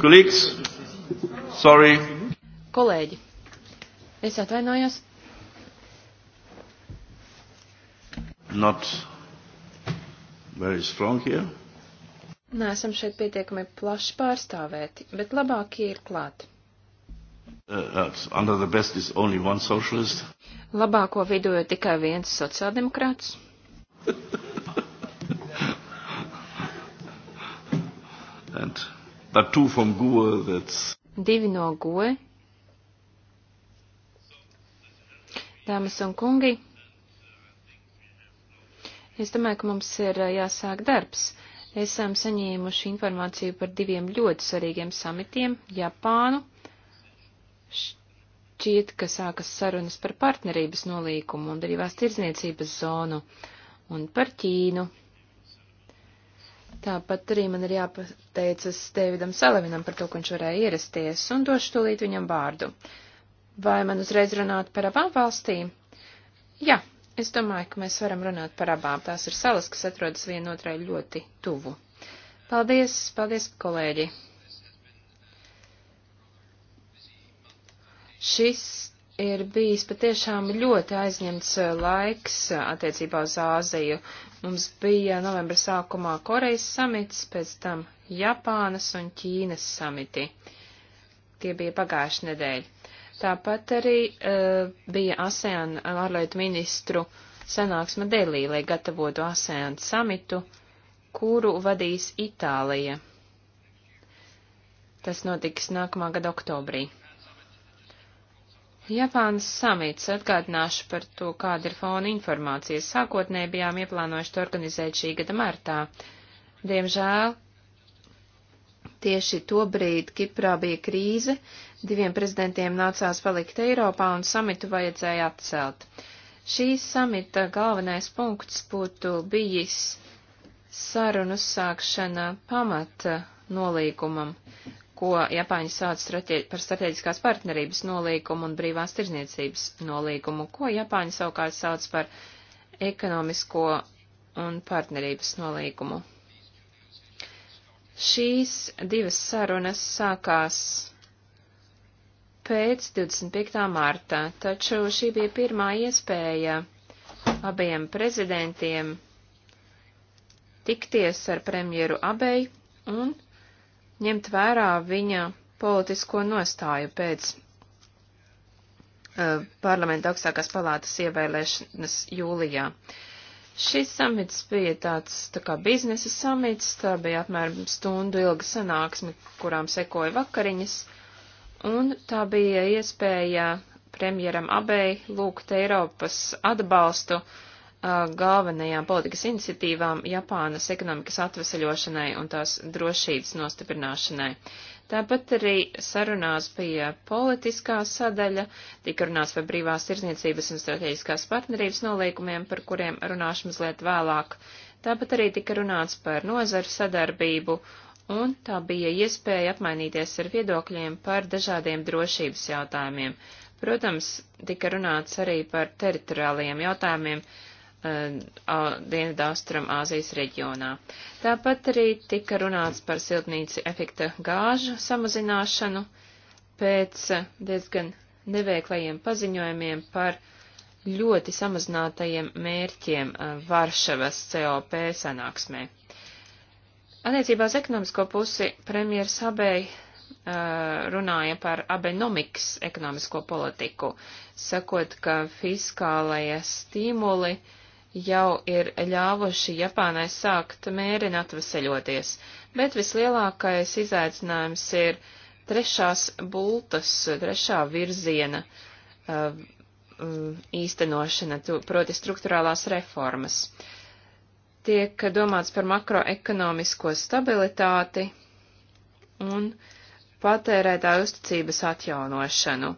Kolēģis, sorry. Kolēģi, es atvainojos. Not very strong here. Nē, esam šeit pietiekami plaši pārstāvēti, bet labākie ir klāt. Uh, uh, under the best is only one socialist. Labāko vidū ir tikai viens sociāldemokrāts. and But two from GUE, that's... Divi no GUE. Dāmas un kungi, es domāju, ka mums ir jāsāk darbs. Esam saņēmuši informāciju par diviem ļoti svarīgiem samitiem - Japānu. Šķiet, ka sākas sarunas par partnerības nolīkumu un arī vēstirdzniecības zonu un par Ķīnu. Tāpat arī man ir jāpateicas Davidam Salavinam par to, ka viņš varēja ierasties, un došu tūlīt viņam vārdu. Vai man uzreiz runāt par abām valstīm? Jā, es domāju, ka mēs varam runāt par abām. Tās ir salas, kas atrodas vienotrai ļoti tuvu. Paldies, paldies, kolēģi! Šis ir bijis patiešām ļoti aizņemts eh, laiks eh, attiecībā uz Āziju. Mums bija novembra sākumā Korejas samits, pēc tam Japānas un Ķīnas samiti. Tie bija pagājuši nedēļ. Tāpat arī uh, bija ASEAN ārlietu ministru sanāksme Delī, lai gatavotu ASEAN samitu, kuru vadīs Itālija. Tas notiks nākamā gada oktobrī. Japānas samits atgādināšu par to, kāda ir fona informācija. Sākotnēji bijām ieplānojuši to organizēt šī gada martā. Diemžēl tieši to brīdi Kiprā bija krīze, diviem prezidentiem nācās palikt Eiropā un samitu vajadzēja atcelt. Šīs samita galvenais punkts būtu bijis sarunu sākšana pamata nolīgumam, ko Japāņi sauc strate par strateģiskās partnerības nolīgumu un brīvās tirzniecības nolīgumu, ko Japāņi savukārt sauc par ekonomisko un partnerības nolīgumu. Šīs divas sarunas sākās pēc 25. martā, taču šī bija pirmā iespēja abiem prezidentiem tikties ar premjeru Abei un ņemt vērā viņa politisko nostāju pēc uh, parlamenta augstākās palātas ievēlēšanas jūlijā. Šis samits bija tāds tā kā biznesa samits, tā bija apmēram stundu ilga sanāksme, kurām sekoja vakariņas, un tā bija iespēja premjeram Abei lūgt Eiropas atbalstu uh, galvenajām politikas iniciatīvām Japānas ekonomikas atveseļošanai un tās drošības nostiprināšanai. Tāpat arī sarunās bija politiskā sadaļa, tika runāts par brīvās tirzniecības un strateģiskās partnerības nolīkumiem, par kuriem runāšu mazliet vēlāk. Tāpat arī tika runāts par nozaru sadarbību, un tā bija iespēja apmainīties ar viedokļiem par dažādiem drošības jautājumiem. Protams, tika runāts arī par teritoriālajiem jautājumiem, uh, Uh, Dienvidaustrum Āzijas reģionā. Tāpat arī tika runāts par siltnīca efekta gāžu samazināšanu pēc diezgan neveiklajiem paziņojumiem par ļoti samazinātajiem mērķiem uh, Varšavas COP sanāksmē. Attiecībā uz ekonomisko pusi premjeras Habei uh, runāja par abenomikas ekonomisko politiku, sakot, ka fiskālajie stimuli uh, jau ir ļāvuši Japānai sākt mērin atveseļoties, bet vislielākais izaicinājums ir trešās bultas, trešā virziena uh, uh īstenošana, proti struktūrālās reformas. Tiek domāts par makroekonomisko stabilitāti un patērētāju uzticības atjaunošanu,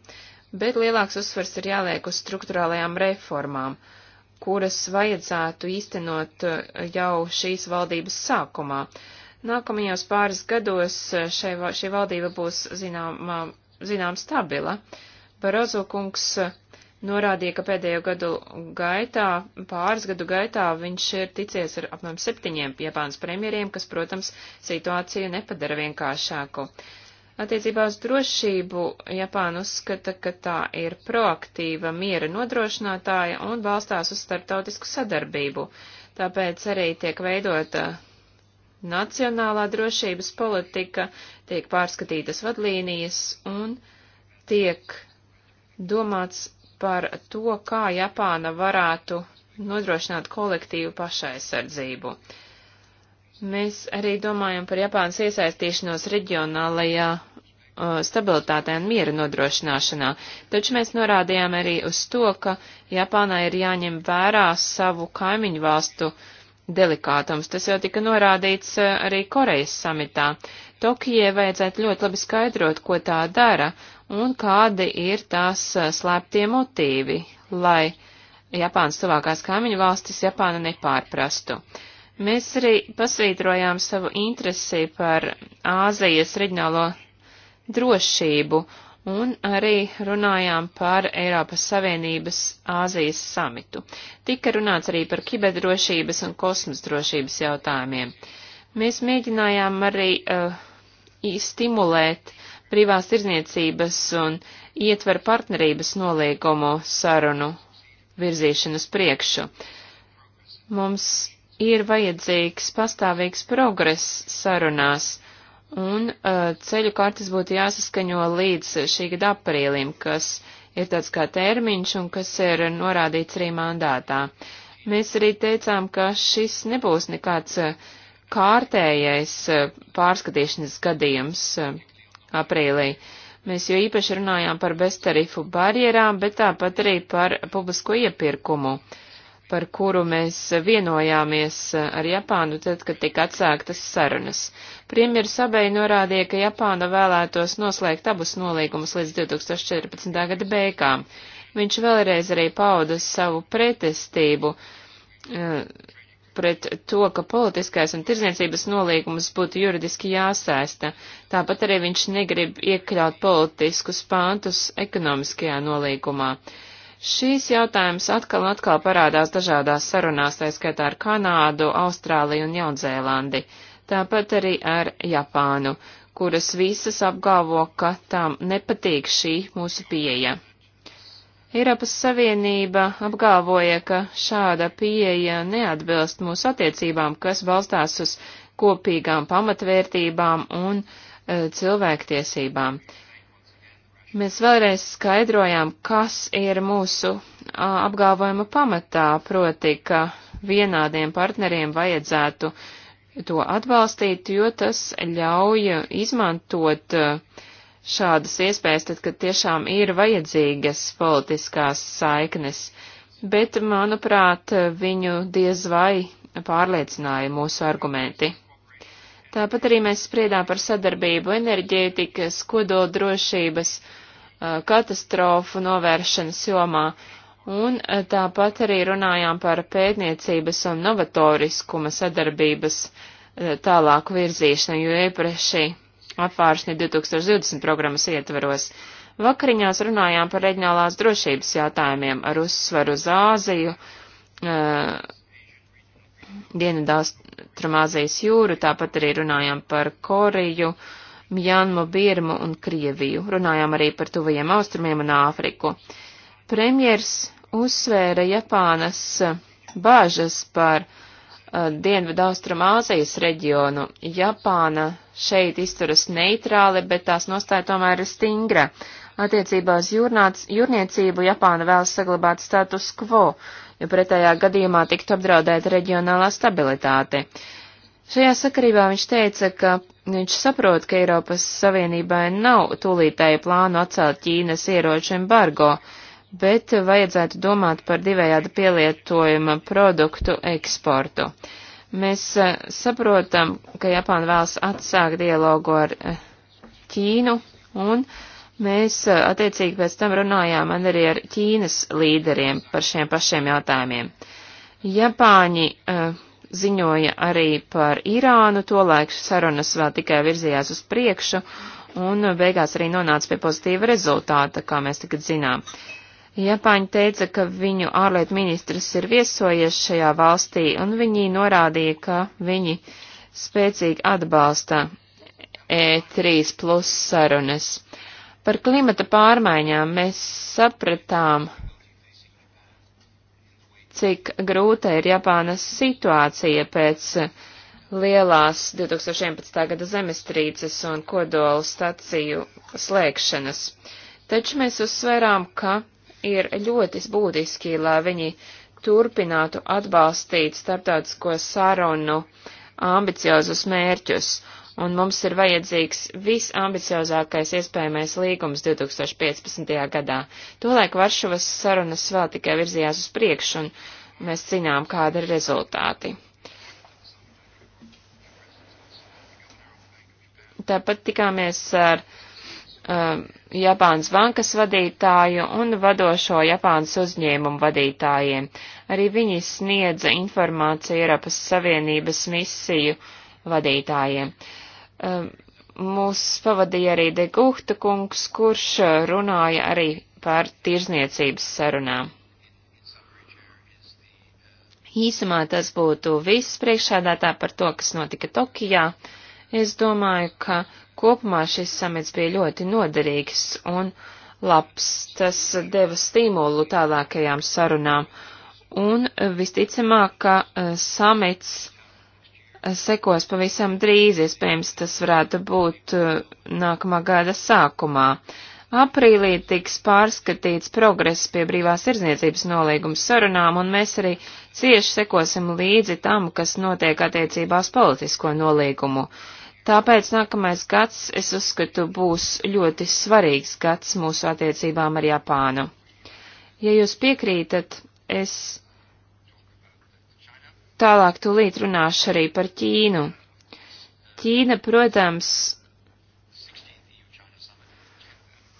bet lielāks uzsvers ir jāliek uz struktūrālajām reformām. Uh, kuras vajadzētu īstenot uh, jau šīs valdības sākumā. Nākamajos pāris gados uh, šai, šī valdība būs zināmā, zinām stabila. Barozo kungs uh, norādīja, ka pēdējo gadu gaitā, pāris gadu gaitā viņš ir ticies ar apmēram septiņiem Japānas premjeriem, kas, protams, situāciju nepadara vienkāršāku. Uh, Attiecībā uz drošību Japāna uzskata, ka tā ir proaktīva miera nodrošinātāja un balstās uz starptautisku sadarbību, tāpēc arī tiek veidota nacionālā drošības politika, tiek pārskatītas vadlīnijas un tiek domāts par to, kā Japāna varētu nodrošināt kolektīvu pašaizsardzību. Uh, Mēs arī domājam par Japānas iesaistīšanos reģionālajā stabilitātē un miera nodrošināšanā, taču mēs norādījām arī uz to, ka Japānai ir jāņem vērā savu kaimiņu valstu delikātums. Tas jau tika norādīts e, arī Korejas samitā. Tokijai vajadzētu ļoti labi skaidrot, ko tā dara un kādi ir tās e, slēptie motīvi, lai Japānas tuvākās kaimiņu valstis Japāna nepārprastu. Uh, Mēs arī pasvītrojām savu interesi par Āzijas reģionālo drošību un arī runājām par Eiropas Savienības Āzijas samitu. Tika runāts arī par kiberdrošības un kosmosdrošības jautājumiem. Mēs mēģinājām arī uh, stimulēt privās tirzniecības un ietver partnerības nolīgumu sarunu virzīšanas priekšu. Mums ir vajadzīgs pastāvīgs progress sarunās, un uh, ceļu kartes būtu jāsaskaņo līdz šī gada aprīlim, kas ir tāds kā termiņš un kas ir norādīts arī mandātā. Mēs arī teicām, ka šis nebūs nekāds uh, kārtējais uh, pārskatīšanas gadījums uh, aprīlī. Mēs jau īpaši runājām par beztarifu barjerām, bet tāpat arī par publisko iepirkumu. Uh, par kuru mēs vienojāmies ar Japānu tad, kad tika atsāktas sarunas. Premjeras abeji norādīja, ka Japāna vēlētos noslēgt abus nolīgumus līdz 2014. gada beigām. Viņš vēlreiz arī pauda savu pretestību eh, pret to, ka politiskais un tirzniecības nolīgums būtu juridiski jāsēsta. Tāpat arī viņš negrib iekļaut politiskus pāntus ekonomiskajā nolīgumā. Uh, Šīs jautājums atkal un atkal parādās dažādās sarunās, tā skaitā ar Kanādu, Austrāliju un Jaunzēlandi, tāpat arī ar Japānu, kuras visas apgalvo, ka tām nepatīk šī mūsu pieeja. Eiropas Savienība apgalvoja, ka šāda pieeja neatbilst mūsu attiecībām, kas balstās uz kopīgām pamatvērtībām un e, cilvēktiesībām. Mēs vēlreiz skaidrojām, kas ir mūsu a, apgalvojuma pamatā, proti, ka vienādiem partneriem vajadzētu to atbalstīt, jo tas ļauj izmantot šādas iespējas, tad, kad tiešām ir vajadzīgas politiskās saiknes. Bet, manuprāt, viņu diez vai pārliecināja mūsu argumenti. Tāpat arī mēs spriedām par sadarbību enerģētikas, kodoldrošības drošības katastrofu novēršanas jomā, un tāpat arī runājām par pētniecības un novatoriskuma sadarbības tālāku virzīšanu, jo īpaši apvāršņa 2020 programmas ietveros. Vakariņās runājām par reģionālās drošības jautājumiem ar uzsvaru uz Āziju, uh, Dienvidaustrumāzijas jūru, tāpat arī runājām par Koriju, Mjanmu, Birmu un Krieviju. Runājām arī par tuvajiem austrumiem un Āfriku. Premjers uzsvēra Japānas bāžas par uh, Dienvidu Austrum Āzijas reģionu. Japāna šeit izturas neitrāli, bet tās nostāja tomēr ir stingra. Attiecībā uz jūrnāc, jūrniecību Japāna vēlas saglabāt status quo, jo pretējā gadījumā tiktu apdraudēta reģionālā stabilitāte. Uh, Šajā sakarībā viņš teica, ka viņš saprot, ka Eiropas Savienībai nav tūlītēja plānu atcelt Ķīnas ieroču embargo, bet vajadzētu domāt par divējādi pielietojuma produktu eksportu. Mēs eh, saprotam, ka Japāna vēlas atsākt dialogu ar eh, Ķīnu, un mēs eh, attiecīgi pēc tam runājām arī ar Ķīnas līderiem par šiem pašiem jautājumiem. Japāņi uh, ziņoja arī par Irānu, tolaik sarunas vēl tikai virzījās uz priekšu, un beigās arī nonāca pie pozitīva rezultāta, kā mēs tagad zinām. Japāņi teica, ka viņu ārlietu ministrs ir viesojies šajā valstī, un viņi norādīja, ka viņi spēcīgi atbalsta E3 plus sarunas. Par klimata pārmaiņām mēs sapratām, cik grūta ir Japānas situācija pēc lielās 2011. gada zemestrīces un kodolu staciju slēgšanas. Taču mēs uzsverām, ka ir ļoti būtiski, lai viņi turpinātu atbalstīt starptautisko sarunu ambiciozus mērķus un mums ir vajadzīgs visambiciozākais iespējamais līgums 2015. gadā. Tolēk Varšavas sarunas vēl tikai virzījās uz priekšu, un mēs zinām, kāda ir rezultāti. Tāpat tikāmies ar um, Japānas bankas vadītāju un vadošo Japānas uzņēmumu vadītājiem. Arī viņi sniedza informāciju Eiropas Savienības misiju vadītājiem. Uh, Mūs pavadīja arī Degūhta kungs, kurš eh, runāja arī par tirzniecības sarunām. Īsumā tas būtu viss priekšādātā par to, kas notika Tokijā. Es domāju, ka kopumā šis samits bija ļoti noderīgs un labs. Tas deva stimulu tālākajām sarunām. Un visticamāk, ka eh, samits sekos pavisam drīz, iespējams, tas varētu būt uh, nākamā gada sākumā. Aprīlī tiks pārskatīts progress pie brīvās irdzniecības nolīguma sarunām, un mēs arī cieši sekosim līdzi tam, kas notiek attiecībās politisko nolīgumu. Tāpēc nākamais gads, es uzskatu, būs ļoti svarīgs gads mūsu attiecībām ar Japānu. Ja jūs piekrītat, es Tālāk tūlīt runāšu arī par Ķīnu. Ķīna, protams,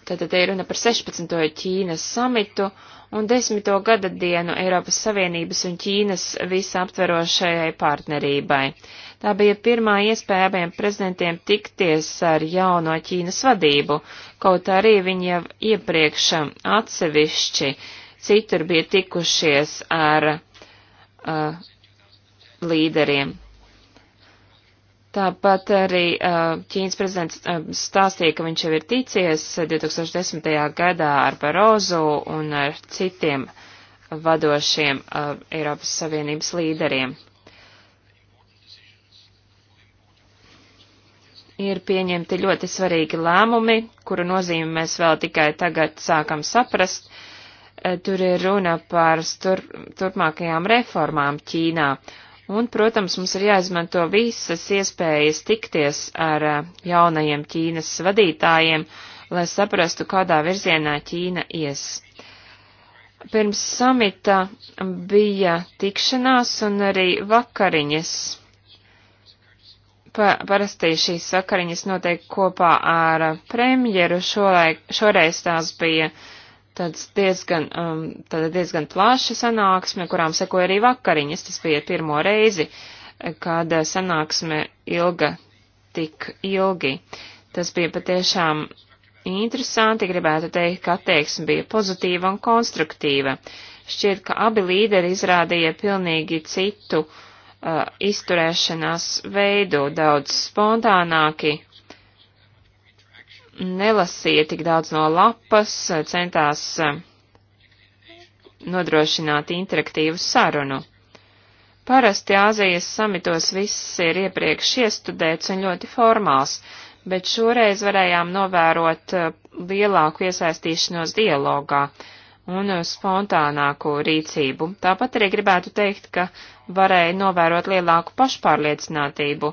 tātad te ir runa par 16. Ķīnas samitu un 10. gada dienu Eiropas Savienības un Ķīnas visaptverošajai partnerībai. Tā bija pirmā iespēja abiem prezidentiem tikties ar jauno Ķīnas vadību, kaut arī viņi jau iepriekš atsevišķi citur bija tikušies ar uh, līderiem. Tāpat arī uh, Ķīnas prezidents uh, stāstīja, ka viņš jau ir ticies 2010. gadā ar Barozu un ar citiem vadošiem uh, Eiropas Savienības līderiem. Ir pieņemti ļoti svarīgi lēmumi, kuru nozīmi mēs vēl tikai tagad sākam saprast. Tur ir runa par tur, turpmākajām reformām Ķīnā Un, protams, mums ir jāizmanto visas iespējas tikties ar eh, jaunajiem Ķīnas vadītājiem, lai saprastu, kādā virzienā Ķīna ies. Pirms samita bija tikšanās un arī vakariņas. Pa, parasti šīs vakariņas notiek kopā ar eh, premjeru, šoreiz, šoreiz tās bija uh, tāds diezgan, um, tāda diezgan plaša sanāksme, kurām sekoja arī vakariņas. Tas bija pirmo reizi, kad uh, sanāksme ilga tik ilgi. Tas bija patiešām interesanti, gribētu teikt, ka attieksme bija pozitīva un konstruktīva. Šķiet, ka abi līderi izrādīja pilnīgi citu uh, izturēšanās veidu, daudz spontānāki nelasīja tik daudz no lapas, centās eh, nodrošināt interaktīvu sarunu. Parasti Āzijas samitos viss ir iepriekš iestudēts un ļoti formāls, bet šoreiz varējām novērot eh, lielāku iesaistīšanos dialogā un eh, spontānāku rīcību. Tāpat arī gribētu teikt, ka varēja novērot lielāku pašpārliecinātību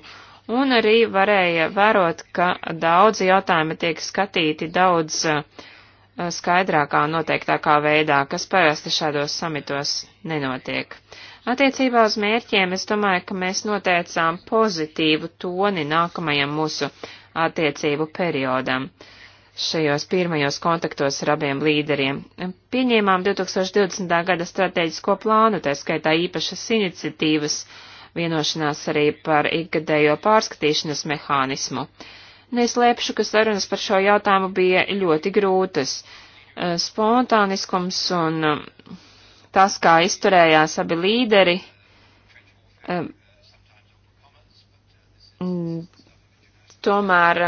un arī varēja vērot, ka daudzi jautājumi tiek skatīti daudz eh, skaidrākā un noteiktākā veidā, kas parasti šādos samitos nenotiek. Attiecībā uz mērķiem es domāju, ka mēs noteicām pozitīvu toni nākamajam mūsu attiecību periodam šajos pirmajos kontaktos ar abiem līderiem. Pieņēmām 2020. gada strateģisko plānu, tā skaitā īpašas iniciatīvas, uh, vienošanās arī par ikgadējo pārskatīšanas mehānismu. Neslēpšu, nu, ka sarunas par šo jautājumu bija ļoti grūtas. Eh, spontāniskums un eh, tas, kā izturējās abi līderi, eh, tomēr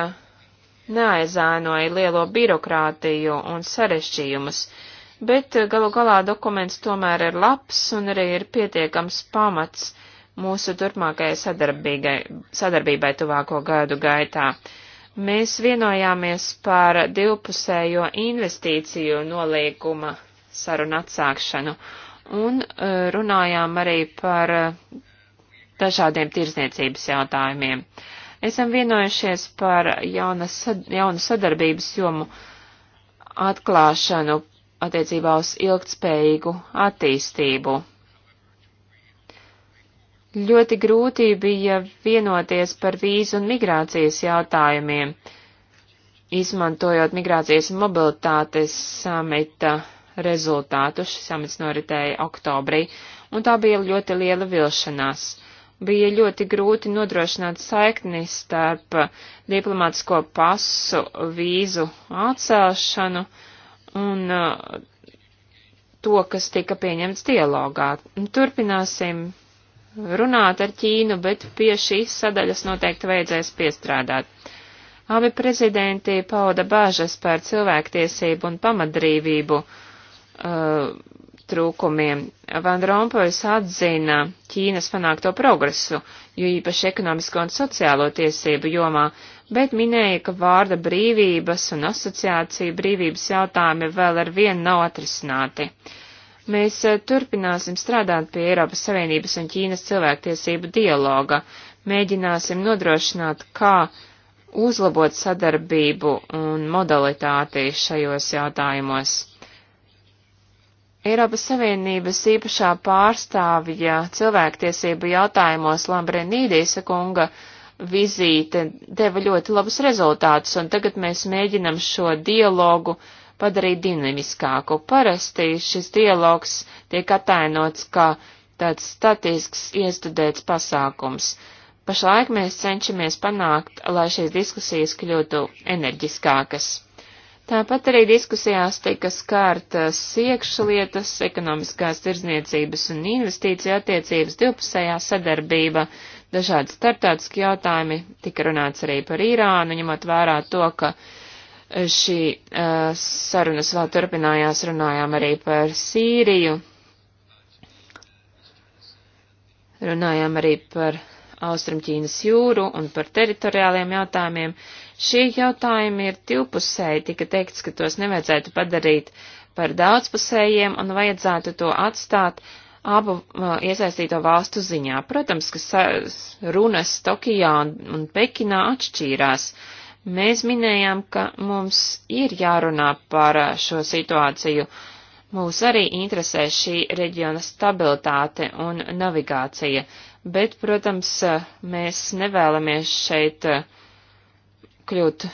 neaizānoja lielo birokrātiju un sarešķījumus, bet galu galā dokuments tomēr ir labs un arī ir pietiekams pamats mūsu turpmākajai sadarbībai tuvāko gadu gaitā. Mēs vienojāmies par divpusējo investīciju noliekuma sarunu atsākšanu un e, runājām arī par e, dažādiem tirzniecības jautājumiem. Esam vienojušies par jauna, sad, jaunu sadarbības jomu atklāšanu attiecībā uz ilgtspējīgu attīstību. Ļoti grūti bija vienoties par vīzu un migrācijas jautājumiem, izmantojot migrācijas un mobilitātes samita rezultātus. Šis samits noritēja oktobrī, un tā bija ļoti liela vilšanās bija ļoti grūti nodrošināt saikni starp diplomātsko pasu vīzu atcelšanu un uh, to, kas tika pieņemts dialogā. Turpināsim runāt ar Ķīnu, bet pie šīs sadaļas noteikti vajadzēs piestrādāt. Abi prezidenti pauda bāžas par cilvēktiesību un pamadrīvību uh, trūkumiem. Van Rompuis atzina Ķīnas panākto progresu, jo īpaši ekonomisko un sociālo tiesību jomā, bet minēja, ka vārda brīvības un asociācija brīvības jautājumi vēl ar vienu nav atrisināti. Uh, Mēs eh, turpināsim strādāt pie Eiropas Savienības un Ķīnas cilvēktiesību dialoga, mēģināsim nodrošināt, kā uzlabot sadarbību un modalitāti šajos jautājumos. Eiropas Savienības īpašā pārstāvja cilvēktiesību jautājumos Lambrenīdīsa kunga vizīte deva ļoti labus rezultātus, un tagad mēs mēģinam šo dialogu uh, padarīt dinamiskāku. Parasti šis dialogs tiek atainots kā tāds statisks iestudēts pasākums. Pašlaik mēs cenšamies panākt, lai šīs diskusijas kļūtu enerģiskākas. Tāpat arī diskusijās tika skārtas iekšlietas, ekonomiskās tirzniecības un investīcija attiecības divpusējā sadarbība, dažādi startautiski jautājumi, tika runāts arī par Irānu, ņemot vērā to, ka uh, Šī uh, sarunas vēl turpinājās, runājām arī par Sīriju, runājām arī par Austrumķīnas jūru un par teritoriāliem jautājumiem. Šie jautājumi ir divpusēji, tika teikts, ka tos nevajadzētu padarīt par daudzpusējiem un vajadzētu to atstāt abu uh, iesaistīto valstu ziņā. Protams, ka runas Tokijā un, un Pekinā atšķīrās. Uh, Mēs minējām, ka mums ir jārunā par šo situāciju. Mūs arī interesē šī reģiona stabilitāte un navigācija, bet, protams, mēs nevēlamies šeit kļūt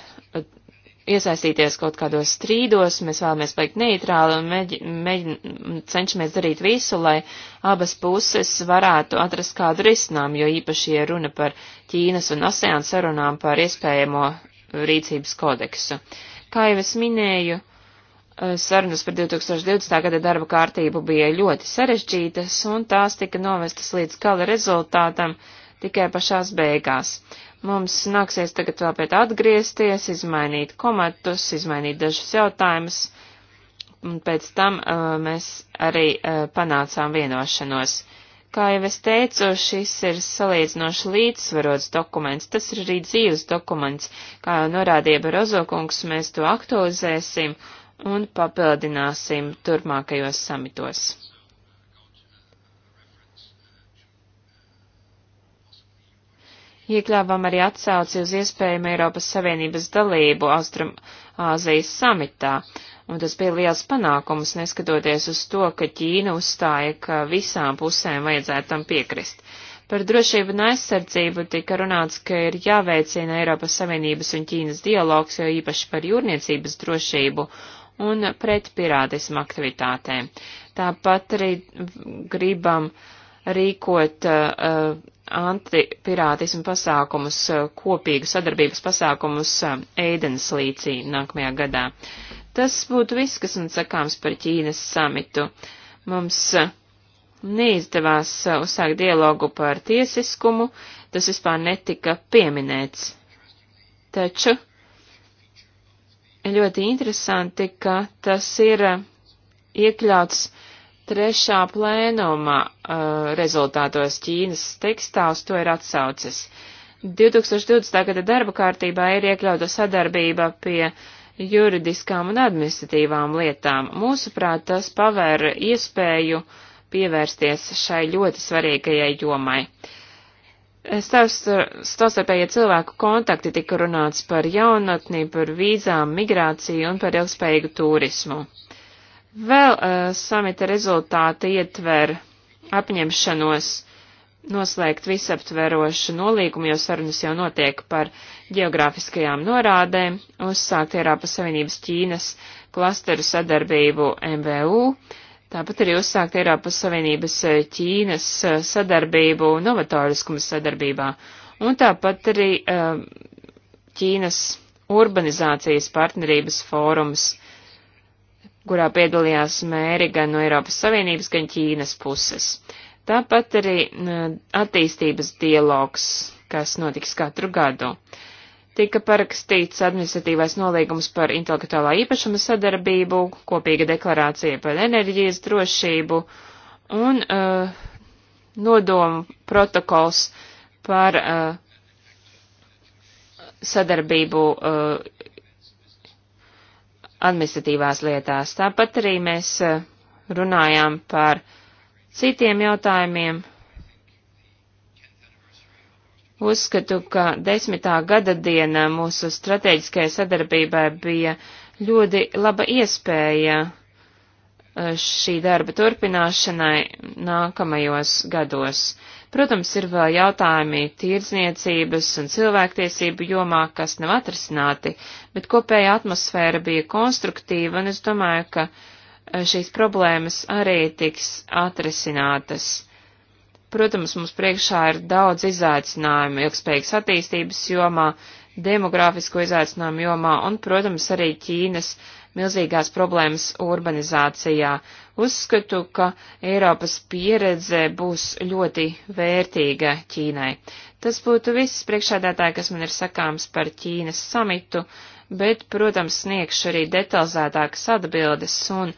iesaistīties kaut kādos strīdos, mēs vēlamies palikt neitrāli un mēģi, mēģi, cenšamies darīt visu, lai abas puses varētu atrast kādu risinājumu, jo īpaši, ja runa par Ķīnas un ASEAN sarunām par iespējamo rīcības kodeksu. Kā jau es minēju, eh, sarunas par 2020. gada darba kārtību bija ļoti sarežģītas, un tās tika novestas līdz gala rezultātam tikai pašās beigās. Mums nāksies tagad vēl pēc atgriezties, izmainīt komatus, izmainīt dažus jautājumus, un pēc tam uh, mēs arī uh, panācām vienošanos. Uh, Kā jau es teicu, šis ir salīdzinoši līdzsvarots dokuments, tas ir arī dzīves dokuments, kā jau norādīja Barozokungs, mēs to aktualizēsim un papildināsim turpmākajos samitos. Iekļāvām arī atsauci uz iespējumu Eiropas Savienības dalību Austrum Āzijas samitā, un tas bija liels panākums, neskatoties uz to, ka Ķīna uzstāja, ka visām pusēm vajadzētu tam piekrist. Par drošību un aizsardzību tika runāts, ka ir jāveicina Eiropas Savienības un Ķīnas dialogs, jo īpaši par jūrniecības drošību un pret pirātismu aktivitātēm. Tāpat arī gribam rīkot uh, uh antipirātismu pasākumus, eh, kopīgu sadarbības pasākumus eh, Eidenas līcī nākamajā gadā. Tas būtu viss, kas man sakāms par Ķīnas samitu. Mums eh, neizdevās uzsākt dialogu par tiesiskumu, tas vispār netika pieminēts. Taču ļoti interesanti, ka tas ir iekļauts trešā plēnuma uh, rezultātos Ķīnas tekstā uz to ir atsaucis. 2020. gada darba kārtībā ir iekļauta sadarbība pie juridiskām un administratīvām lietām. Mūsuprāt, tas pavēr iespēju pievērsties šai ļoti svarīgajai jomai. Stāstarpējie cilvēku kontakti tika runāts par jaunatni, par vīzām, migrāciju un par ilgspējīgu turismu. Vēl uh, samita rezultāti ietver apņemšanos noslēgt visaptverošu nolīgumu, jo sarunas jau notiek par geogrāfiskajām norādēm, uzsākt Eiropas Savienības Ķīnas klasteru sadarbību MVU, tāpat arī uzsākt Eiropas Savienības uh, Ķīnas uh, sadarbību novatoriskuma sadarbībā, un tāpat arī uh, Ķīnas urbanizācijas partnerības fórums kurā piedalījās mēri gan no Eiropas Savienības, gan Ķīnas puses. Tāpat arī attīstības dialogs, kas notiks katru gadu. Tika parakstīts administratīvais nolīgums par intelektuālā īpašuma sadarbību, kopīga deklarācija par enerģijas drošību un uh, nodomu protokols par uh, sadarbību uh, administratīvās lietās. Tāpat arī mēs eh, runājām par citiem jautājumiem. Uzskatu, ka desmitā gada diena mūsu strateģiskajai sadarbībai bija ļoti laba iespēja eh, šī darba turpināšanai nākamajos gados. Protams, ir vēl jautājumi tirdzniecības un cilvēktiesību jomā, kas nav atrisināti, bet kopēja atmosfēra bija konstruktīva, un es domāju, ka eh, šīs problēmas arī tiks atrisinātas. Protams, mums priekšā ir daudz izaicinājumu ilgspējīgas attīstības jomā, demografisko izaicinājumu jomā un, protams, arī Ķīnas milzīgās problēmas urbanizācijā Uzskatu, ka Eiropas pieredze būs ļoti vērtīga Ķīnai. Tas būtu viss priekšādātāji, kas man ir sakāms par Ķīnas samitu, bet, protams, sniegšu arī detalizētākas atbildes un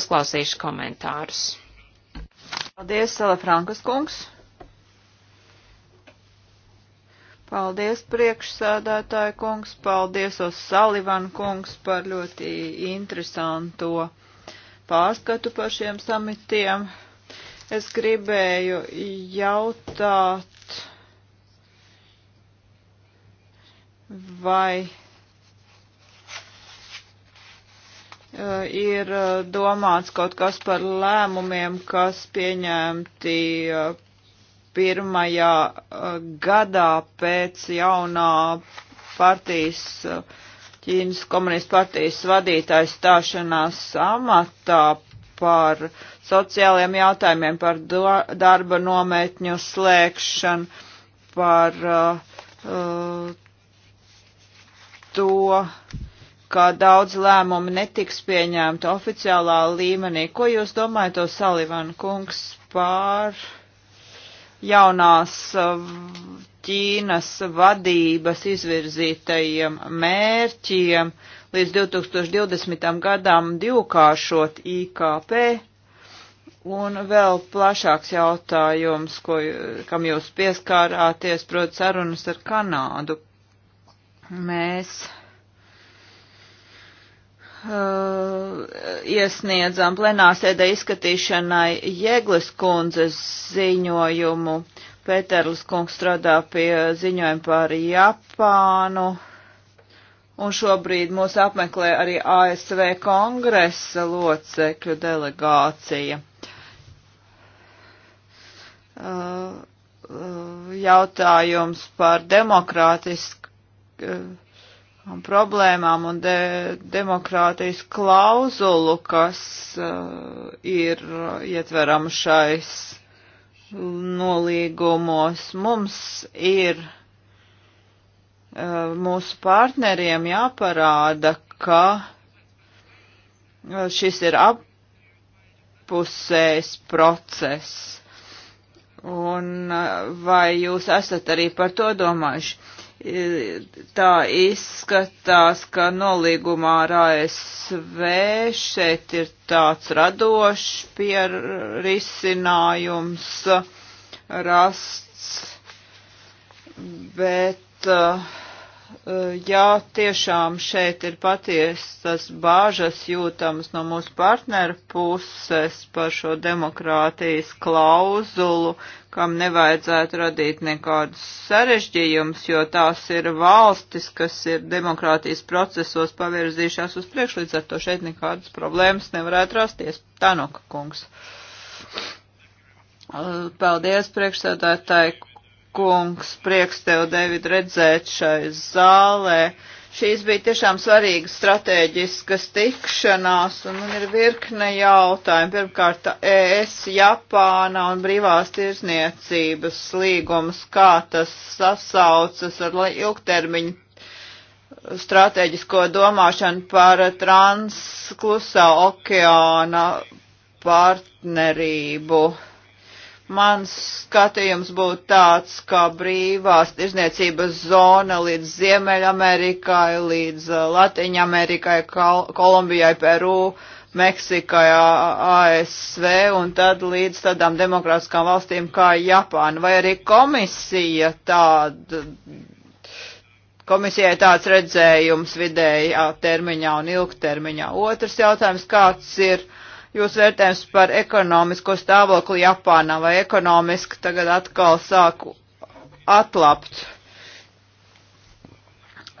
uzklausīšu komentārus. Paldies, Sala Frankas kungs! Paldies, priekšsādātāja kungs, paldies uz Salivanu kungs par ļoti interesanto pārskatu par šiem samitiem. Es gribēju jautāt, vai eh, ir eh, domāts kaut kas par lēmumiem, kas pieņemti eh, pirmajā gadā pēc jaunā partijas Ķīnas komunistu partijas vadītājs stāšanās amatā par sociālajiem jautājumiem, par do, darba nometņu slēgšanu, par uh, uh to, kā daudz lēmumu netiks pieņemta oficiālā līmenī. Ko jūs domājat, to Salivan kungs, par jaunās uh, Ķīnas vadības izvirzītajiem mērķiem līdz 2020. gadam divkāršot IKP. Un vēl plašāks jautājums, ko, kam jūs pieskārāties, protams, sarunas ar Kanādu. Mēs Uh, iesniedzām plenārsēdē izskatīšanai Jēglis kundzes ziņojumu Pēterlis kungs strādā pie ziņojuma par Japānu, un šobrīd mūs apmeklē arī ASV kongresa locekļu delegācija. Uh, uh, jautājums par demokrātisku uh, un problēmām un de demokrātijas klauzulu, kas uh, ir ietverama šais nolīgumos. Mums ir eh, mūsu partneriem jāparāda, ka eh, šis ir appusējs process. Un eh, vai jūs esat arī par to domājuši? tā izskatās, ka nolīgumā ar ASV šeit ir tāds radošs pierisinājums rasts, bet uh, Eh, Jā, tiešām šeit ir patiesas bāžas jūtamas no mūsu partneru puses par šo demokrātijas klauzulu, kam nevajadzētu radīt nekādus sarežģījumus, jo tās ir valstis, kas ir demokrātijas procesos pavirzījušās uz priekšu, līdz ar to šeit nekādas problēmas nevarētu rasties. Tanoka kungs. Eh, paldies, priekšsēdētāji kungs, prieks tev, David, redzēt šai zālē. Šīs bija tiešām svarīgas stratēģiskas tikšanās, un man ir virkne jautājumu. Pirmkārt, ES, Japāna un brīvās tirzniecības līgums, kā tas sasaucas ar ilgtermiņu stratēģisko domāšanu par transklusā okeāna partnerību. Mans skatījums būtu tāds, ka brīvās tirzniecības zona līdz Ziemeļamerikai, līdz uh, Latviņamerikai, Kolumbijai, Peru, Meksikai, ASV un tad līdz tādām demokrātiskām valstīm kā Japāna. Vai arī komisija tāda komisijai tāds redzējums vidējā termiņā un ilgtermiņā. Otrs jautājums, kāds ir jūs vērtējums par ekonomisko stāvokli Japānā vai ekonomiski tagad atkal sāku atlapt.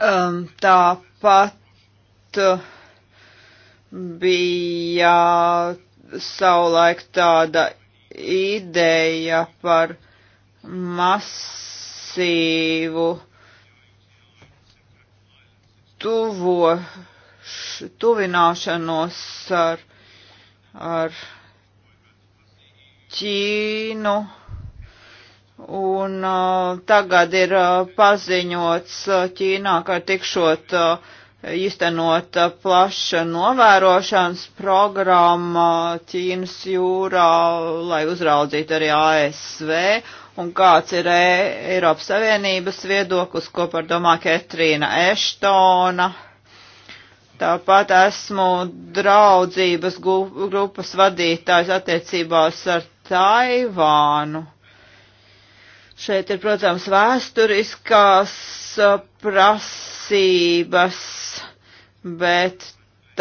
Um, tāpat uh, bija savulaik tāda ideja par masīvu tuvo, tuvināšanos ar ar Ķīnu. Un uh, tagad ir uh, paziņots uh, Ķīnā, ka tikšot uh, īstenot uh, plaša novērošanas programma Ķīnas jūrā, lai uzraudzītu arī ASV. Un kāds ir e Eiropas Savienības viedoklis, ko par domā Ketrīna Eštona? Uh, Tāpat esmu draudzības grupas vadītājs attiecībās ar Taivānu. Šeit ir, protams, vēsturiskās uh, prasības, bet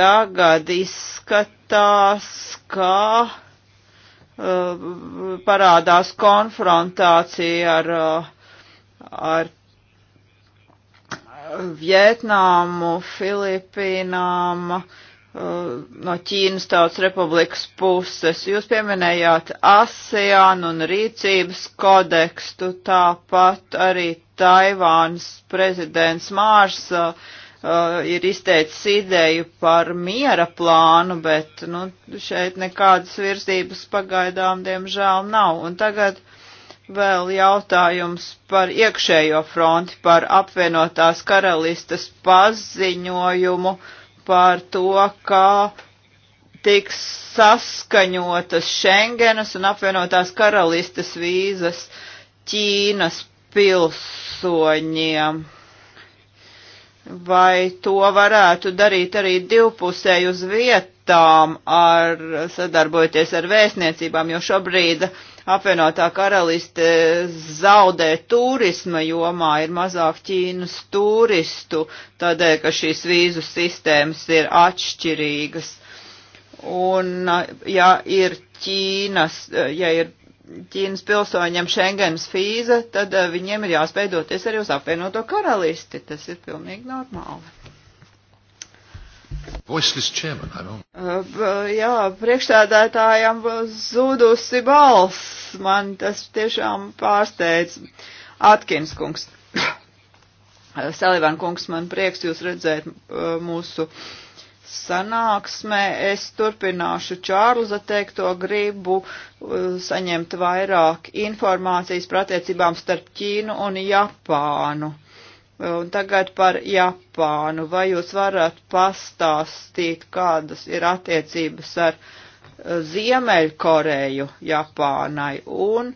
tagad izskatās, ka uh, parādās konfrontācija ar, uh, ar Vietnāmu, Filipīnām, eh, no Ķīnas tautas republikas puses. Jūs pieminējāt ASEAN un rīcības kodekstu, tāpat arī Taivānas prezidents Mārs uh, eh, ir izteicis ideju par miera plānu, bet nu, šeit nekādas virzības pagaidām, diemžēl, nav. Un tagad Vēl jautājums par iekšējo fronti, par apvienotās karalistas paziņojumu, par to, kā tiks saskaņotas Schengenas un apvienotās karalistas vīzas Ķīnas pilsoņiem. Vai to varētu darīt arī divpusēji uz vietām, ar, sadarbojoties ar vēstniecībām, jo šobrīd apvienotā karaliste zaudē turisma jomā, ir mazāk Ķīnas turistu, tādēļ, ka šīs vīzu sistēmas ir atšķirīgas. Un, ja ir Ķīnas, ja ir Ķīnas pilsoņiem Schengens vīza, tad eh, viņiem ir jāspēj doties arī uz apvienoto karalisti. Tas ir pilnīgi normāli. Jā, priekšstādātājam zudusi balss. Man tas tiešām pārsteidz. Atkins kungs. Salivan kungs, man prieks jūs redzēt mūsu sanāksmē. Es turpināšu Čārlza teikto, gribu uh, saņemt vairāk informācijas par attiecībām starp Ķīnu un Japānu. Un tagad par Japānu. Vai jūs varat pastāstīt, kādas ir attiecības ar eh, Ziemeļkoreju Japānai un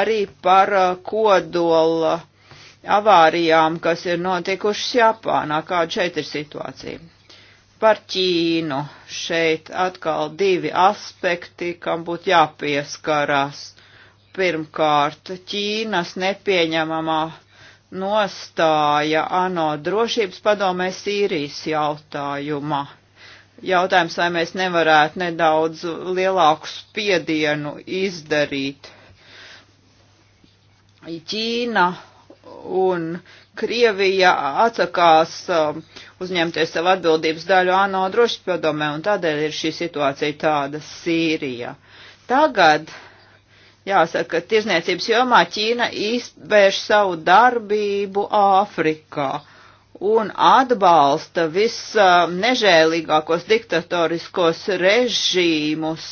arī par eh, kodola avārijām, kas ir notikušas Japānā? Kāda šeit ir situācija? Par Ķīnu šeit atkal divi aspekti, kam būtu jāpieskarās. Pirmkārt, Ķīnas nepieņemamā nostāja ANO drošības padomē Sīrijas jautājumā. Jautājums, vai mēs nevarētu nedaudz lielāku spiedienu izdarīt. Ķīna un Krievija atsakās um, uzņemties savu atbildības daļu ANO drošības padomē, un tādēļ ir šī situācija tāda Sīrija. Tagad Jāsaka, ka tirzniecības jomā Ķīna izvērš savu darbību Āfrikā un atbalsta visnežēlīgākos diktatoriskos režīmus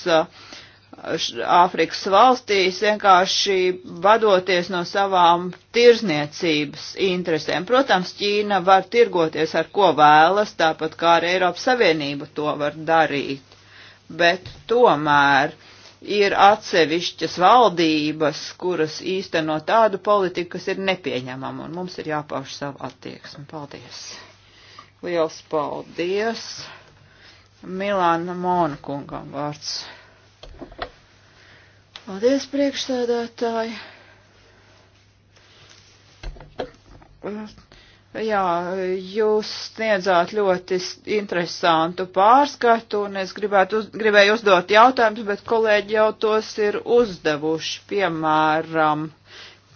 Āfrikas valstīs, vienkārši vadoties no savām tirzniecības interesēm. Protams, Ķīna var tirgoties ar ko vēlas, tāpat kā ar Eiropas Savienību to var darīt, bet tomēr uh, ir atsevišķas valdības, kuras īsteno tādu politiku, kas ir nepieņemama, un mums ir jāpauž savu attieksmi. Paldies! Liels paldies! Milāna Mona kungam vārds. Paldies, priekšsēdētāji! Jā, jūs sniedzāt ļoti interesantu pārskatu, un es gribētu uz, gribēju uzdot jautājumus, bet kolēģi jau tos ir uzdevuši, piemēram,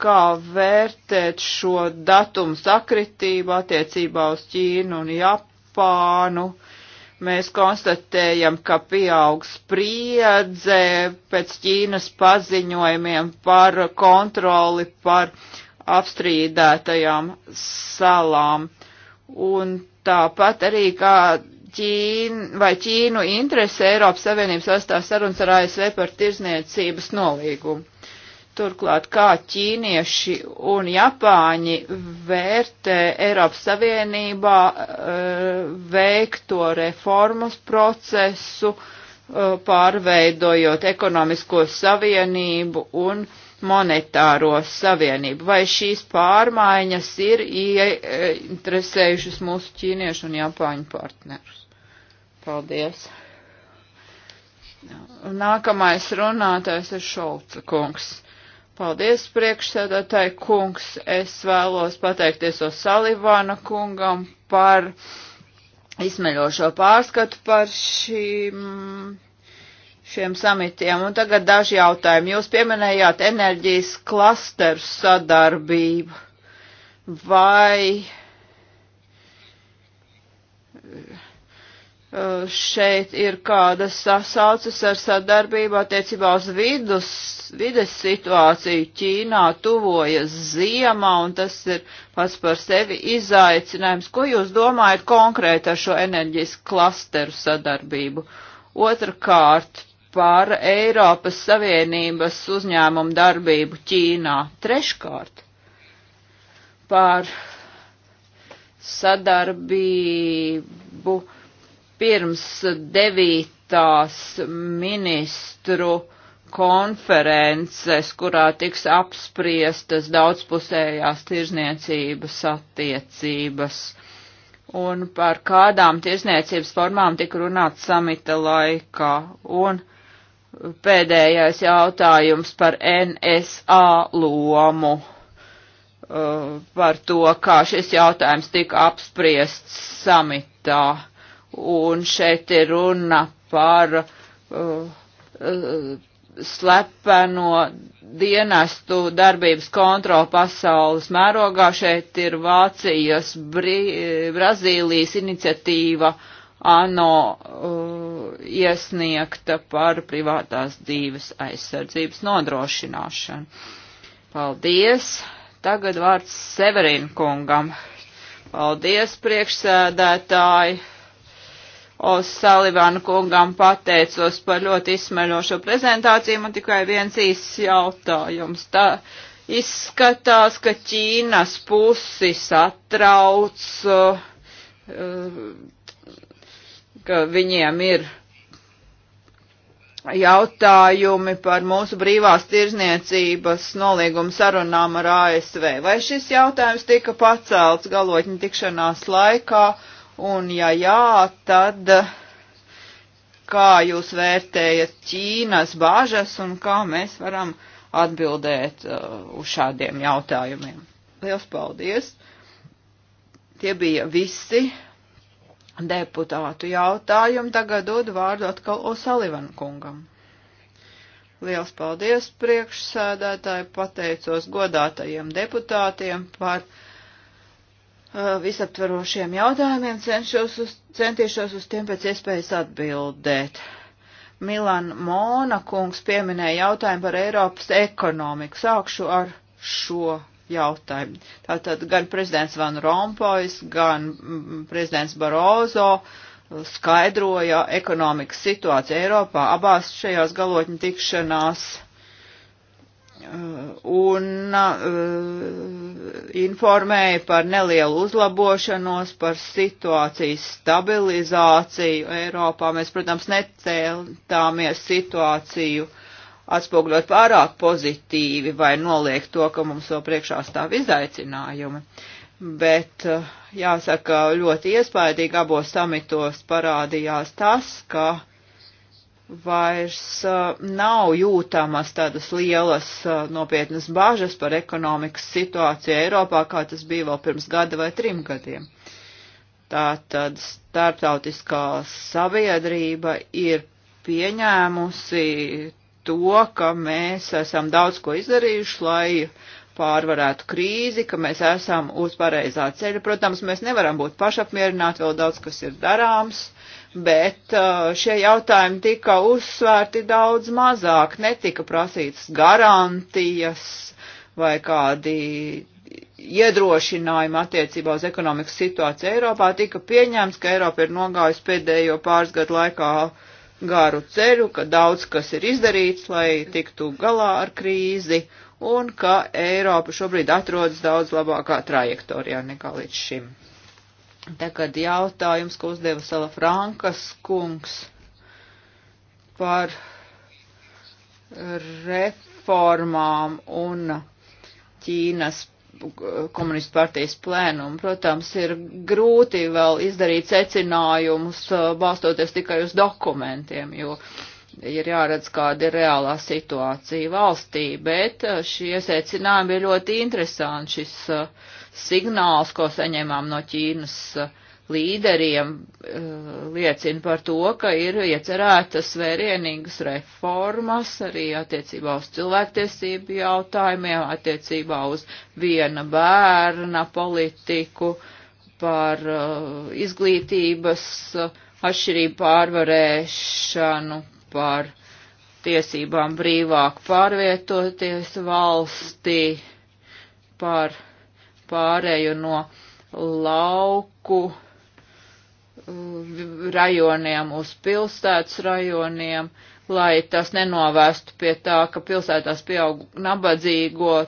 kā vērtēt šo datumu sakritību attiecībā uz Ķīnu un Japānu. Mēs konstatējam, ka pieaug spriedze pēc Ķīnas paziņojumiem par kontroli, par uh, apstrīdētajām salām. Un tāpat arī kā Ķīnu, vai Ķīnu interese Eiropas Savienības astā sarunas ar ASV par tirzniecības nolīgumu. Turklāt, kā ķīnieši un japāņi vērtē Eiropas Savienībā eh, veikto reformas procesu, eh, pārveidojot ekonomisko savienību un uh, monetāro savienību. Vai šīs pārmaiņas ir ieinteresējušas mūsu ķīniešu un japāņu partnerus? Paldies! Nākamais runātājs ir Šolca kungs. Paldies, priekšsēdētāji kungs. Es vēlos pateikties Osalivāna kungam par izmeļošo pārskatu par šīm šiem samitiem. Un tagad daži jautājumi. Jūs pieminējāt enerģijas klasteru sadarbību. Vai e, šeit ir kādas sasaucas ar sadarbību attiecībā uz vidus, vides situāciju Ķīnā tuvojas ziemā, un tas ir pats par sevi izaicinājums. Ko jūs domājat konkrēti ar šo enerģijas klasteru sadarbību? Otrakārt, par Eiropas Savienības uzņēmumu darbību Ķīnā. Treškārt par sadarbību pirms devītās ministru konferences, kurā tiks apspriestas daudzpusējās tirzniecības attiecības. Un par kādām tirzniecības formām tika runāts samita laikā. Un pēdējais jautājums par NSA lomu, uh, par to, kā šis jautājums tika apspriests samitā. Un šeit ir runa par uh, uh, slepeno dienestu darbības kontroli pasaules mērogā. Šeit ir Vācijas, Bri Brazīlijas iniciatīva uh, ANO uh, iesniegta par privātās dzīves aizsardzības nodrošināšanu. Paldies! Tagad vārds Severīna kungam. Paldies, priekšsēdētāji! O'Sullivana kungam pateicos par ļoti izsmeļošo prezentāciju. Man tikai viens īsts jautājums. Tā, izskatās, ka Ķīnas pusi satrauc uh, ka viņiem ir jautājumi par mūsu brīvās tirzniecības nolīgumu sarunām ar ASV. Vai šis jautājums tika pacelts galotņu tikšanās laikā, un ja jā, tad eh, kā jūs vērtējat Ķīnas bāžas un kā mēs varam atbildēt uh, uz šādiem jautājumiem? Liels paldies! Tie bija visi deputātu jautājumu. Tagad dodu vārdu atkal O'Sullivan kungam. Liels paldies priekšsēdētāji, pateicos godātajiem deputātiem par uh, visaptverošiem jautājumiem, cenšos uz, centīšos uz tiem pēc iespējas atbildēt. Milan Mona kungs pieminēja jautājumu par Eiropas ekonomiku. Sākšu ar šo jautājumi. Tātad gan prezidents Van Rompojs, gan mm, prezidents Barozo uh, skaidroja ekonomikas situāciju Eiropā abās šajās galotņu tikšanās uh, un uh, informēja par nelielu uzlabošanos, par situācijas stabilizāciju Eiropā. Mēs, protams, necēltāmies situāciju atspogļot pārāk pozitīvi vai noliegt to, ka mums vēl priekšā stāv izaicinājumi. Bet eh, jāsaka, ļoti iespaidīgi abos samitos parādījās tas, ka vairs eh, nav jūtamas tādas lielas eh, nopietnas bāžas par ekonomikas situāciju Eiropā, kā tas bija vēl pirms gada vai trim gadiem. Tātad starptautiskā sabiedrība ir pieņēmusi to, ka mēs esam daudz ko izdarījuši, lai pārvarētu krīzi, ka mēs esam uz pareizā ceļa. Protams, mēs nevaram būt pašapmierināti, vēl daudz kas ir darāms, bet uh, šie jautājumi tika uzsvērti daudz mazāk, netika prasītas garantijas vai kādi iedrošinājumi attiecībā uz ekonomikas situāciju Eiropā, tika pieņēmts, ka Eiropa ir nogājusi pēdējo pāris gadu laikā uh, garu ceļu, ka daudz kas ir izdarīts, lai tiktu galā ar krīzi, un ka Eiropa šobrīd atrodas daudz labākā trajektorijā nekā līdz šim. Tagad jautājums, ko uzdeva Sala Frankas kungs par reformām un Ķīnas komunistu partijas plēnumu. Protams, ir grūti vēl izdarīt secinājumus, uh, balstoties tikai uz dokumentiem, jo ir jāredz, kāda ir reālā situācija valstī, bet uh, šie secinājumi bija ļoti interesanti. Šis uh, signāls, ko saņēmām no Ķīnas, uh, līderiem eh, liecina par to, ka ir iecerētas vērienīgas reformas arī attiecībā uz cilvēktiesību jautājumiem, attiecībā uz viena bērna politiku, par eh, izglītības eh, atšķirību pārvarēšanu, par tiesībām brīvāk pārvietoties valstī, par pārēju no lauku rajoniem uz pilsētas rajoniem, lai tas nenovestu pie tā, ka pilsētās pieaug nabadzīgo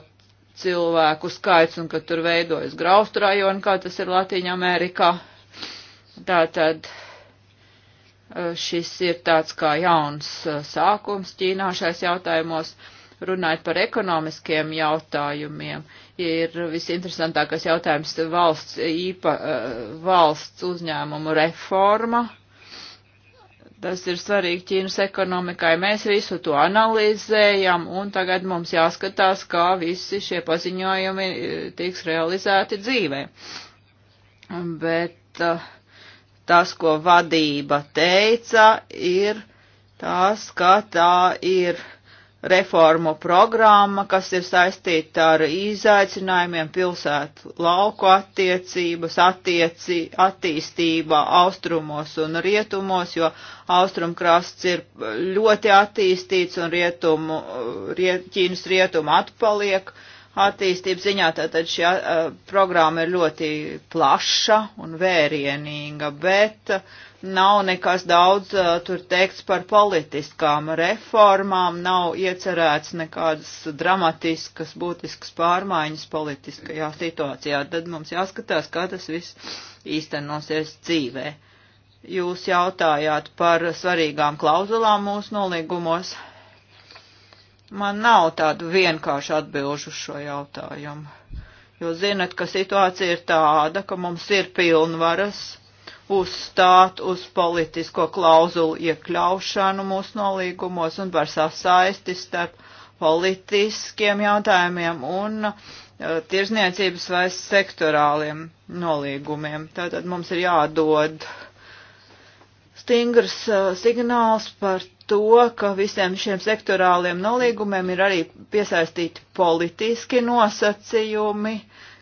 cilvēku skaits un ka tur veidojas graustu rajoni, kā tas ir Latīņa Amerikā. Tātad šis ir tāds kā jauns sākums Ķīnā šais jautājumos, runājot par ekonomiskiem jautājumiem. Uh, ir visinteresantākais jautājums valsts, īpa, eh, valsts uzņēmumu reforma. Tas ir svarīgi Ķīnas ekonomikai. Mēs visu to analizējam, un tagad mums jāskatās, kā visi šie paziņojumi eh, tiks realizēti dzīvē. Bet eh, tas, ko vadība teica, ir tas, ka tā ir reformu programma, kas ir saistīta ar izaicinājumiem pilsētu lauku attiecības, attieci, attīstībā austrumos un rietumos, jo austrumkrasts ir ļoti attīstīts un rietumu, riet, Ķīnas rietumu atpaliek attīstības ziņā, tātad šī uh, programma ir ļoti plaša un vērienīga, bet uh, nav nekas daudz tur teikts par politiskām reformām, nav iecerēts nekādas dramatiskas, būtiskas pārmaiņas politiskajā situācijā. Tad mums jāskatās, kā tas viss īstenosies dzīvē. Jūs jautājāt par svarīgām klauzulām mūsu nolīgumos. Man nav tādu vienkāršu atbilžu šo jautājumu. Jo zinat, ka situācija ir tāda, ka mums ir pilnvaras uzstāt uz politisko klauzulu iekļaušanu mūsu nolīgumos un par sasaisti starp politiskiem jautājumiem un uh, tirzniecības vai sektorāliem nolīgumiem. Tātad mums ir jādod stingrs uh, signāls par to, ka visiem šiem sektorāliem nolīgumiem ir arī piesaistīti politiski nosacījumi,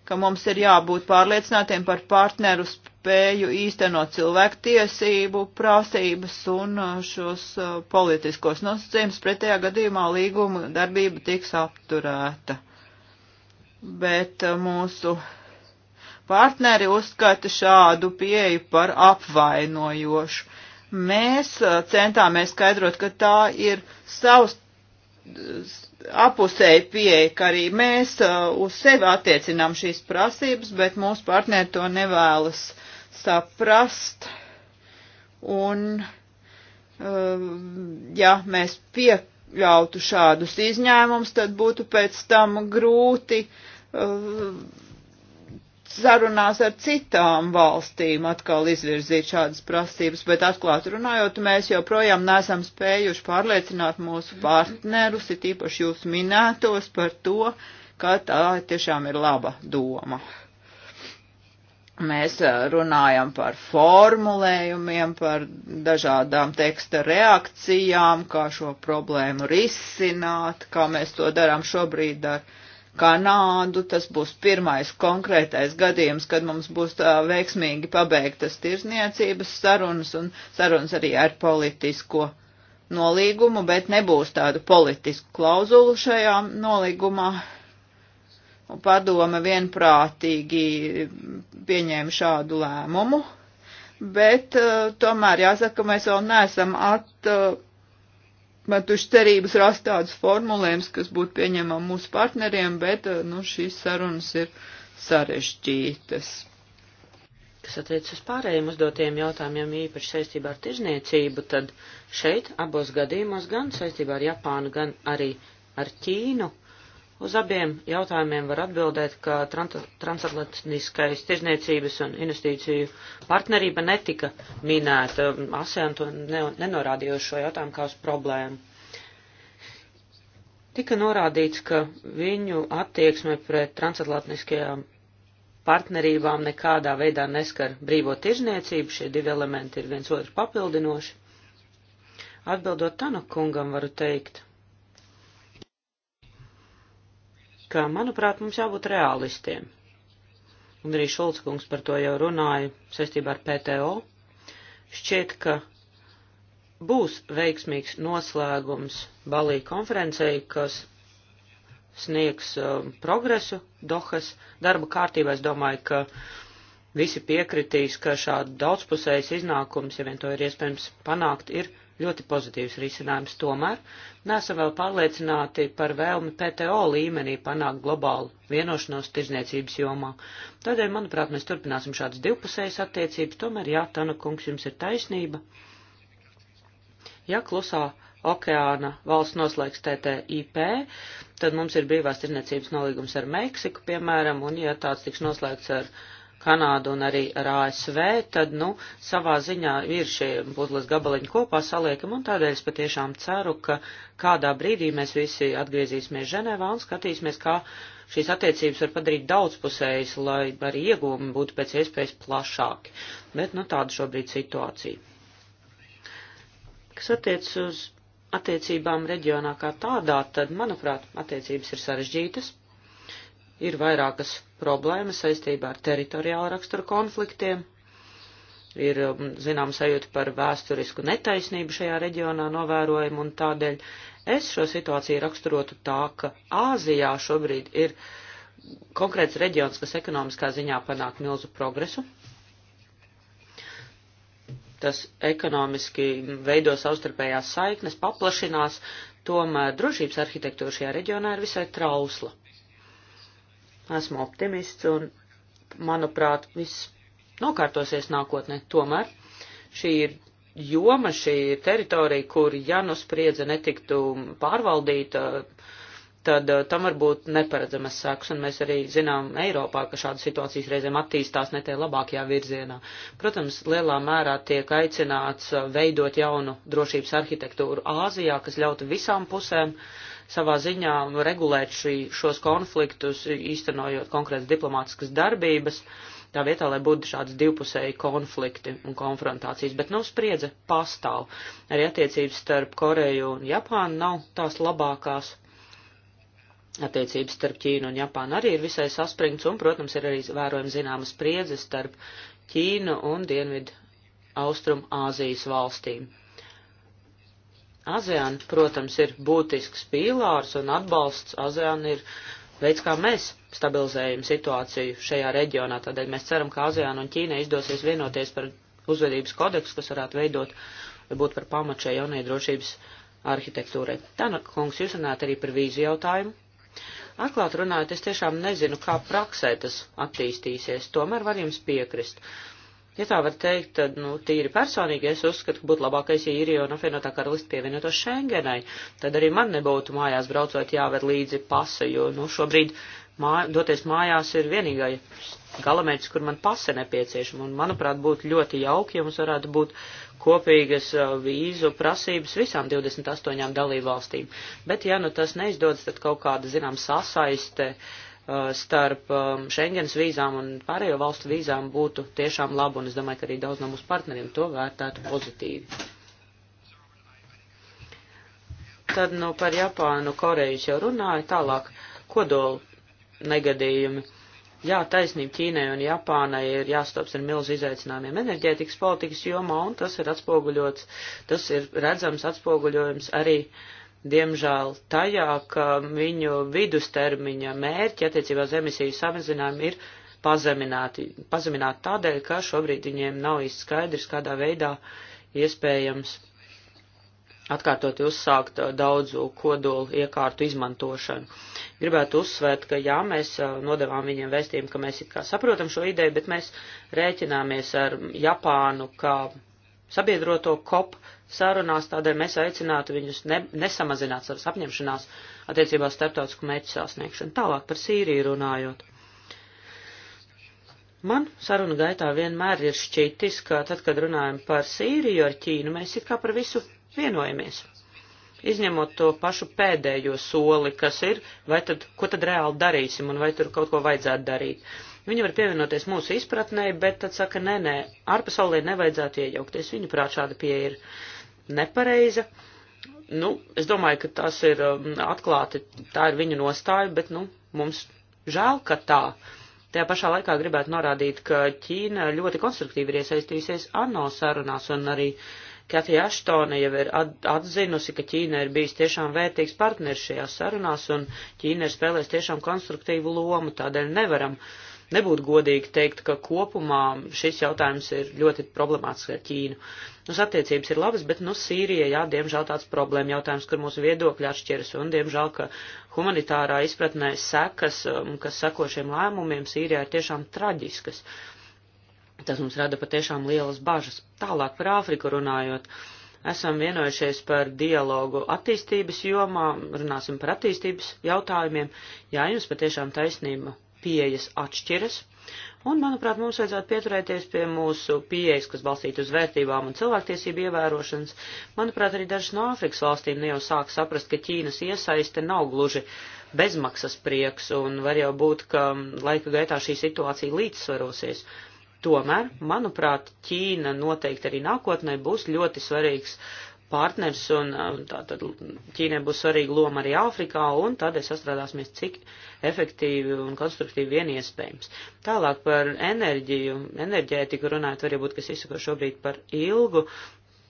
ka mums ir jābūt pārliecinātiem par partnerus spēju īstenot cilvēktiesību prasības un uh, šos uh, politiskos nosacījumus. Pretējā gadījumā līguma darbība tiks apturēta. Bet uh, mūsu partneri uzskata šādu pieeju par apvainojošu. Mēs centāmies skaidrot, ka tā ir savs apusēja pieeja, ka arī mēs uh, uz sevi attiecinām šīs prasības, bet mūsu partneri to nevēlas saprast, un um, ja mēs pieļautu šādus izņēmumus, tad būtu pēc tam grūti um, sarunās ar citām valstīm atkal izvirzīt šādas prasības, bet atklāt runājot, mēs joprojām nesam spējuši pārliecināt mūsu partnerus, ir tīpaši jūs minētos par to, ka tā tiešām ir laba doma. Mēs runājam par formulējumiem, par dažādām teksta reakcijām, kā šo problēmu risināt, kā mēs to darām šobrīd ar Kanādu. Tas būs pirmais konkrētais gadījums, kad mums būs veiksmīgi pabeigtas tirzniecības sarunas un sarunas arī ar politisko nolīgumu, bet nebūs tādu politisku klauzulu šajā nolīgumā padome vienprātīgi pieņēma šādu lēmumu, bet uh, tomēr jāsaka, mēs vēl neesam atmetuši uh, cerības rast tādus formulējumus, kas būtu pieņemami mūsu partneriem, bet uh, nu, šīs sarunas ir sarežģītas. Kas attiecas uz pārējiem uzdotiem jautājumiem, īpaši saistībā ar tirzniecību, tad šeit abos gadījumos gan saistībā ar Japānu, gan arī ar Ķīnu Uz abiem jautājumiem var atbildēt, ka transatlantiskais tirzniecības un investīciju partnerība netika minēta. ASEAN to ne, nenorādīja uz šo jautājumu kā uz problēmu. Tika norādīts, ka viņu attieksme pret transatlantiskajām partnerībām nekādā veidā neskar brīvo tirzniecību, šie divi elementi ir viens otru papildinoši. Atbildot Tanakungam, varu teikt, ka, manuprāt, mums jābūt realistiem. Un arī Šulckungs par to jau runāja saistībā ar PTO. Šķiet, ka būs veiksmīgs noslēgums Balī konferencei, kas sniegs um, progresu Dohas darba kārtībā. Es domāju, ka visi piekritīs, ka šāda daudzpusējas iznākums, ja vien to ir iespējams panākt, ir ļoti pozitīvs risinājums. Tomēr nesam vēl pārliecināti par vēlmi PTO līmenī panākt globālu vienošanos tirzniecības jomā. Tādēļ, manuprāt, mēs turpināsim šādas divpusējas attiecības. Tomēr, jā, Tana kungs, jums ir taisnība. Ja klusā okeāna valsts noslēgs TTIP, tad mums ir brīvās tirzniecības nolīgums ar Meksiku, piemēram, un ja tāds tiks noslēgts ar Kanādu un arī ar ASV, tad, nu, savā ziņā ir šie puzles gabaliņi kopā saliekam, un tādēļ es patiešām ceru, ka kādā brīdī mēs visi atgriezīsimies Ženēvā un skatīsimies, kā šīs attiecības var padarīt daudzpusējas, lai arī iegūmi būtu pēc iespējas plašāki. Bet, nu, tāda šobrīd situācija. Kas attiec uz attiecībām reģionā kā tādā, tad, manuprāt, attiecības ir sarežģītas ir vairākas problēmas saistībā ar teritoriālu raksturu konfliktiem, ir, um, zinām, sajūta par vēsturisku netaisnību šajā reģionā novērojumu, un tādēļ es šo situāciju raksturotu tā, ka Āzijā šobrīd ir konkrēts reģions, kas ekonomiskā ziņā panāk milzu progresu. Tas ekonomiski veido savstarpējās saiknes, paplašinās, tomēr drošības arhitektūra šajā reģionā ir visai trausla. Esmu optimists un, manuprāt, viss nokārtosies nākotnē. Tomēr šī ir joma, šī ir teritorija, kur, ja nu spriedze netiktu pārvaldīta, tad eh, tam var būt neparedzamas sekas, un mēs arī zinām Eiropā, ka šādas situācijas reizēm attīstās ne tie labākajā virzienā. Protams, lielā mērā tiek aicināts eh, veidot jaunu drošības arhitektūru Āzijā, kas ļautu visām pusēm savā ziņā regulēt šī, šos konfliktus, īstenojot konkrētas diplomātiskas darbības, tā vietā, lai būtu šādas divpusēji konflikti un konfrontācijas. Bet, nu, spriedze pastāv. Arī attiecības starp Koreju un Japānu nav tās labākās. Attiecības starp Ķīnu un Japānu arī ir visai saspringts, un, protams, ir arī vērojama zināma spriedze starp Ķīnu un Dienvidu Austrum Āzijas valstīm. ASEAN, protams, ir būtisks pīlārs un atbalsts ASEAN ir veids, kā mēs stabilizējam situāciju šajā reģionā. Tādēļ mēs ceram, ka ASEAN un Ķīna izdosies vienoties par uzvedības kodeksu, kas varētu veidot vai būt par pamatu šai jaunajai drošības arhitektūrai. Tā, kungs, jūs runājat arī par vīzu jautājumu. Atklāt runājot, es tiešām nezinu, kā praksē tas attīstīsies, tomēr var jums piekrist. Uh, Ja tā var teikt, tad, nu, tīri personīgi es uzskatu, ka būtu labākais, ja Irija un apvienotā karalista pievienotos Schengenai, tad arī man nebūtu mājās braucot jāved līdzi pasa, jo, nu, šobrīd mā, doties mājās ir vienīgai galamērķis, kur man pase nepieciešama, un, manuprāt, būtu ļoti jauki, ja mums varētu būt kopīgas vīzu prasības visām 28 dalībvalstīm. Bet, ja nu tas neizdodas, tad kaut kāda, zinām, sasaiste. Uh, Uh, starp um, Schengens vīzām un pārējo valstu vīzām būtu tiešām laba, un es domāju, ka arī daudz no mūsu partneriem to vērtētu pozitīvi. Tad, nu, par Japānu, Korejas jau runāja, tālāk kodolu negadījumi. Jā, taisnība Ķīnai un Japānai ir jāstops ar milzu izaicinājumiem enerģētikas politikas jomā, un tas ir atspoguļots, tas ir redzams atspoguļojums arī uh, diemžēl tajā, ka viņu vidustermiņa mērķi attiecībā uz emisiju samazinājumu ir pazemināti, pazemināti tādēļ, ka šobrīd viņiem nav īsti skaidrs, kādā veidā iespējams atkārtot uzsākt uh, daudzu kodolu iekārtu izmantošanu. Gribētu uzsvērt, ka jā, mēs uh, nodevām viņiem vēstījumu, ka mēs it kā saprotam šo ideju, bet mēs rēķināmies ar Japānu kā sabiedroto kop sarunās, tādēļ mēs aicinātu viņus ne, nesamazināt savas apņemšanās attiecībā starptautisku mērķu sasniegšanu. Tālāk par Sīriju runājot. Man saruna gaitā vienmēr ir šķitis, ka tad, kad runājam par Sīriju ar Ķīnu, mēs it kā par visu vienojamies. Izņemot to pašu pēdējo soli, kas ir, vai tad, ko tad reāli darīsim un vai tur kaut ko vajadzētu darīt. Viņi var pievienoties mūsu izpratnē, bet tad saka, nē, nē, ārpasaulē nevajadzētu iejaukties. Viņu prāt šāda pieeja ir nepareiza. Nu, es domāju, ka tas ir um, atklāti, tā ir viņa nostāja, bet, nu, mums žēl, ka tā. Tajā pašā laikā gribētu norādīt, ka Ķīna ļoti konstruktīvi ir iesaistījusies ANO sarunās un arī Katija Aštone jau ir atzinusi, ka Ķīna ir bijis tiešām vērtīgs partners šajās sarunās un Ķīna ir spēlējis tiešām konstruktīvu lomu, tādēļ nevaram uh, nebūtu godīgi teikt, ka kopumā šis jautājums ir ļoti problemātisks ar Ķīnu. Nu, attiecības ir labas, bet, nu, Sīrija, jā, diemžēl tāds problēma jautājums, kur mūsu viedokļi atšķiras, un, diemžēl, ka humanitārā izpratnē sekas, um, kas seko šiem lēmumiem, Sīrijā ir tiešām traģiskas. Tas mums rada patiešām lielas bažas. Tālāk par Āfriku runājot esam vienojušies par dialogu attīstības jomā, runāsim par attīstības jautājumiem. Jā, jums patiešām taisnība pieejas atšķiras. Un, manuprāt, mums vajadzētu pieturēties pie mūsu pieejas, kas balstīta uz vērtībām un cilvēktiesību ievērošanas. Manuprāt, arī dažas no Āfrikas valstīm ne jau sāk saprast, ka Ķīnas iesaiste nav gluži bezmaksas prieks, un var jau būt, ka laika gaitā šī situācija līdzsvarosies. Tomēr, manuprāt, Ķīna noteikti arī nākotnē būs ļoti svarīgs uh, partners, un um, tātad Ķīnai būs svarīga loma arī Āfrikā, un tādēļ sastrādāsimies cik efektīvi un konstruktīvi vien iespējams. Tālāk par enerģiju, enerģētiku runājot, varbūt, kas izsako šobrīd par ilgu,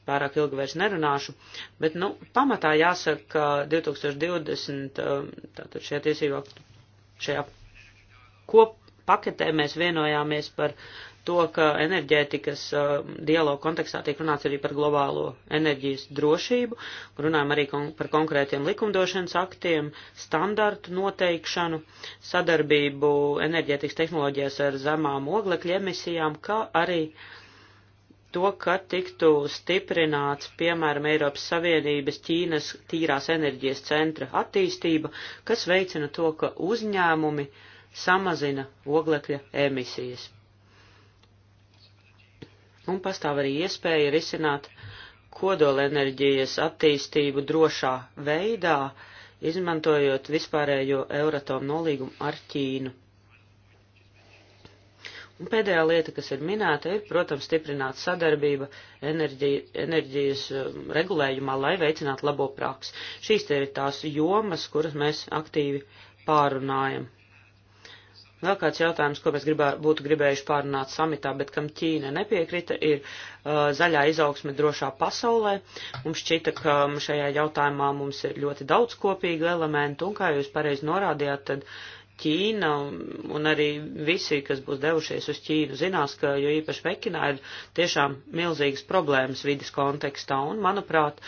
pārāk ilgi vairs nerunāšu, bet, nu, pamatā jāsaka, ka 2020, um, tātad šajā tiesībā, šajā kop paketē mēs vienojāmies par uh, to, ka enerģētikas uh, dialogu kontekstā tiek runāts arī par globālo enerģijas drošību, runājam arī kon par konkrētiem likumdošanas aktiem, standartu noteikšanu, sadarbību enerģētikas tehnoloģijas ar zemām oglekļa emisijām, kā arī to, ka tiktu stiprināts, piemēram, Eiropas Savienības Ķīnas tīrās enerģijas centra attīstība, kas veicina to, ka uzņēmumi samazina oglekļa emisijas un pastāv arī iespēja risināt kodolenerģijas attīstību drošā veidā, izmantojot vispārējo Euratom nolīgumu ar Ķīnu. Un pēdējā lieta, kas ir minēta, ir, protams, stiprināt sadarbība enerģi, enerģijas um, regulējumā, lai veicinātu labo praksi. Šīs te ir tās jomas, kuras mēs aktīvi pārunājam. Vēl kāds jautājums, ko mēs gribā, būtu gribējuši pārunāt samitā, bet kam Ķīna nepiekrita, ir uh, zaļā izaugsme drošā pasaulē. Mums šķita, ka um, šajā jautājumā mums ir ļoti daudz kopīgu elementu, un kā jūs pareizi norādījāt, tad Ķīna un arī visi, kas būs devušies uz Ķīnu, zinās, ka jo īpaši Pekinā ir tiešām milzīgas problēmas vidas kontekstā, un manuprāt,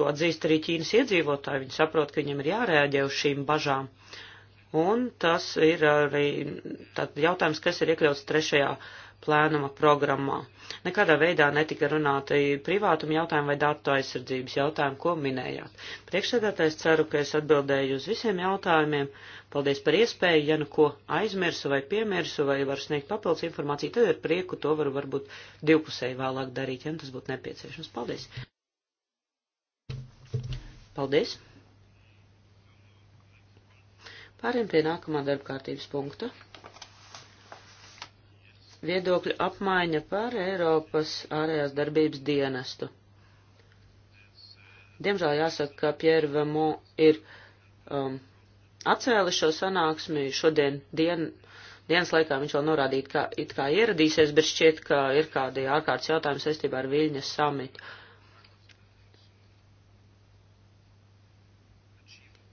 to atzīst arī Ķīnas iedzīvotāji, viņi saprot, ka viņiem ir jārēģē uz šīm bažām. Uh, Un tas ir arī jautājums, kas ir iekļauts trešajā plēnuma programmā. Nekādā veidā netika runāta privātuma jautājuma vai datu aizsardzības jautājuma, ko minējāt. Priekšsēdētājs ceru, ka es atbildēju uz visiem jautājumiem. Paldies par iespēju, ja nu ko aizmirsu vai piemirsu vai varu sniegt papildus informāciju, tad ar prieku to varu varbūt divpusēji vēlāk darīt, ja nu tas būtu nepieciešams. Paldies! Paldies! Pāriem pie nākamā darba kārtības punkta. Viedokļu apmaiņa par Eiropas ārējās darbības dienestu. Diemžēl jāsaka, ka Pierre Vamo ir um, atcēlis šo sanāksmi šodien dienu dienas laikā viņš vēl norādīja, ka it kā ieradīsies, bet šķiet, ka ir kādi ārkārtas jautājumi saistībā ar Viļņas samitu.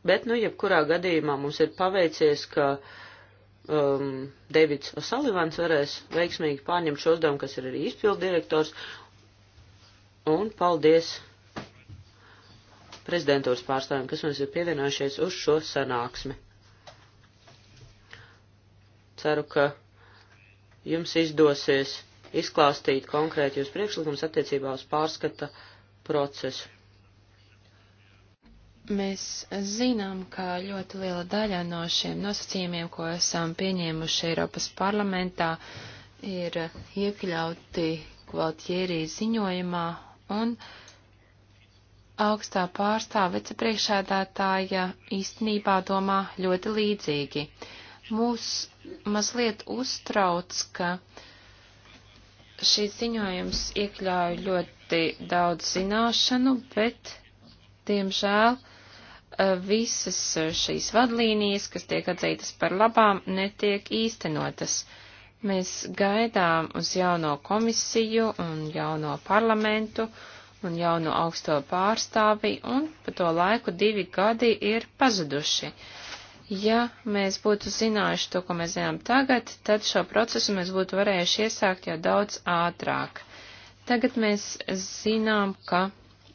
Bet, nu, jebkurā gadījumā mums ir paveicies, ka um, Davids Osalivans varēs veiksmīgi pārņemt šo uzdevumu, kas ir arī izpildu direktors. Un paldies prezidentūras pārstāvjiem, kas mums ir pievienojušies uz šo sanāksmi. Ceru, ka jums izdosies izklāstīt konkrēti jūs priekšlikums attiecībā uz pārskata procesu. Mēs zinām, ka ļoti liela daļa no šiem nosacījumiem, ko esam pieņēmuši Eiropas parlamentā, ir iekļauti Gvaltjērī ziņojumā, un augstā pārstāve vicepriekšēdātāja īstenībā domā ļoti līdzīgi. Mūs mazliet uztrauc, ka šīs ziņojums iekļauj ļoti daudz zināšanu, bet, diemžēl, Eh, visas eh, šīs vadlīnijas, kas tiek atzītas par labām, netiek īstenotas. Mēs gaidām uz jauno komisiju un jauno parlamentu un jauno augsto pārstāvi, un pa to laiku divi gadi ir pazuduši. Ja mēs būtu zinājuši to, ko mēs zinām tagad, tad šo procesu mēs būtu varējuši iesākt jau daudz ātrāk. Tagad mēs zinām, ka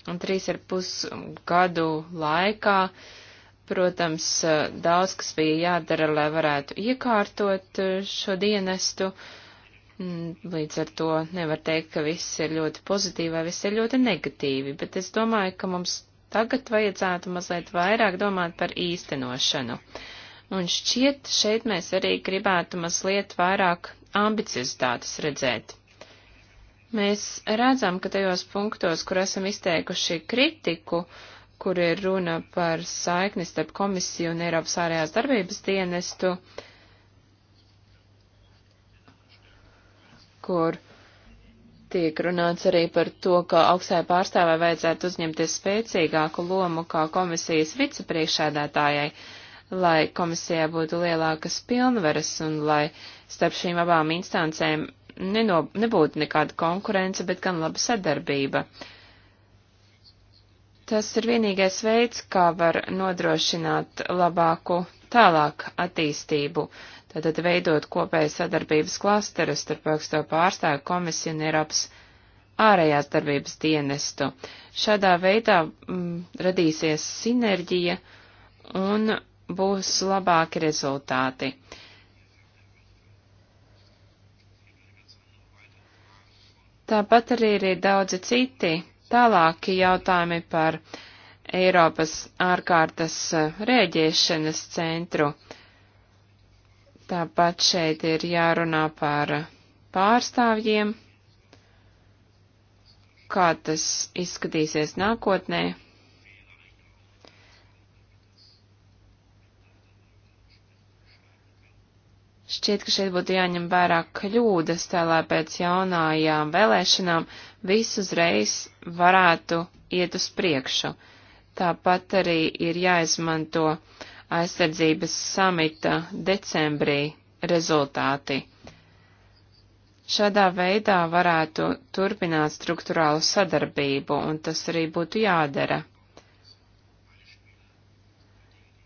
un trīs ar pus gadu laikā, protams, daudz kas bija jādara, lai varētu iekārtot eh, šo dienestu. Mm, līdz ar to nevar teikt, ka viss ir ļoti pozitīvi vai viss ir ļoti negatīvi, bet es domāju, ka mums tagad vajadzētu mazliet vairāk domāt par īstenošanu. Un šķiet, šeit mēs arī gribētu mazliet vairāk ambiciozitātes redzēt. Mēs redzam, ka tajos punktos, kur esam izteikuši kritiku, kur ir runa par saikni starp komisiju un Eiropas ārējās darbības dienestu, kur tiek runāts arī par to, ka augstajā pārstāvē vajadzētu uzņemties spēcīgāku lomu kā komisijas vicepriekšēdētājai, lai komisijā būtu lielākas pilnveres un lai starp šīm abām instancēm neno, nebūtu nekāda konkurence, bet gan laba sadarbība. Tas ir vienīgais veids, kā var nodrošināt labāku tālāk attīstību, tātad veidot kopēju sadarbības klasteru starp augsto pārstāvu komisiju un Eiropas ārējās darbības dienestu. Šādā veidā m, mm, radīsies sinerģija un būs labāki rezultāti. Uh, Tāpat arī ir daudzi citi tālāki jautājumi par Eiropas ārkārtas eh, rēģiešanas centru. Tāpat šeit ir jārunā par pārstāvjiem, kā tas izskatīsies nākotnē. Šķiet, ka šeit būtu jāņem vērā kļūdas, tā lai pēc jaunajām vēlēšanām viss uzreiz varētu iet uz priekšu. Tāpat arī ir jāizmanto aizsardzības samita decembrī rezultāti. Šādā veidā varētu turpināt struktūrālu sadarbību, un tas arī būtu jādara.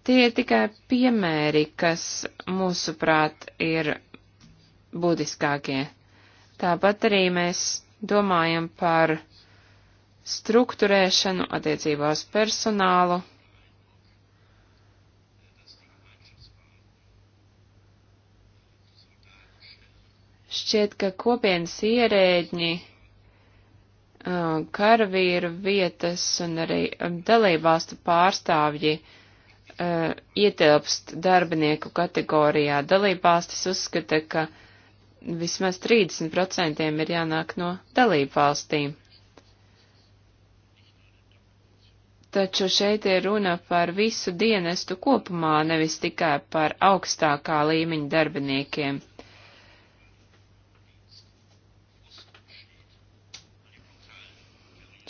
Tie ir tikai piemēri, kas mūsuprāt ir būtiskākie. Tāpat arī mēs domājam par struktūrēšanu attiecībā uz personālu. Šķiet, ka kopienas ierēģi, uh, karavīru vietas un arī dalībvalstu pārstāvji uh, uh, ietilpst darbinieku kategorijā. Dalībvalstis uzskata, ka vismaz 30% ir jānāk no dalībvalstīm. Taču šeit ir runa par visu dienestu kopumā, nevis tikai par augstākā līmeņa darbiniekiem.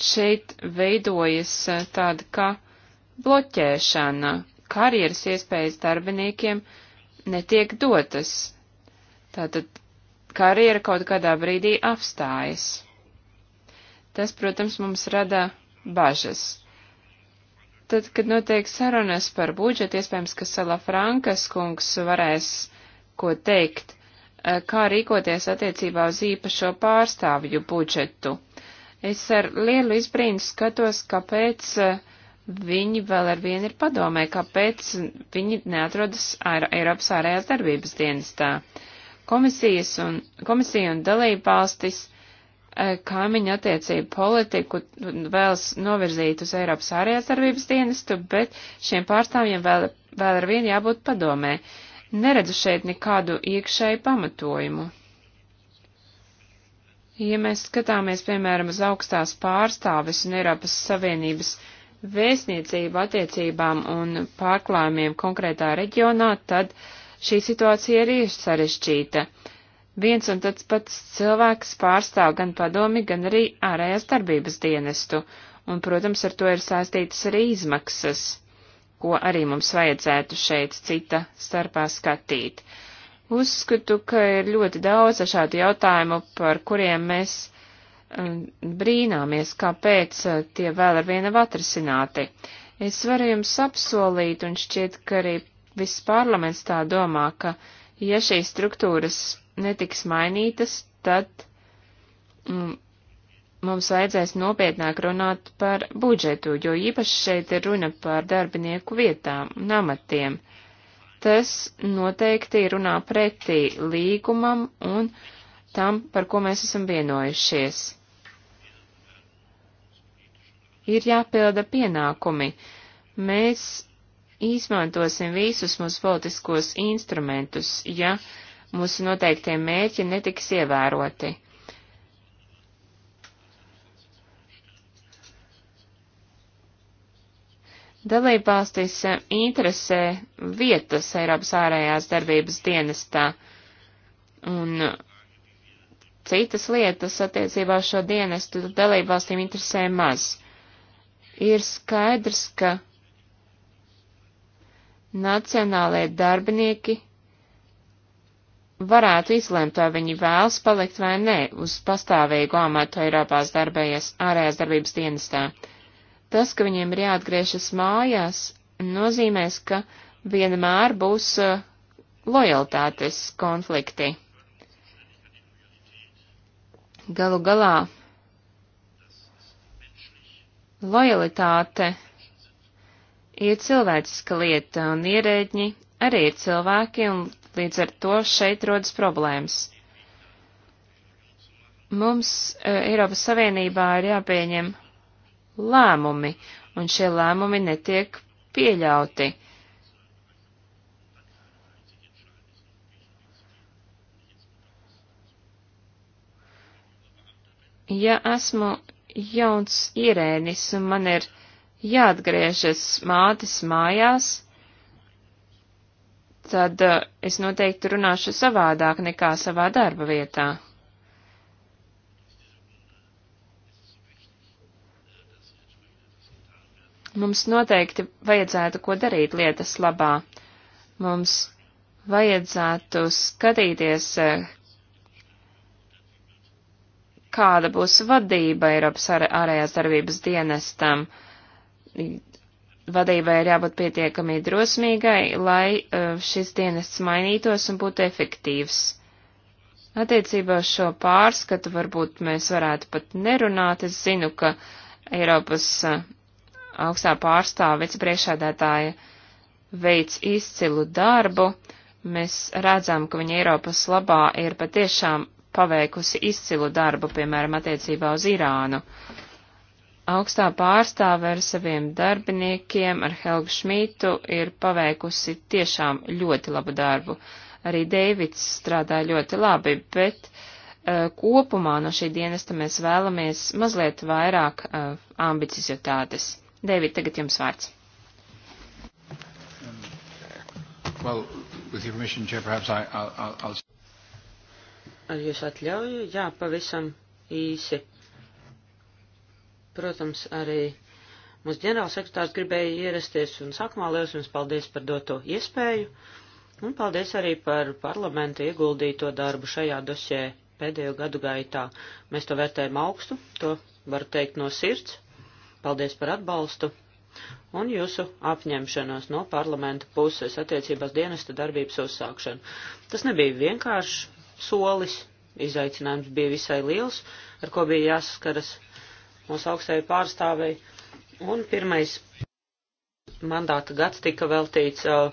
šeit veidojas uh, tāda kā bloķēšana, karjeras iespējas darbiniekiem netiek dotas. Tātad karjera kaut kādā brīdī apstājas. Tas, protams, mums rada bažas. Tad, kad notiek sarunas par budžetu, iespējams, ka Sala Frankas kungs varēs ko teikt, eh, kā rīkoties attiecībā uz īpašo pārstāvju budžetu. Es ar lielu izbrīnu skatos, kāpēc uh, viņi vēl ar vienu ir padomē, kāpēc viņi neatrodas ār, Eiropas ārējās darbības dienestā. Komisijas un, komisija un dalībvalstis eh, kaimiņu attiecību politiku vēlas novirzīt uz Eiropas ārējās darbības dienestu, bet šiem pārstāvjiem vēl, vēl ar vienu jābūt padomē. Neredzu šeit nekādu iekšēju pamatojumu. Ja mēs skatāmies, piemēram, uz augstās pārstāves un Eiropas Savienības uh, vēstniecību attiecībām un pārklājumiem konkrētā reģionā, tad šī situācija arī ir sarežģīta. Viens un tāds pats cilvēks pārstāv gan padomi, gan arī ārējās darbības dienestu, un, protams, ar to ir saistītas arī izmaksas, ko arī mums vajadzētu šeit cita starpā skatīt. Uzskatu, ka ir ļoti daudz šādu jautājumu, par kuriem mēs brīnāmies, kāpēc uh, tie vēl ar vienu atrisināti. Es varu jums apsolīt, un šķiet, ka arī viss parlaments tā domā, ka ja šīs struktūras netiks mainītas, tad mm, mums vajadzēs nopietnāk runāt par budžetu, jo īpaši šeit ir runa par darbinieku vietām un amatiem. Tas noteikti runā pretī līgumam un tam, par ko mēs esam vienojušies ir jāpilda pienākumi. Mēs izmantosim visus mūsu politiskos instrumentus, ja mūsu noteiktie mērķi netiks ievēroti. Dalībvalstis interesē vietas Eiropas ārējās darbības dienestā un citas lietas attiecībā uz šo dienestu dalībvalstīm interesē maz ir skaidrs, ka nacionālajie darbinieki varētu izlēmt, vai viņi vēlas palikt vai nē uz pastāvīgu amatu Eiropās darbējies ārējās darbības dienestā. Tas, ka viņiem ir jāatgriežas mājās, nozīmēs, ka vienmēr būs uh, lojaltātes konflikti. Galu galā Lojalitāte ir cilvēciska lieta, un ierēģi arī ir cilvēki, un līdz ar to šeit rodas problēmas. Mums e, Eiropas Savienībā ir jāpieņem lēmumi, un šie lēmumi netiek pieļauti. Ja esmu jauns ierēnis, un man ir jāatgriežas mātes mājās, tad uh, es noteikti runāšu savādāk nekā savā darba vietā. Mums noteikti vajadzētu ko darīt lietas labā. Mums vajadzētu skatīties, uh, kāda būs vadība Eiropas ārējās darbības dienestam. Vadībai ir jābūt pietiekami drosmīgai, lai uh, šis dienests mainītos un būtu efektīvs. Attiecībā uz šo pārskatu varbūt mēs varētu pat nerunāt. Es zinu, ka Eiropas uh, augstā pārstāva vicepriekšādētāja veic izcilu darbu. Mēs redzam, ka viņa Eiropas labā ir patiešām paveikusi izcilu darbu, piemēram, attiecībā uz Irānu. Augstā pārstāve ar saviem darbiniekiem, ar Helgu Šmītu, ir paveikusi tiešām ļoti labu darbu. Arī Deivids strādā ļoti labi, bet uh, kopumā no šī dienesta mēs vēlamies mazliet vairāk uh, eh, ambiciozitātes. Deivid, tagad jums vārds. Well, with your permission, Chair, perhaps I, I'll, I'll... Ar jūs atļauju? Jā, pavisam īsi. Protams, arī mūsu ģenerālsekretārs gribēja ierasties un sākumā liels jums paldies par doto iespēju un paldies arī par parlamenta ieguldīto darbu šajā dosē pēdējo gadu gaitā. Mēs to vērtējam augstu, to varu teikt no sirds. Paldies par atbalstu un jūsu apņemšanos no parlamenta puses attiecībās dienesta darbības uzsākšanu. Tas nebija vienkārši solis. Izaicinājums bija visai liels, ar ko bija jāsaskaras mūsu augstajai pārstāvei. Un pirmais mandāta gads tika veltīts uh,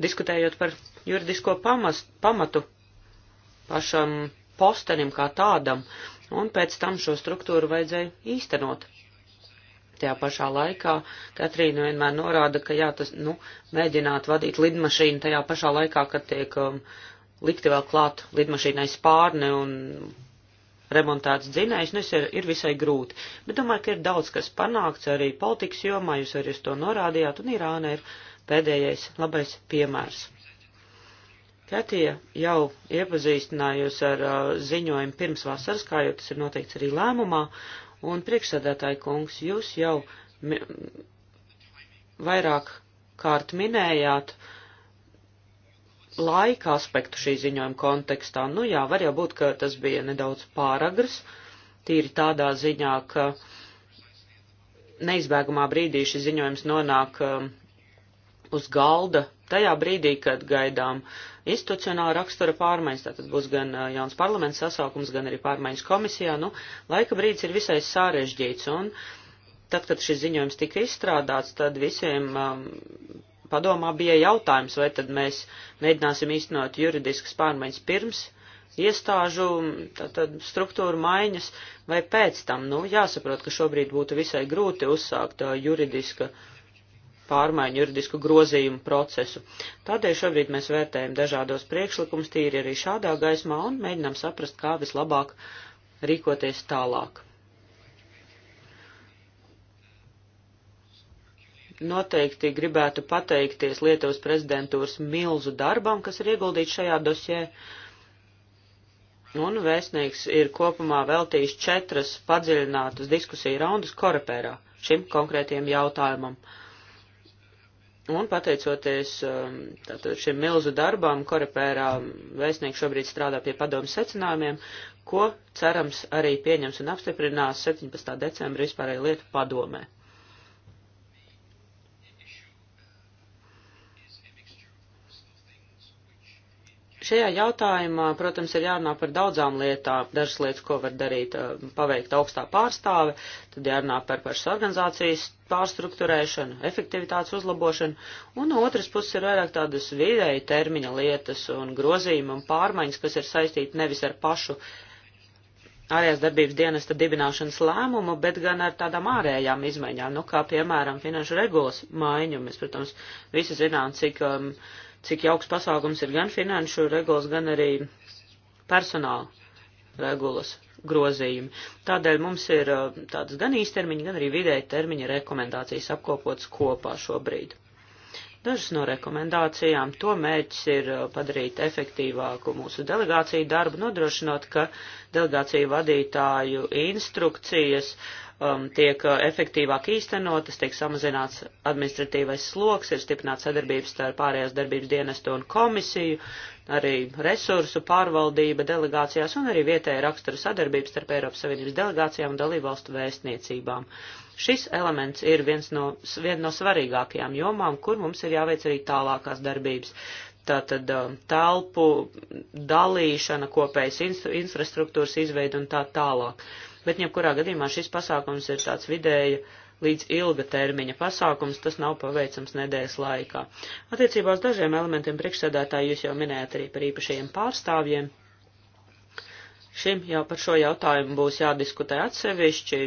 diskutējot par juridisko pamas, pamatu pašam postenim kā tādam, un pēc tam šo struktūru vajadzēja īstenot. Tajā pašā laikā Katrīna vienmēr norāda, ka jā, tas, nu, mēģināt vadīt lidmašīnu tajā pašā laikā, kad tiek um, likti vēl klāt lidmašīnai spārni un remontēts dzinējs, nu, ir, ir visai grūti. Bet domāju, ka ir daudz, kas panākts arī politikas jomā, jūs arī uz to norādījāt, un Irāna ir pēdējais labais piemērs. Katija jau iepazīstinājusi ar uh, ziņojumu pirms vasaras, kā jau tas ir noteikts arī lēmumā, un priekšsēdētāji kungs, jūs jau vairāk kārt minējāt, uh, laika aspektu šī ziņojuma kontekstā. Nu jā, var jau būt, ka tas bija nedaudz pāragrs, tīri tādā ziņā, ka neizbēgamā brīdī šis ziņojums nonāk um, uz galda tajā brīdī, kad gaidām institucionāla rakstura pārmaiņas, tātad būs gan uh, jauns parlaments sasaukums, gan arī pārmaiņas komisijā, nu, laika brīdis ir visai sarežģīts, un tad, kad šis ziņojums tika izstrādāts, tad visiem um, padomā bija jautājums, vai tad mēs mēģināsim īstenot juridiskas pārmaiņas pirms iestāžu tātad, struktūru maiņas vai pēc tam. Nu, jāsaprot, ka šobrīd būtu visai grūti uzsākt juridiska pārmaiņu, juridisku grozījumu procesu. Tādēļ šobrīd mēs vērtējam dažādos priekšlikumus tīri arī šādā gaismā un mēģinām saprast, kā vislabāk rīkoties tālāk. noteikti gribētu pateikties Lietuvas prezidentūras milzu darbam, kas ir ieguldīts šajā dosjē. Un vēstnieks ir kopumā veltījis četras padziļinātas diskusiju raundas korepērā šim konkrētajam jautājumam. Un pateicoties um, tātad, šim milzu darbam, korepērā vēstnieks šobrīd strādā pie padomu secinājumiem, ko cerams arī pieņems un apstiprinās 17. decembra vispārēju lietu padomē. Šajā jautājumā, protams, ir jārunā par daudzām lietām, dažas lietas, ko var darīt, eh, paveikt augstā pārstāve, tad jārunā par pašas organizācijas pārstruktūrēšanu, efektivitātes uzlabošanu, un no otras puses ir vairāk tādas vidēji termiņa lietas un grozījuma un pārmaiņas, kas ir saistīti nevis ar pašu ārējās darbības dienesta dibināšanas lēmumu, bet gan ar tādām ārējām izmaiņām, nu kā piemēram finanšu regulas maiņu. Mēs, protams, visi zinām, cik um, cik jauks pasākums ir gan finanšu regulas, gan arī personāla regulas grozījumi. Tādēļ mums ir uh, tādas gan īstermiņa, gan arī vidēja termiņa rekomendācijas apkopotas kopā šobrīd. Dažas no rekomendācijām to mērķis ir uh, padarīt efektīvāku mūsu delegāciju darbu, nodrošinot, ka delegāciju vadītāju instrukcijas um, tiek uh, efektīvāk īstenotas, tiek samazināts administratīvais sloks, ir stiprināts sadarbības starp pārējās darbības dienestu un komisiju, arī resursu pārvaldība delegācijās un arī vietēja rakstura sadarbības starp Eiropas Savienības delegācijām un dalībvalstu vēstniecībām. Šis elements ir viens no, viena no svarīgākajām jomām, kur mums ir jāveic arī tālākās darbības. Tātad um, telpu dalīšana, kopējas infrastruktūras izveida un tā tālāk. Bet, ja kurā gadījumā šis pasākums ir tāds vidēja līdz ilga termiņa pasākums, tas nav paveicams nedēļas laikā. Attiecībā uz dažiem elementiem priekšsēdētāji jūs jau minējat arī par īpašajiem pārstāvjiem. Uh, Šim jau par šo jautājumu būs jādiskutē atsevišķi,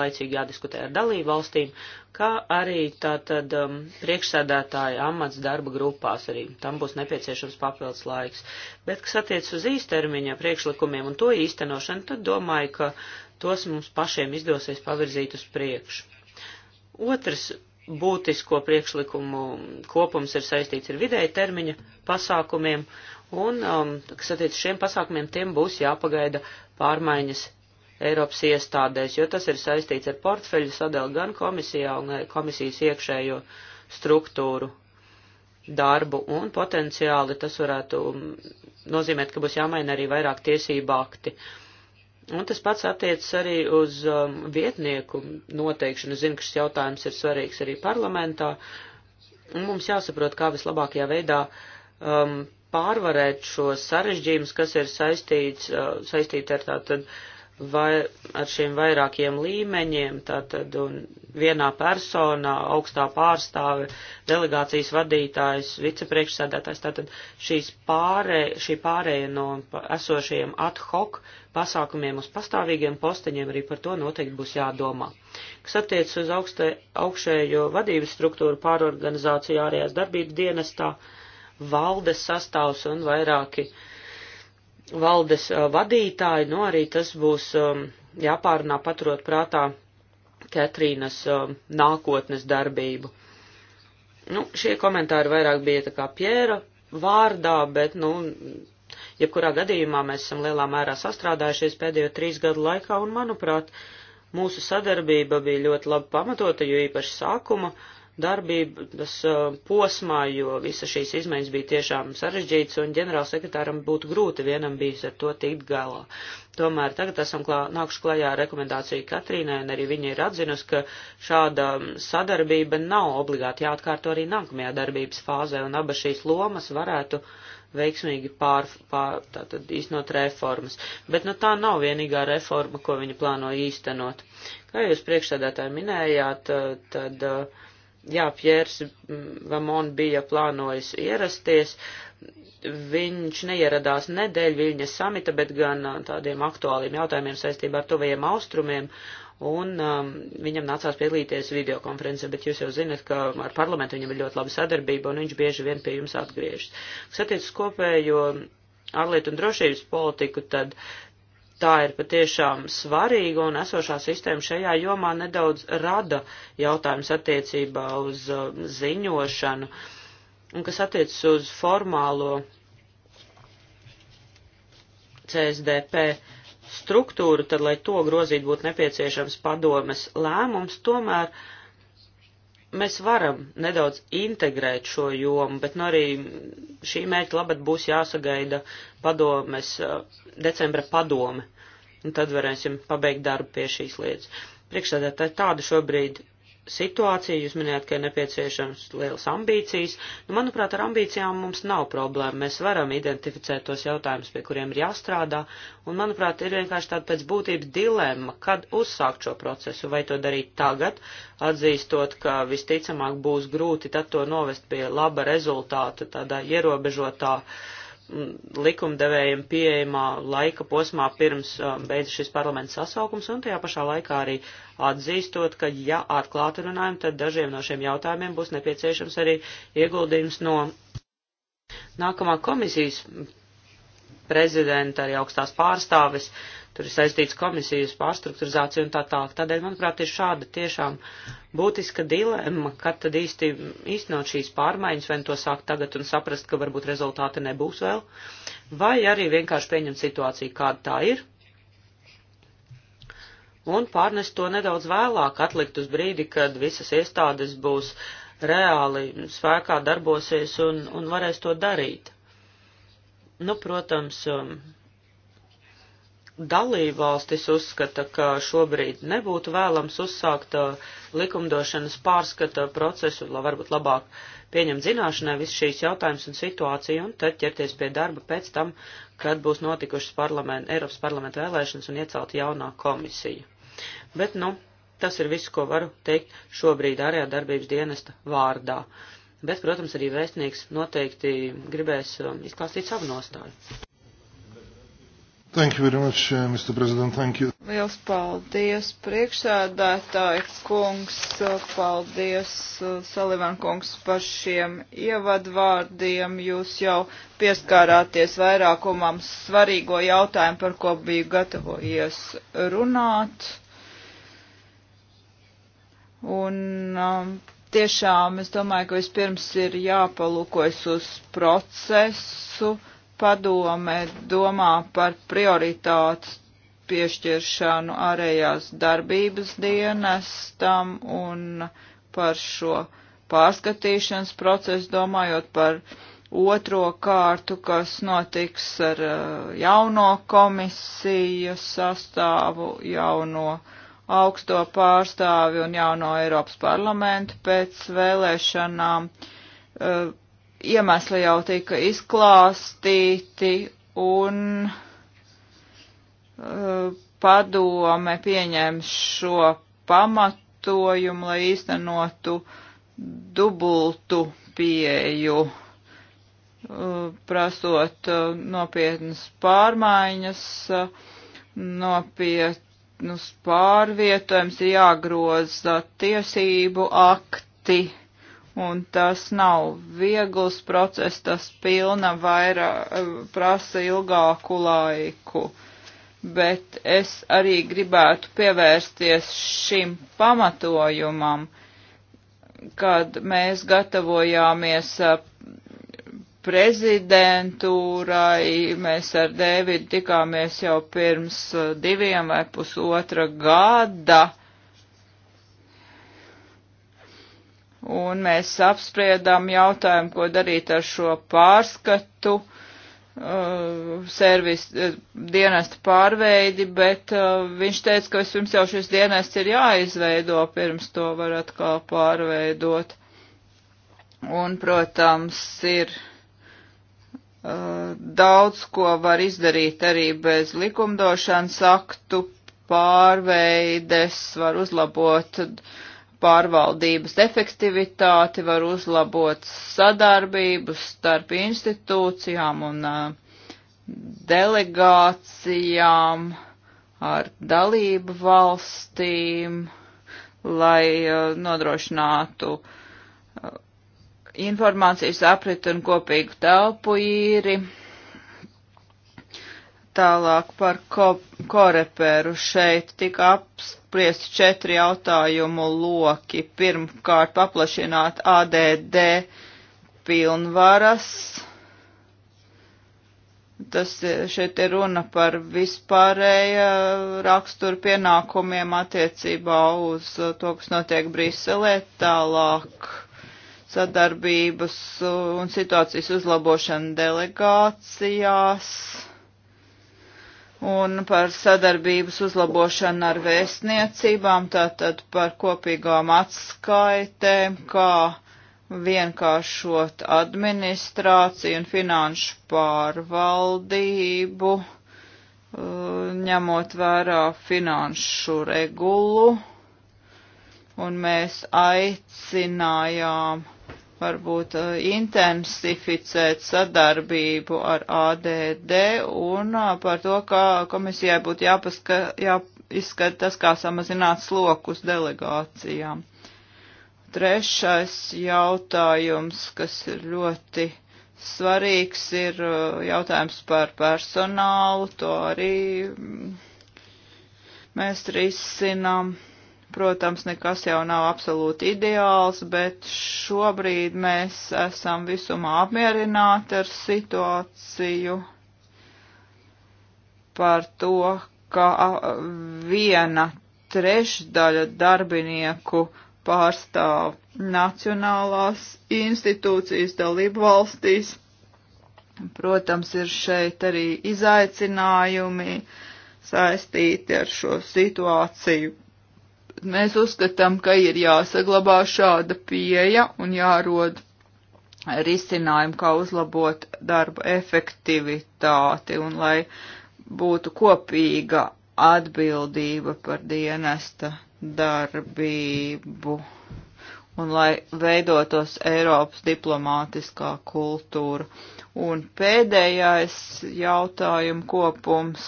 laicīgi jādiskutē ar dalību valstīm, kā arī tātad um, priekšsēdētāja amats darba grupās arī. Tam būs nepieciešams papildus laiks. Bet, kas attiec uz īstermiņa priekšlikumiem un to īstenošanu, tad domāju, ka tos mums pašiem izdosies pavirzīt uz priekšu. Otrs būtisko priekšlikumu kopums ir saistīts ar vidēja termiņa pasākumiem. Uh, Un, um, kas attiec šiem pasākumiem, tiem būs jāpagaida pārmaiņas Eiropas iestādēs, jo tas ir saistīts ar portfeļu sadali gan komisijā, gan eh, komisijas iekšējo struktūru darbu, un potenciāli tas varētu um, nozīmēt, ka būs jāmaina arī vairāk tiesību akti. Un tas pats attiecas arī uz um, vietnieku noteikšanu. Zinu, ka šis jautājums ir svarīgs arī parlamentā. Un mums jāsaprot, kā vislabākajā veidā um, pārvarēt šos sarežģījumus, kas ir saistīts, uh, saistīti ar tātad vai, ar šiem vairākiem līmeņiem, tātad un vienā personā, augstā pārstāve, delegācijas vadītājs, vicepriekšsēdētājs, tātad šīs pārē, šī pārēja no esošajiem ad hoc pasākumiem uz pastāvīgiem posteņiem, arī par to noteikti būs jādomā. Kas attiecas uz augstē, augšējo vadības struktūru pārorganizāciju ārējās darbības dienestā, uh, valdes sastāvs un vairāki valdes vadītāji, nu arī tas būs jāpārunā paturot prātā Ketrīnas nākotnes darbību. Nu, šie komentāri vairāk bija tā kā Piera vārdā, bet, nu, jebkurā gadījumā mēs esam lielā mērā sastrādājušies pēdējo trīs gadu laikā, un, manuprāt, mūsu sadarbība bija ļoti labi pamatota, jo īpaši sākuma uh, darbības uh, posmā, jo visas šīs izmaiņas bija tiešām sarežģītas un ģenerālsekretāram būtu grūti vienam bijis ar to tikt galā. Tomēr tagad esam klā, nākuši klajā ar rekomendāciju Katrīnai, un arī viņa ir atzinusi, ka šāda sadarbība nav obligāti jāatkārto arī nākamajā darbības fāzē, un abas šīs lomas varētu veiksmīgi pār, pār tātad īstenot reformas. Bet nu tā nav vienīgā reforma, ko viņi plāno īstenot. Kā jūs priekšstādātāji minējāt, tad. Uh, jā, Pjērs mm, Vamon bija plānojis ierasties. Viņš neieradās nedēļ Viļņas samita, bet gan tādiem aktuāliem jautājumiem saistībā ar tuvajiem austrumiem. Un um, viņam nācās piedalīties videokonferencē, bet jūs jau zinat, ka ar parlamentu viņam ir ļoti laba sadarbība, un viņš bieži vien pie jums atgriežas. Kas attiec uz kopējo ārlietu un drošības politiku, tad uh, tā ir patiešām svarīga un esošā sistēma šajā jomā nedaudz rada jautājums attiecībā uz uh, ziņošanu un kas attiecas uz formālo CSDP struktūru, tad, lai to grozīt, būtu nepieciešams padomes lēmums, tomēr mēs varam nedaudz integrēt šo jomu, bet nu arī šī mērķa labad būs jāsagaida padomes, uh, decembra padome un tad varēsim pabeigt darbu pie šīs lietas. Priekšsēdētāji, tāda šobrīd situācija, jūs minējāt, ka ir nepieciešams liels ambīcijas. Nu, manuprāt, ar ambīcijām mums nav problēma. Mēs varam identificēt tos jautājumus, pie kuriem ir jāstrādā. Un, manuprāt, ir vienkārši tāda pēc būtības dilemma, kad uzsākt šo procesu, vai to darīt tagad, atzīstot, ka visticamāk būs grūti tad to novest pie laba rezultāta tādā ierobežotā uh, likumdevējiem pieejamā laika posmā pirms um, beidz šis parlaments sasaukums, un tajā pašā laikā arī atzīstot, ka, ja atklāti runājam, tad dažiem no šiem jautājumiem būs nepieciešams arī ieguldījums no nākamā komisijas prezidenta, arī augstās pārstāves, uh, tur ir saistīts komisijas pārstruktūrizācija un tā tālāk. Tādēļ, manuprāt, ir šāda tiešām būtiska dilemma, kad tad īsti īstenot šīs pārmaiņas, vai nu to sākt tagad un saprast, ka varbūt rezultāti nebūs vēl, vai arī vienkārši pieņemt situāciju, kāda tā ir, un pārnest to nedaudz vēlāk, atlikt uz brīdi, kad visas iestādes būs reāli spēkā darbosies un, un varēs to darīt. Nu, protams, um, dalībvalstis uzskata, ka šobrīd nebūtu vēlams uzsākt uh, likumdošanas pārskata procesu, lai varbūt labāk pieņemt zināšanai visus šīs jautājumus un situāciju, un tad ķerties pie darba pēc tam, kad būs notikušas parlament, Eiropas parlamenta vēlēšanas un iecelt jaunā komisija. Bet, nu, tas ir viss, ko varu teikt šobrīd ārējā darbības dienesta vārdā. Bet, protams, arī vēstnieks noteikti gribēs um, izklāstīt savu nostāju. Thank you very much, uh, Mr. President. Thank you. Liels paldies, priekšsēdētāji kungs. Paldies, uh, Salivan kungs, par šiem ievadvārdiem. Jūs jau pieskārāties vairākumam svarīgo jautājumu, par ko biju gatavojies runāt. Un um, tiešām es domāju, ka vispirms ir jāpalūkojas uz procesu padome domā par prioritātes piešķiršanu ārējās darbības dienestam un par šo pārskatīšanas procesu, domājot par otro kārtu, kas notiks ar eh, jauno komisiju sastāvu, jauno augsto pārstāvi un jauno Eiropas parlamentu pēc vēlēšanām. Uh, iemesli jau tika izklāstīti un uh, padome pieņēma šo pamatojumu, lai īstenotu dubultu pieju, uh, prasot uh, nopietnas pārmaiņas, uh, nopietnus pārvietojums, jāgroza tiesību akti un tas nav viegls process, tas pilna vairā, eh, prasa ilgāku laiku. Bet es arī gribētu pievērsties šim pamatojumam, kad mēs gatavojāmies eh, prezidentūrai, mēs ar Dēvidu tikāmies jau pirms eh, diviem vai pusotra gada un mēs apspriedām jautājumu, ko darīt ar šo pārskatu uh, servis uh, dienesta pārveidi, bet uh, viņš teica, ka vispirms jau šis dienests ir jāizveido, pirms to var atkal pārveidot. Un, protams, ir uh, daudz, ko var izdarīt arī bez likumdošanas aktu pārveides, var uzlabot uh, pārvaldības efektivitāti, var uzlabot sadarbību starp institūcijām un delegācijām ar dalību valstīm, lai nodrošinātu informācijas aprit un kopīgu telpu īri. Tālāk par ko koreperu šeit tika apspriest apspriest četri jautājumu loki. Pirmkārt, paplašināt ADD pilnvaras. Tas šeit ir runa par vispārēja rakstura pienākumiem attiecībā uz to, kas notiek Briselē tālāk sadarbības un situācijas uzlabošana delegācijās un par sadarbības uzlabošanu ar vēstniecībām, tātad par kopīgām atskaitēm, kā vienkāršot administrāciju un finanšu pārvaldību, uh, ņemot vērā finanšu regulu, un mēs aicinājām varbūt uh, intensificēt sadarbību ar ADD un uh, par to, ka komisijai būtu jāpaska, jāizskata tas, kā samazināt slokus delegācijām. Trešais jautājums, kas ir ļoti svarīgs, ir uh, jautājums par personālu. To arī mm, mēs risinām. Ar Protams, nekas jau nav absolūti ideāls, bet šobrīd mēs esam visumā apmierināti ar situāciju par to, ka viena trešdaļa darbinieku pārstāv nacionālās institūcijas dalību valstīs. Protams, ir šeit arī izaicinājumi saistīti ar šo situāciju mēs uzskatām, ka ir jāsaglabā šāda pieeja un jārod risinājumu, kā uzlabot darba efektivitāti un lai būtu kopīga atbildība par dienesta darbību un lai veidotos Eiropas diplomātiskā kultūra. Un pēdējais jautājumu kopums.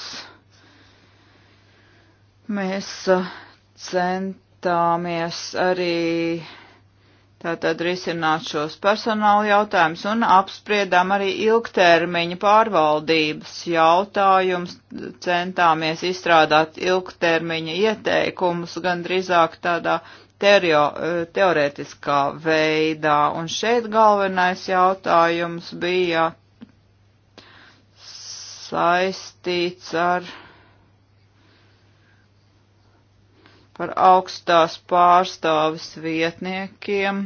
Mēs uh, centāmies arī tātad risināt šos personāla jautājumus un apspriedām arī ilgtermiņa pārvaldības jautājumus, centāmies izstrādāt ilgtermiņa ieteikumus gan drīzāk tādā teorio, teoretiskā veidā. Un šeit galvenais jautājums bija saistīts ar par augstās pārstāvis vietniekiem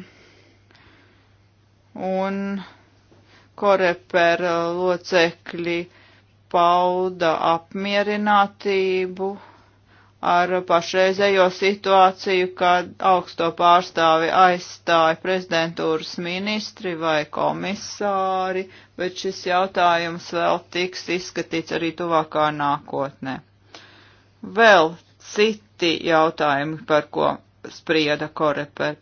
un korepera locekļi pauda apmierinātību ar pašreizējo situāciju, kad augsto pārstāvi aizstāja prezidentūras ministri vai komisāri, bet šis jautājums vēl tiks izskatīts arī tuvākā nākotnē. Vēl citi citi jautājumi, par ko sprieda Koreper.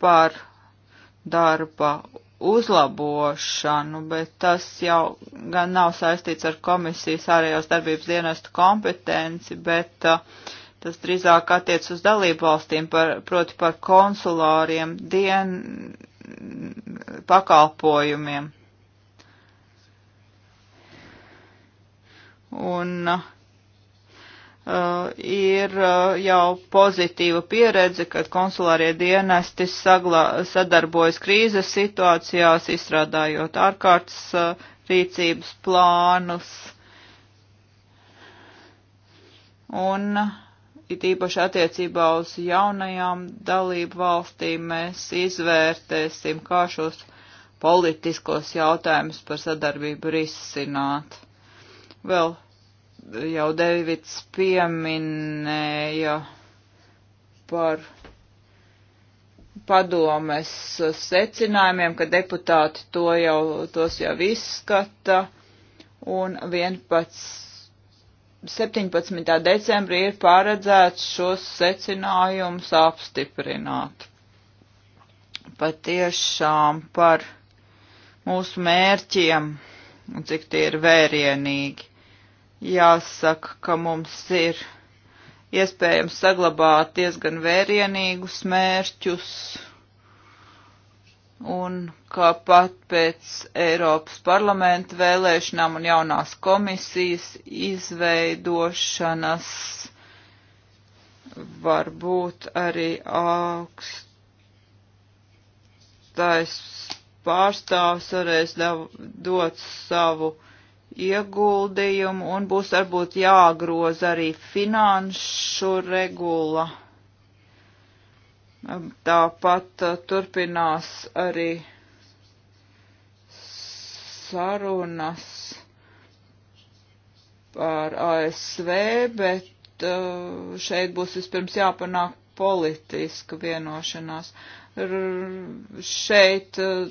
Par darba uzlabošanu, bet tas jau gan nav saistīts ar komisijas ārējās darbības dienestu kompetenci, bet uh, tas drīzāk attiec uz dalību valstīm, par, proti par konsulāriem dien pakalpojumiem. un uh, ir uh, jau pozitīva pieredze, kad konsulārie dienesti saglā, sadarbojas krīzes situācijās, izstrādājot ārkārtas uh, rīcības plānus. Un it īpaši attiecībā uz jaunajām dalību valstīm mēs izvērtēsim, kā šos politiskos jautājumus par sadarbību risināt. Vēl jau Devids pieminēja par padomes secinājumiem, ka deputāti to jau, tos jau izskata, un 11, 17. decembrī ir paredzēts šos secinājumus apstiprināt. Patiešām par mūsu mērķiem un cik tie ir vērienīgi jāsaka, ka mums ir iespējams saglabāt diezgan vērienīgus mērķus un ka pat pēc Eiropas parlamenta vēlēšanām un jaunās komisijas izveidošanas varbūt arī augstais pārstāvs varēs dot savu ieguldījumu un būs varbūt jāgroza arī finanšu regula. Tāpat uh, turpinās arī sarunas par ASV, bet uh, šeit būs vispirms jāpanāk politiska vienošanās. R šeit uh,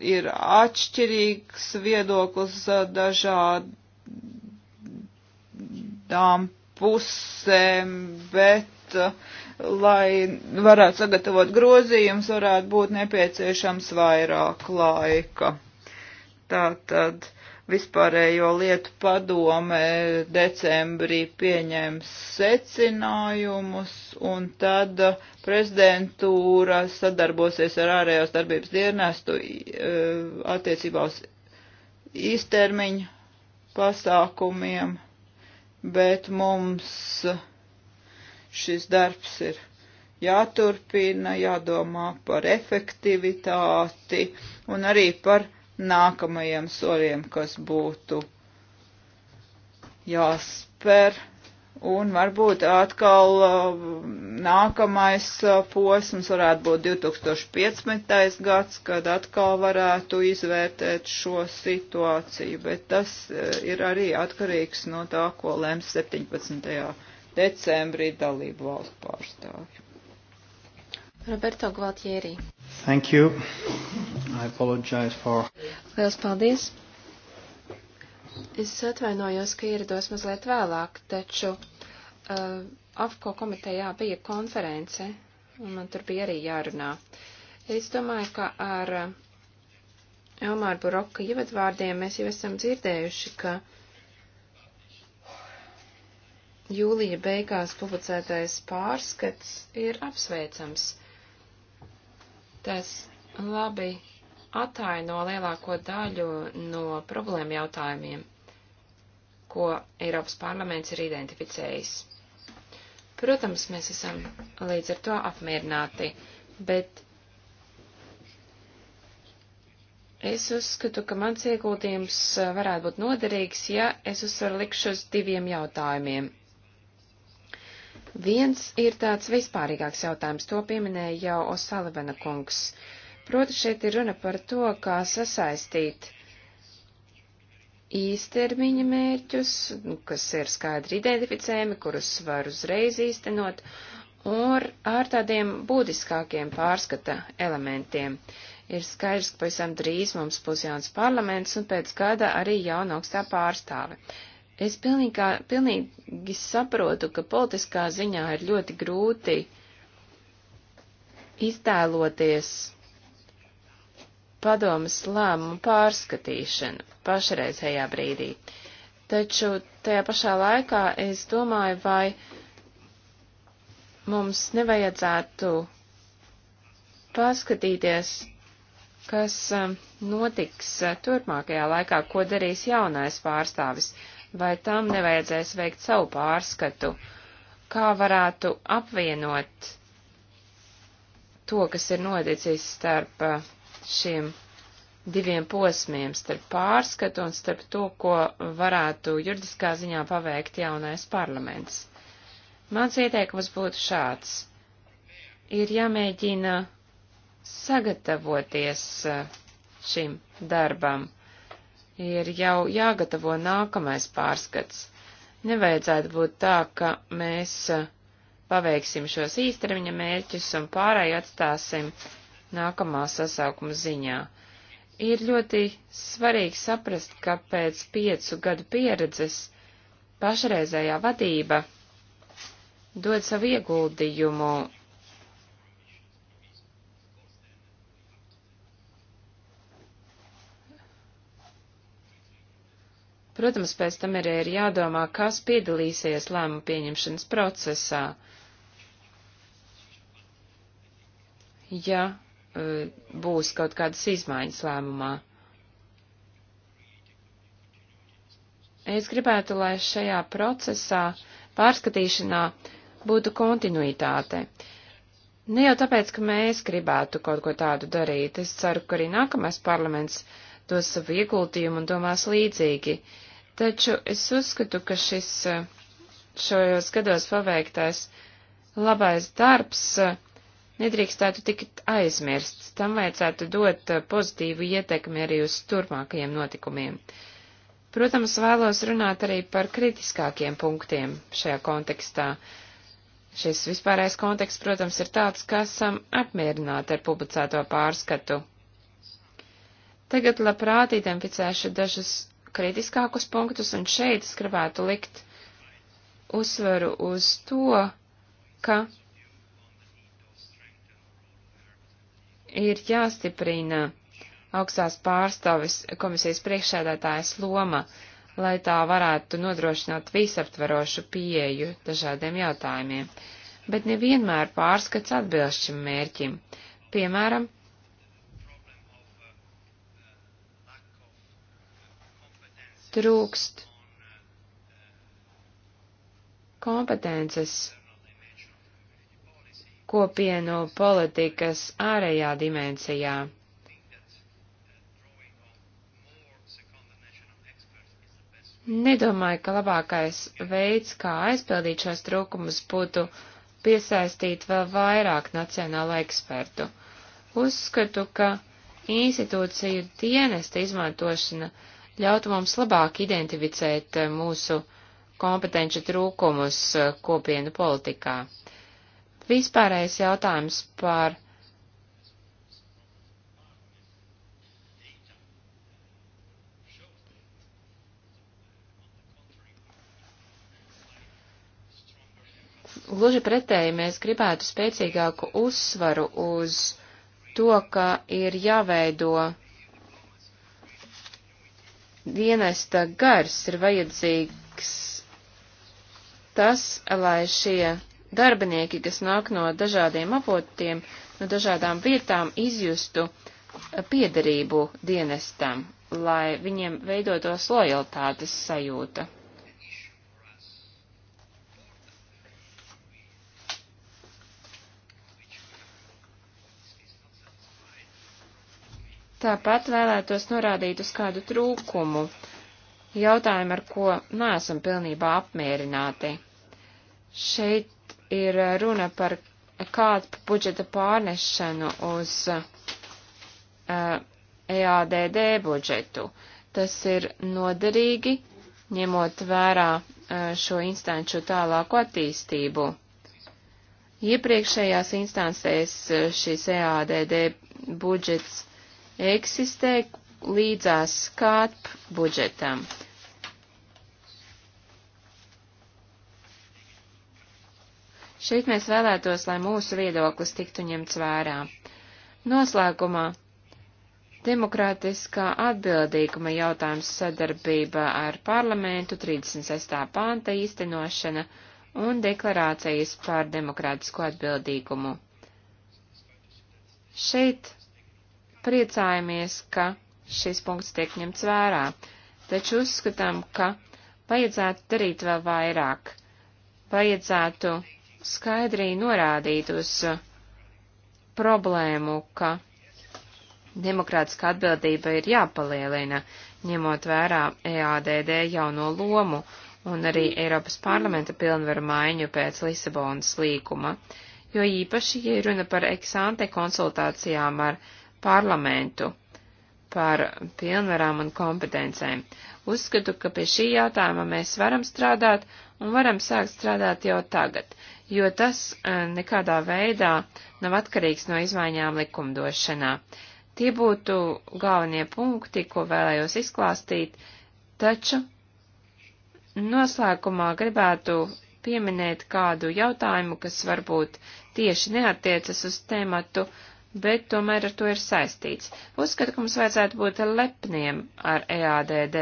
ir atšķirīgs viedoklis dažādām pusēm, bet, lai varētu sagatavot grozījumus, varētu būt nepieciešams vairāk laika. Tātad. tad vispārējo lietu padome decembrī pieņēma secinājumus, un tad prezidentūra sadarbosies ar ārējās darbības dienestu e, attiecībā uz īstermiņu pasākumiem, bet mums šis darbs ir jāturpina, jādomā par efektivitāti un arī par nākamajiem soļiem, kas būtu jāspēr. Un varbūt atkal uh, nākamais uh, posms varētu būt 2015. gads, kad atkal varētu izvērtēt šo situāciju, bet tas uh, ir arī atkarīgs no tā, ko lems 17. decembrī dalību valstu pārstāvju. Roberto Gvaltieri. Thank you. I apologize for. Liels paldies. Es atvainojos, ka ierados mazliet vēlāk, taču uh, AFCO komitejā bija konference, un man tur bija arī jārunā. Es domāju, ka ar uh, Elmāru Buroka ievadvārdiem mēs jau esam dzirdējuši, ka jūlija beigās publicētais pārskats ir apsveicams Tas labi ataino lielāko daļu no problēma jautājumiem, ko Eiropas parlaments ir identificējis. Protams, mēs esam līdz ar to apmierināti, bet es uzskatu, ka mans ieguldījums varētu būt noderīgs, ja es uzsveru likšu uz diviem jautājumiem. Viens ir tāds vispārīgāks jautājums, to pieminēja jau Osalivena kungs. Proti šeit ir runa par to, kā sasaistīt īstermiņa mērķus, kas ir skaidri identificējami, kurus var uzreiz īstenot, un ar tādiem būtiskākiem pārskata elementiem. Ir skaidrs, ka pavisam drīz mums būs jauns parlaments un pēc gada arī jauna augstā pārstāve. Es pilnīgā, pilnīgi saprotu, ka politiskā ziņā ir ļoti grūti iztēloties padomas lēmumu pārskatīšanu pašreizējā brīdī. Taču tajā pašā laikā es domāju, vai mums nevajadzētu paskatīties, kas um, notiks uh, turpmākajā laikā, ko darīs jaunais pārstāvis vai tam nevajadzēs veikt savu pārskatu, kā varētu apvienot to, kas ir noticis starp uh, šiem diviem posmiem, starp pārskatu un starp to, ko varētu juridiskā ziņā paveikt jaunais parlaments. Mans ieteikums būtu šāds. Ir jāmēģina sagatavoties uh, šim darbam ir jau jāgatavo nākamais pārskats. Nevajadzētu būt tā, ka mēs uh, paveiksim šos īstermiņa mērķus un pārēj atstāsim nākamā sasaukuma ziņā. Ir ļoti svarīgi saprast, ka pēc piecu gadu pieredzes pašreizējā vadība dod savu ieguldījumu Protams, pēc tam arī ir jādomā, kas piedalīsies lēmumu pieņemšanas procesā. Ja e, būs kaut kādas izmaiņas lēmumā. Es gribētu, lai šajā procesā pārskatīšanā būtu kontinuitāte. Ne jau tāpēc, ka mēs gribētu kaut ko tādu darīt, es ceru, ka arī nākamais parlaments dos savu ieguldījumu un domās līdzīgi. Uh, Taču es uzskatu, ka šis eh, šajos gados paveiktais labais darbs eh, nedrīkstētu tikt aizmirsts. Tam vajadzētu dot eh, pozitīvu ietekmi arī uz turpmākajiem notikumiem. Protams, vēlos runāt arī par kritiskākiem punktiem šajā kontekstā. Šis vispārējais konteksts, protams, ir tāds, ka esam apmierināti ar publicēto pārskatu. Tagad labprāt identificēšu dažus kritiskākus punktus, un šeit es gribētu likt uzsveru uz to, ka ir jāstiprina augstās pārstāvis komisijas priekšsēdētājas loma, lai tā varētu nodrošināt visaptverošu pieeju dažādiem jautājumiem, bet nevienmēr pārskats atbilst šim mērķim. Piemēram, trūkst kompetences kopienu politikas ārējā dimensijā. Nedomāju, ka labākais veids, kā aizpildīt šos trūkumus, būtu piesaistīt vēl vairāk nacionālo ekspertu. Uzskatu, ka institūciju dienesta izmantošana uh, ļautu mums labāk identificēt eh, mūsu kompetenci trūkumus eh, kopienu politikā. Vispārējais jautājums par Gluži pretēji mēs gribētu spēcīgāku uzsvaru uz to, ka ir jāveido dienesta gars ir vajadzīgs tas, lai šie darbinieki, kas nāk no dažādiem avotiem, no dažādām vietām, izjustu piederību dienestam, lai viņiem veidotos lojaltātes sajūta. Tāpat vēlētos norādīt uz kādu trūkumu, jautājumu, ar ko neesam pilnībā apmierināti. Šeit ir runa par kādu budžeta pārnešanu uz uh, eh, EADD budžetu. Tas ir noderīgi, ņemot vērā uh, šo instanču tālāku attīstību. Iepriekšējās instancēs eh, šīs EADD budžets eksistē līdzās KATP budžetam. Šeit mēs vēlētos, lai mūsu viedoklis tiktu ņemts vērā. Noslēgumā demokrātiskā atbildīguma jautājums sadarbība ar parlamentu 36. panta īstenošana un deklarācijas par demokrātisko atbildīgumu. Šeit Priecājamies, ka šis punkts tiek ņemts vērā, taču uzskatām, ka vajadzētu darīt vēl vairāk. Vajadzētu skaidri norādīt uz problēmu, ka demokrātiskā atbildība ir jāpalielina, ņemot vērā EADD jauno lomu un arī Eiropas parlamenta pilnvaru maiņu pēc Lisabonas līkuma, jo īpaši, ja runa par eksante konsultācijām ar parlamentu par pilnvarām un kompetencēm. Uzskatu, ka pie šī jautājuma mēs varam strādāt un varam sākt strādāt jau tagad, jo tas eh, nekādā veidā nav atkarīgs no izmaiņām likumdošanā. Tie būtu galvenie punkti, ko vēlējos izklāstīt, taču noslēgumā gribētu pieminēt kādu jautājumu, kas varbūt tieši neatiecas uz tēmatu, bet tomēr ar to ir saistīts. Uzskatu, ka mums vajadzētu būt lepniem ar EADD.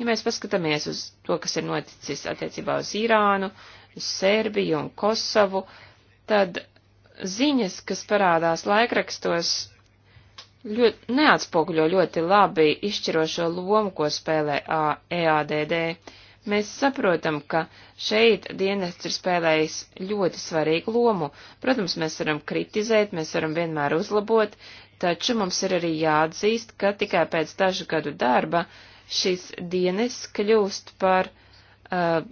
Ja mēs paskatāmies uz to, kas ir noticis attiecībā uz Irānu, uz Serbiju un Kosovu, tad ziņas, kas parādās laikrakstos, ļoti, neatspoguļo ļoti labi izšķirošo lomu, ko spēlē EADD. Mēs saprotam, ka šeit dienests ir spēlējis ļoti svarīgu lomu. Protams, mēs varam kritizēt, mēs varam vienmēr uzlabot, taču mums ir arī jāatzīst, ka tikai pēc dažu gadu darba šis dienests kļūst par uh,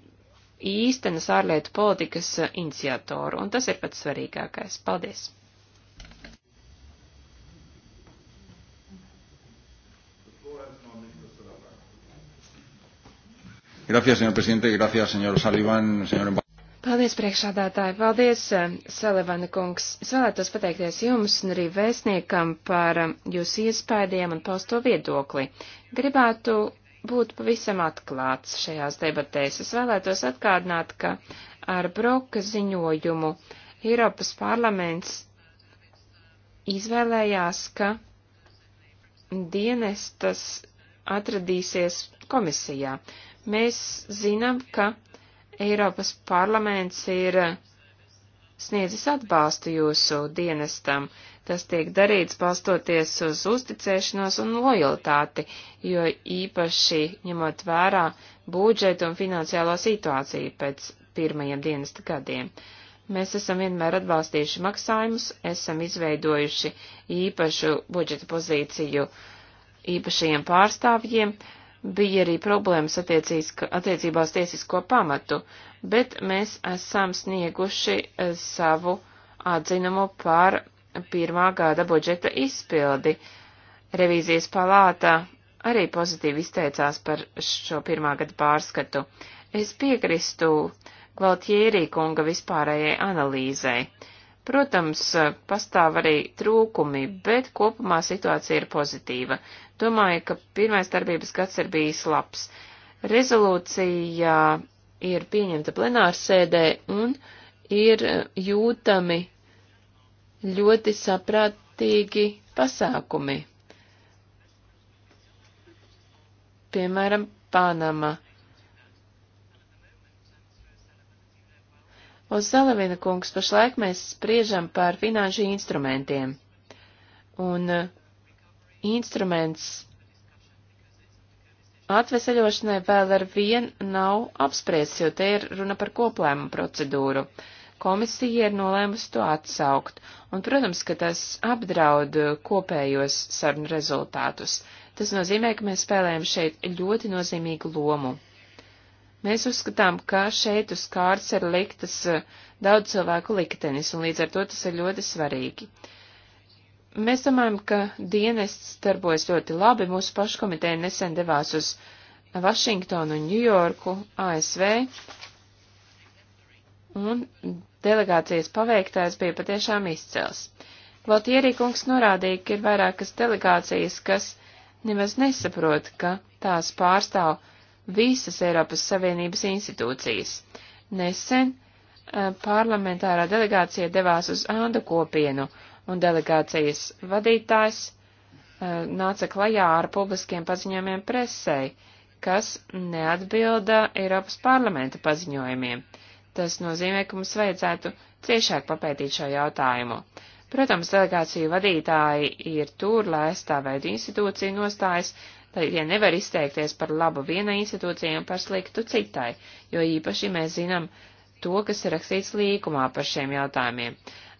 īstenas ārlietu politikas iniciatoru, un tas ir pats svarīgākais. Paldies! Gracias, señor presidente. Gracias, señor Salivan, señor Paldies, priekšādātāji. Paldies, eh, Salivana kungs. Es vēlētos pateikties jums un arī vēstniekam par eh, jūsu iespējām un pausto viedokli. Gribētu būt pavisam atklāts šajās debatēs. Es vēlētos atkārdināt, ka ar Broka ziņojumu Eiropas parlaments izvēlējās, ka dienestas atradīsies komisijā. Mēs zinām, ka Eiropas parlaments ir sniedzis atbalstu jūsu dienestam. Tas tiek darīts balstoties uz uzticēšanos un lojalitāti, jo īpaši ņemot vērā budžetu un finansiālo situāciju pēc pirmajiem dienesta gadiem. Mēs esam vienmēr atbalstījuši maksājumus, esam izveidojuši īpašu budžeta pozīciju īpašajiem pārstāvjiem, bija arī problēmas attiecībās tiesisko pamatu, bet mēs esam snieguši eh, savu atzinumu par pirmā gada budžeta izpildi. Revīzijas palātā arī pozitīvi izteicās par šo pirmā gada pārskatu. Es piekrīstu Glautjērī kunga vispārējai analīzei. Protams, eh, pastāv arī trūkumi, bet kopumā situācija ir pozitīva. Domāju, ka pirmais darbības gads ir bijis labs. Rezolūcija ir pieņemta plenārsēdē un ir jūtami ļoti saprātīgi pasākumi. Piemēram, Panama Uz Zalavina kungs pašlaik mēs spriežam par finanšu instrumentiem. Un eh, instruments atveseļošanai vēl ar vien nav apspriests, jo te ir runa par koplēmu procedūru. Komisija ir nolēmusi to atsaukt, un, protams, ka tas apdraud kopējos sarunu rezultātus. Tas nozīmē, ka mēs spēlējam šeit ļoti nozīmīgu lomu. Mēs uzskatām, ka šeit uz kārts ir liktas eh, daudz cilvēku liktenis, un līdz ar to tas ir ļoti svarīgi. Mēs domājam, ka dienests darbojas ļoti labi. Mūsu paškomiteja nesen devās uz Vašingtonu un Ņujorku, ASV, un delegācijas paveiktais bija patiešām izcels. Valtierī kungs norādīja, ka ir vairākas delegācijas, kas nemaz nesaprot, ka tās pārstāv visas Eiropas Savienības institūcijas. Nesen eh, parlamentārā delegācija devās uz Andu kopienu, un delegācijas vadītājs eh, nāca klajā ar publiskiem paziņojumiem presei, kas neatbilda Eiropas parlamenta paziņojumiem. Tas nozīmē, ka mums vajadzētu ciešāk papētīt šo jautājumu. Protams, delegāciju vadītāji ir tur, lai aizstāvētu institūciju nostājas, Tad, ja nevar izteikties par labu vienai institūcijai un par sliktu citai, jo īpaši mēs zinām to, kas ir rakstīts līkumā par šiem jautājumiem.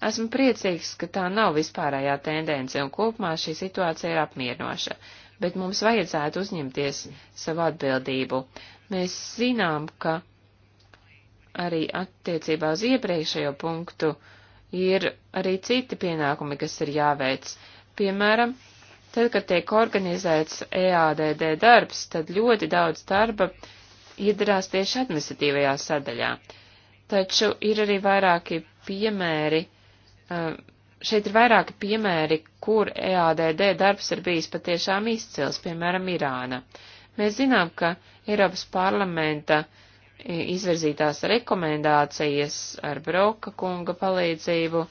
Esmu priecīgs, ka tā nav vispārējā tendence un kopumā šī situācija ir apmierinoša, bet mums vajadzētu uzņemties savu atbildību. Mēs zinām, ka arī attiecībā uz iepriekšējo punktu ir arī citi pienākumi, kas ir jāveic. Piemēram, Tad, kad tiek organizēts EADD darbs, tad ļoti daudz darba iedarās tieši administratīvajā sadaļā. Taču ir arī vairāki piemēri, uh, šeit ir vairāki piemēri, kur EADD darbs ir bijis patiešām izcils, piemēram, Irāna. Mēs zinām, ka Eiropas parlamenta izvirzītās rekomendācijas ar Broka kunga palīdzību,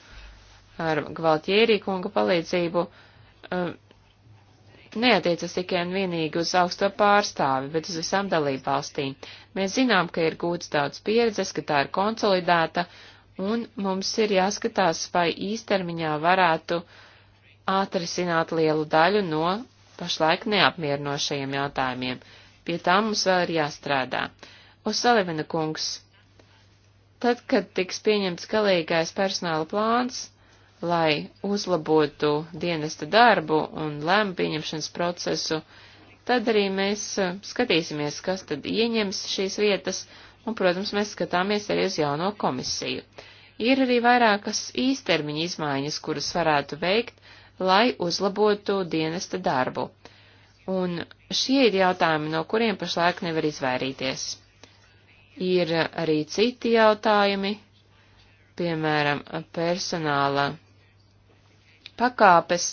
ar Gvaltjērī kunga palīdzību uh, neatiecas tikai un vienīgi uz augsto pārstāvi, bet uz visām dalību valstīm. Mēs zinām, ka ir gūts daudz pieredzes, ka tā ir konsolidēta, un mums ir jāskatās, vai īstermiņā varētu atrisināt lielu daļu no pašlaik neapmierinošajiem jautājumiem. Pie tā mums vēl ir jāstrādā. Uz Salivina kungs. Tad, kad tiks pieņemts galīgais personāla plāns, lai uzlabotu dienesta darbu un lēmu pieņemšanas procesu, tad arī mēs eh, skatīsimies, kas tad ieņems šīs vietas, un, protams, mēs skatāmies arī uz jauno komisiju. Ir arī vairākas īstermiņa izmaiņas, kuras varētu veikt, lai uzlabotu dienesta darbu. Un šie ir jautājumi, no kuriem pašlaik nevar izvairīties. Ir arī citi jautājumi, piemēram, personāla pakāpes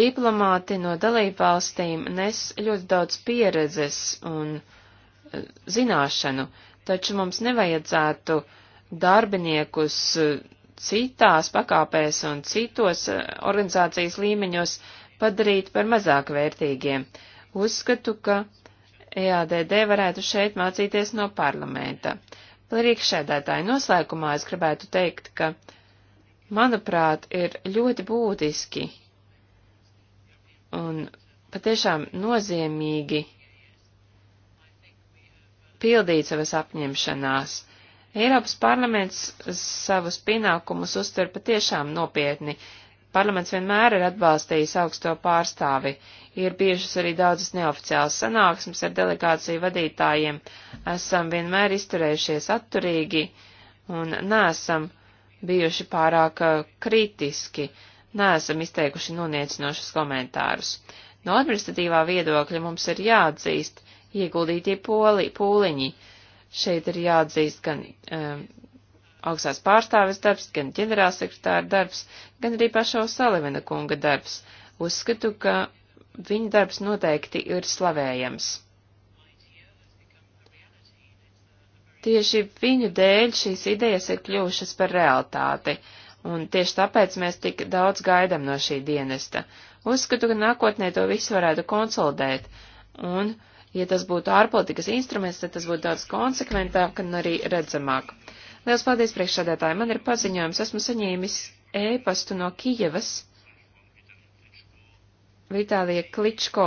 diplomāti no dalībvalstīm nes ļoti daudz pieredzes un eh, zināšanu, taču mums nevajadzētu darbiniekus eh, citās pakāpēs un citos eh, organizācijas līmeņos padarīt par mazāk vērtīgiem. Uzskatu, ka EADD varētu šeit mācīties no parlamenta. Priekšēdētāji noslēgumā es gribētu teikt, ka uh, manuprāt, ir ļoti būtiski un patiešām nozīmīgi pildīt savas apņemšanās. Eiropas parlaments savus pienākumus uztver patiešām nopietni. Parlaments vienmēr ir atbalstījis augsto pārstāvi. Ir bijušas arī daudzas neoficiālas sanāksmes ar delegāciju vadītājiem. Esam vienmēr izturējušies atturīgi un nesam bijuši pārāk uh, kritiski, neesam izteikuši noniecinošus komentārus. No administratīvā viedokļa mums ir jāatzīst ieguldītie poli, pūliņi. Šeit ir jāatzīst gan um, augstās pārstāves darbs, gan ģenerālsekretāra darbs, gan arī pašo Salivina kunga darbs. Uzskatu, ka viņa darbs noteikti ir slavējams. Tieši viņu dēļ šīs idejas ir kļuvušas par realitāti, un tieši tāpēc mēs tik daudz gaidam no šī dienesta. Uzskatu, ka nākotnē to visu varētu konsolidēt, un, ja tas būtu ārpolitikas instruments, tad tas būtu daudz konsekventāk un arī redzamāk. Liels paldies priekšsādētāji, man ir paziņojums, esmu saņēmis ēpastu no Kijevas. Vitālija Kličko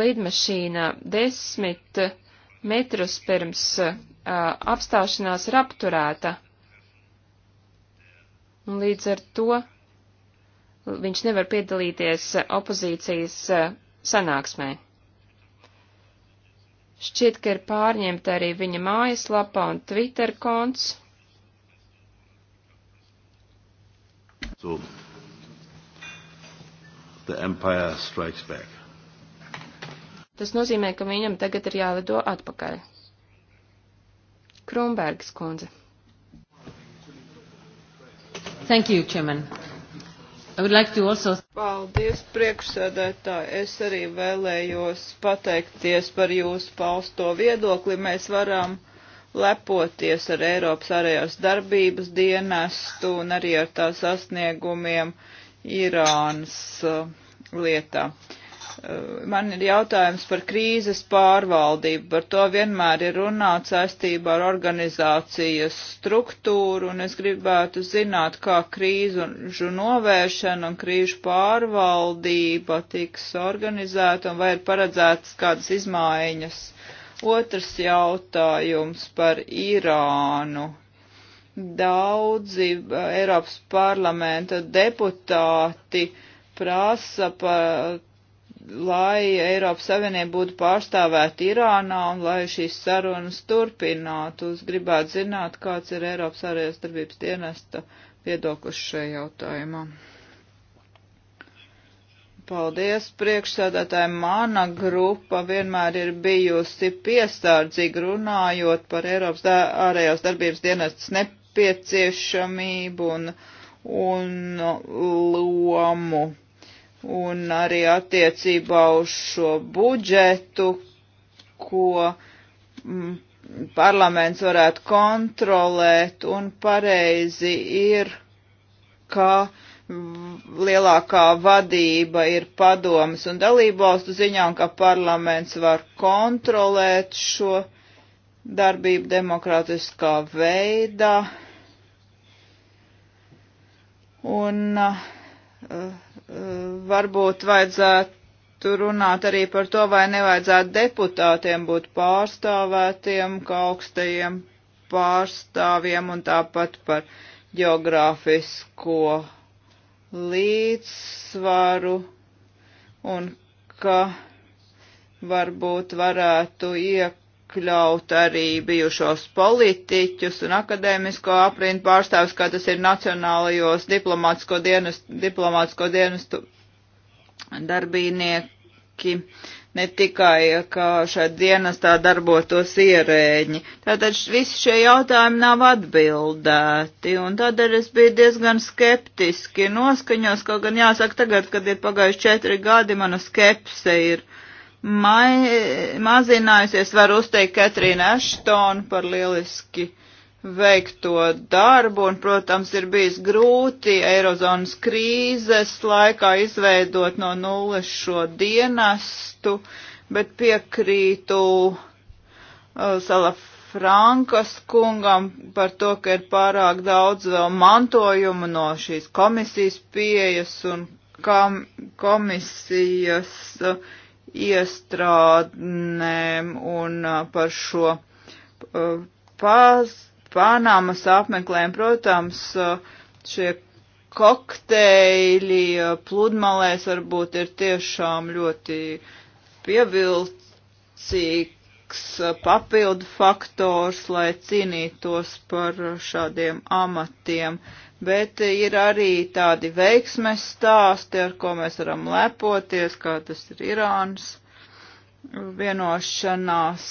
lidmašīna desmit metrus pirms uh, apstāšanās ir apturēta. Un līdz ar to viņš nevar piedalīties uh, opozīcijas uh, sanāksmē. Šķiet, ka ir pārņemta arī viņa mājaslapa un Twitter konts. So, the empire strikes back. Tas nozīmē, ka viņam tagad ir jālido atpakaļ. Krumbergs kundze. Thank you, Chairman. I would like to also... Paldies, priekšsēdētāji. Es arī vēlējos pateikties par jūsu pausto viedokli. Mēs varam lepoties ar Eiropas ārējās darbības dienestu un arī ar tā sasniegumiem Irānas uh, lietā. Uh, Eh, man ir jautājums par krīzes pārvaldību. Par to vienmēr ir runāts saistībā ar organizācijas struktūru, un es gribētu zināt, kā krīžu novēršana un krīžu pārvaldība tiks organizēta, un vai ir paredzētas kādas izmaiņas. Otrs jautājums par Irānu. Daudzi eh, Eiropas parlamenta deputāti prasa par lai Eiropas Savienība būtu pārstāvēta Irānā un lai šīs sarunas turpinātu. Es gribētu zināt, kāds ir Eiropas ārējās darbības dienesta viedoklis šajā jautājumā. Paldies, priekšsēdētāji. Mana grupa vienmēr ir bijusi piesardzīga runājot par Eiropas dā, ārējās darbības dienestas nepieciešamību un, un lomu un arī attiecībā uz šo budžetu, ko mm, parlaments varētu kontrolēt, un pareizi ir, ka lielākā vadība ir padomas un dalībvalstu ziņā, un ka parlaments var kontrolēt šo darbību demokrātiskā veidā. Un uh, varbūt vajadzētu runāt arī par to, vai nevajadzētu deputātiem būt pārstāvētiem, kā augstajiem pārstāvjiem un tāpat par geogrāfisko līdzsvaru un ka varbūt varētu iekļūt iekļaut arī bijušos politiķus un akadēmisko aprindu pārstāvis, kā tas ir nacionālajos diplomātsko dienestu, diplomātsko dienestu darbinieki ne tikai, ka šajā dienestā darbotos ierēģi. Tātad visi šie jautājumi nav atbildēti, un tādēļ es biju diezgan skeptiski noskaņos, kaut gan jāsaka tagad, kad ir pagājuši četri gadi, mana skepse ir mai, mazinājusies, var uzteikt Katrīnu Eštonu par lieliski veikto darbu, un, protams, ir bijis grūti Eirozonas krīzes laikā izveidot no nulles šo dienestu, bet piekrītu uh, Salafrankas kungam par to, ka ir pārāk daudz vēl mantojumu no šīs komisijas pieejas un kam, komisijas uh, iestrādnēm un par šo Panamas apmeklējumu. Protams, šie kokteļi pludmalēs varbūt ir tiešām ļoti pievilcīgs papildu faktors, lai cīnītos par šādiem amatiem. Uh, bet ir arī tādi veiksmes stāsti, ar ko mēs varam lepoties, kā tas ir Irānas vienošanās.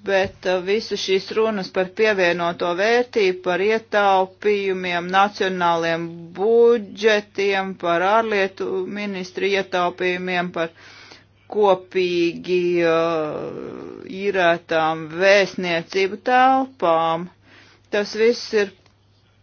Bet uh, visu šīs runas par pievienoto vērtību, par ietaupījumiem, nacionāliem budžetiem, par ārlietu ministru ietaupījumiem, par kopīgi uh, īrētām vēstniecību telpām. Tas viss ir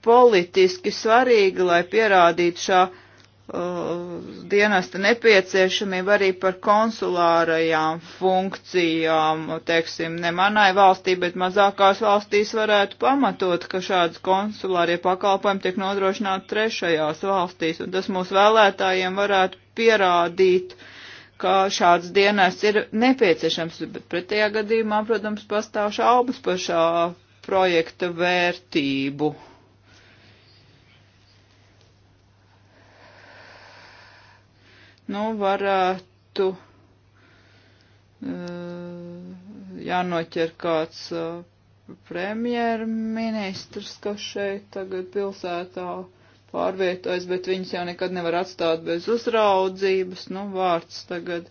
politiski svarīgi, lai pierādītu šā uh, dienesta nepieciešamību arī par konsulārajām funkcijām, teiksim, ne manai valstī, bet mazākās valstīs varētu pamatot, ka šādas konsulārie pakalpojumi tiek nodrošināti trešajās valstīs, un tas mūsu vēlētājiem varētu pierādīt, ka šāds dienests ir nepieciešams, bet pretējā gadījumā, protams, pastāv šaubas par šā projekta vērtību. nu, varētu eh, jānoķer kāds eh, premjerministrs, kas šeit tagad pilsētā pārvietojas, bet viņus jau nekad nevar atstāt bez uzraudzības, nu, vārds tagad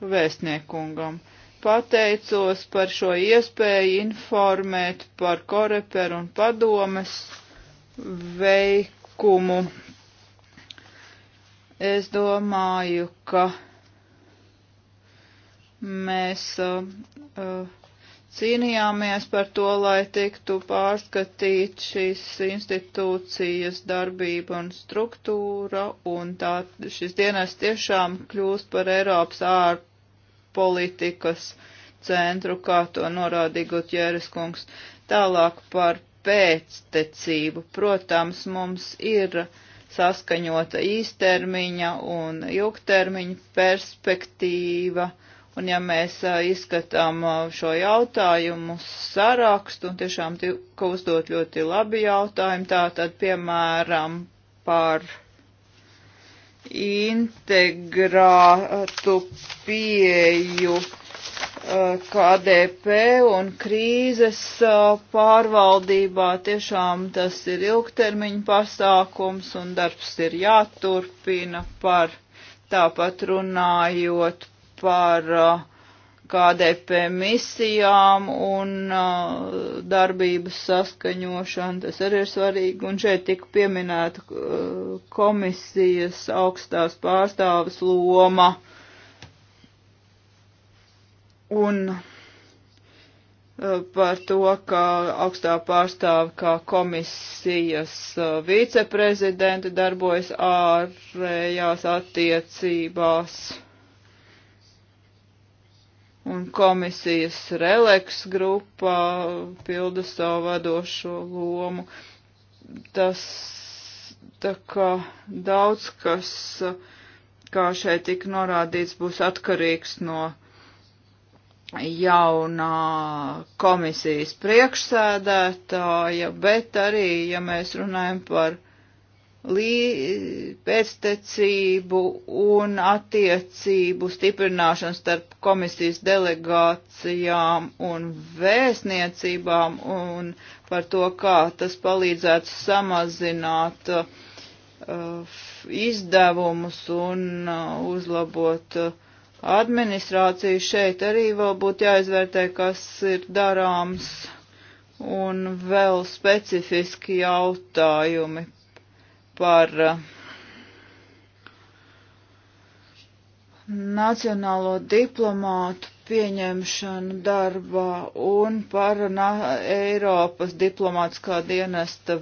vēstniekungam. Pateicos par šo iespēju informēt par koreperu un padomes veikumu. Es domāju, ka mēs uh, uh, cīnījāmies par to, lai tiktu pārskatīt šīs institūcijas darbība un struktūra, un tā šis dienas tiešām kļūst par Eiropas ārpolitikas centru, kā to norādīja Gutjēras kungs. Tālāk par pēctecību. Protams, mums ir uh, saskaņota īstermiņa un ilgtermiņa perspektīva. Un ja mēs izskatām šo jautājumu sarakstu, un tiešām tika uzdot ļoti labi jautājumi, tā tad piemēram par integrētu pieju Eh, KDP un krīzes eh, pārvaldībā tiešām tas ir ilgtermiņa pasākums un darbs ir jāturpina par tāpat runājot par eh, KDP misijām un darbības saskaņošanu. Tas arī ir svarīgi. Un šeit tika pieminēta komisijas augstās pārstāvis loma Un eh, par to, ka augstā pārstāva kā komisijas eh, viceprezidenti darbojas ārējās attiecībās un komisijas releks grupā pilda savu vadošo lomu. Tas tā kā daudz kas, eh, kā šeit tika norādīts, būs atkarīgs no jaunā komisijas priekšsēdētāja, bet arī, ja mēs runājam par pēctecību un attiecību stiprināšanu starp komisijas delegācijām un vēstniecībām un par to, kā tas palīdzētu samazināt uh, izdevumus un uh, uzlabot uh, administrāciju šeit arī vēl būtu jāizvērtē, kas ir darāms un vēl specifiski jautājumi par eh, nacionālo diplomātu pieņemšanu darbā un par Eiropas diplomātiskā dienesta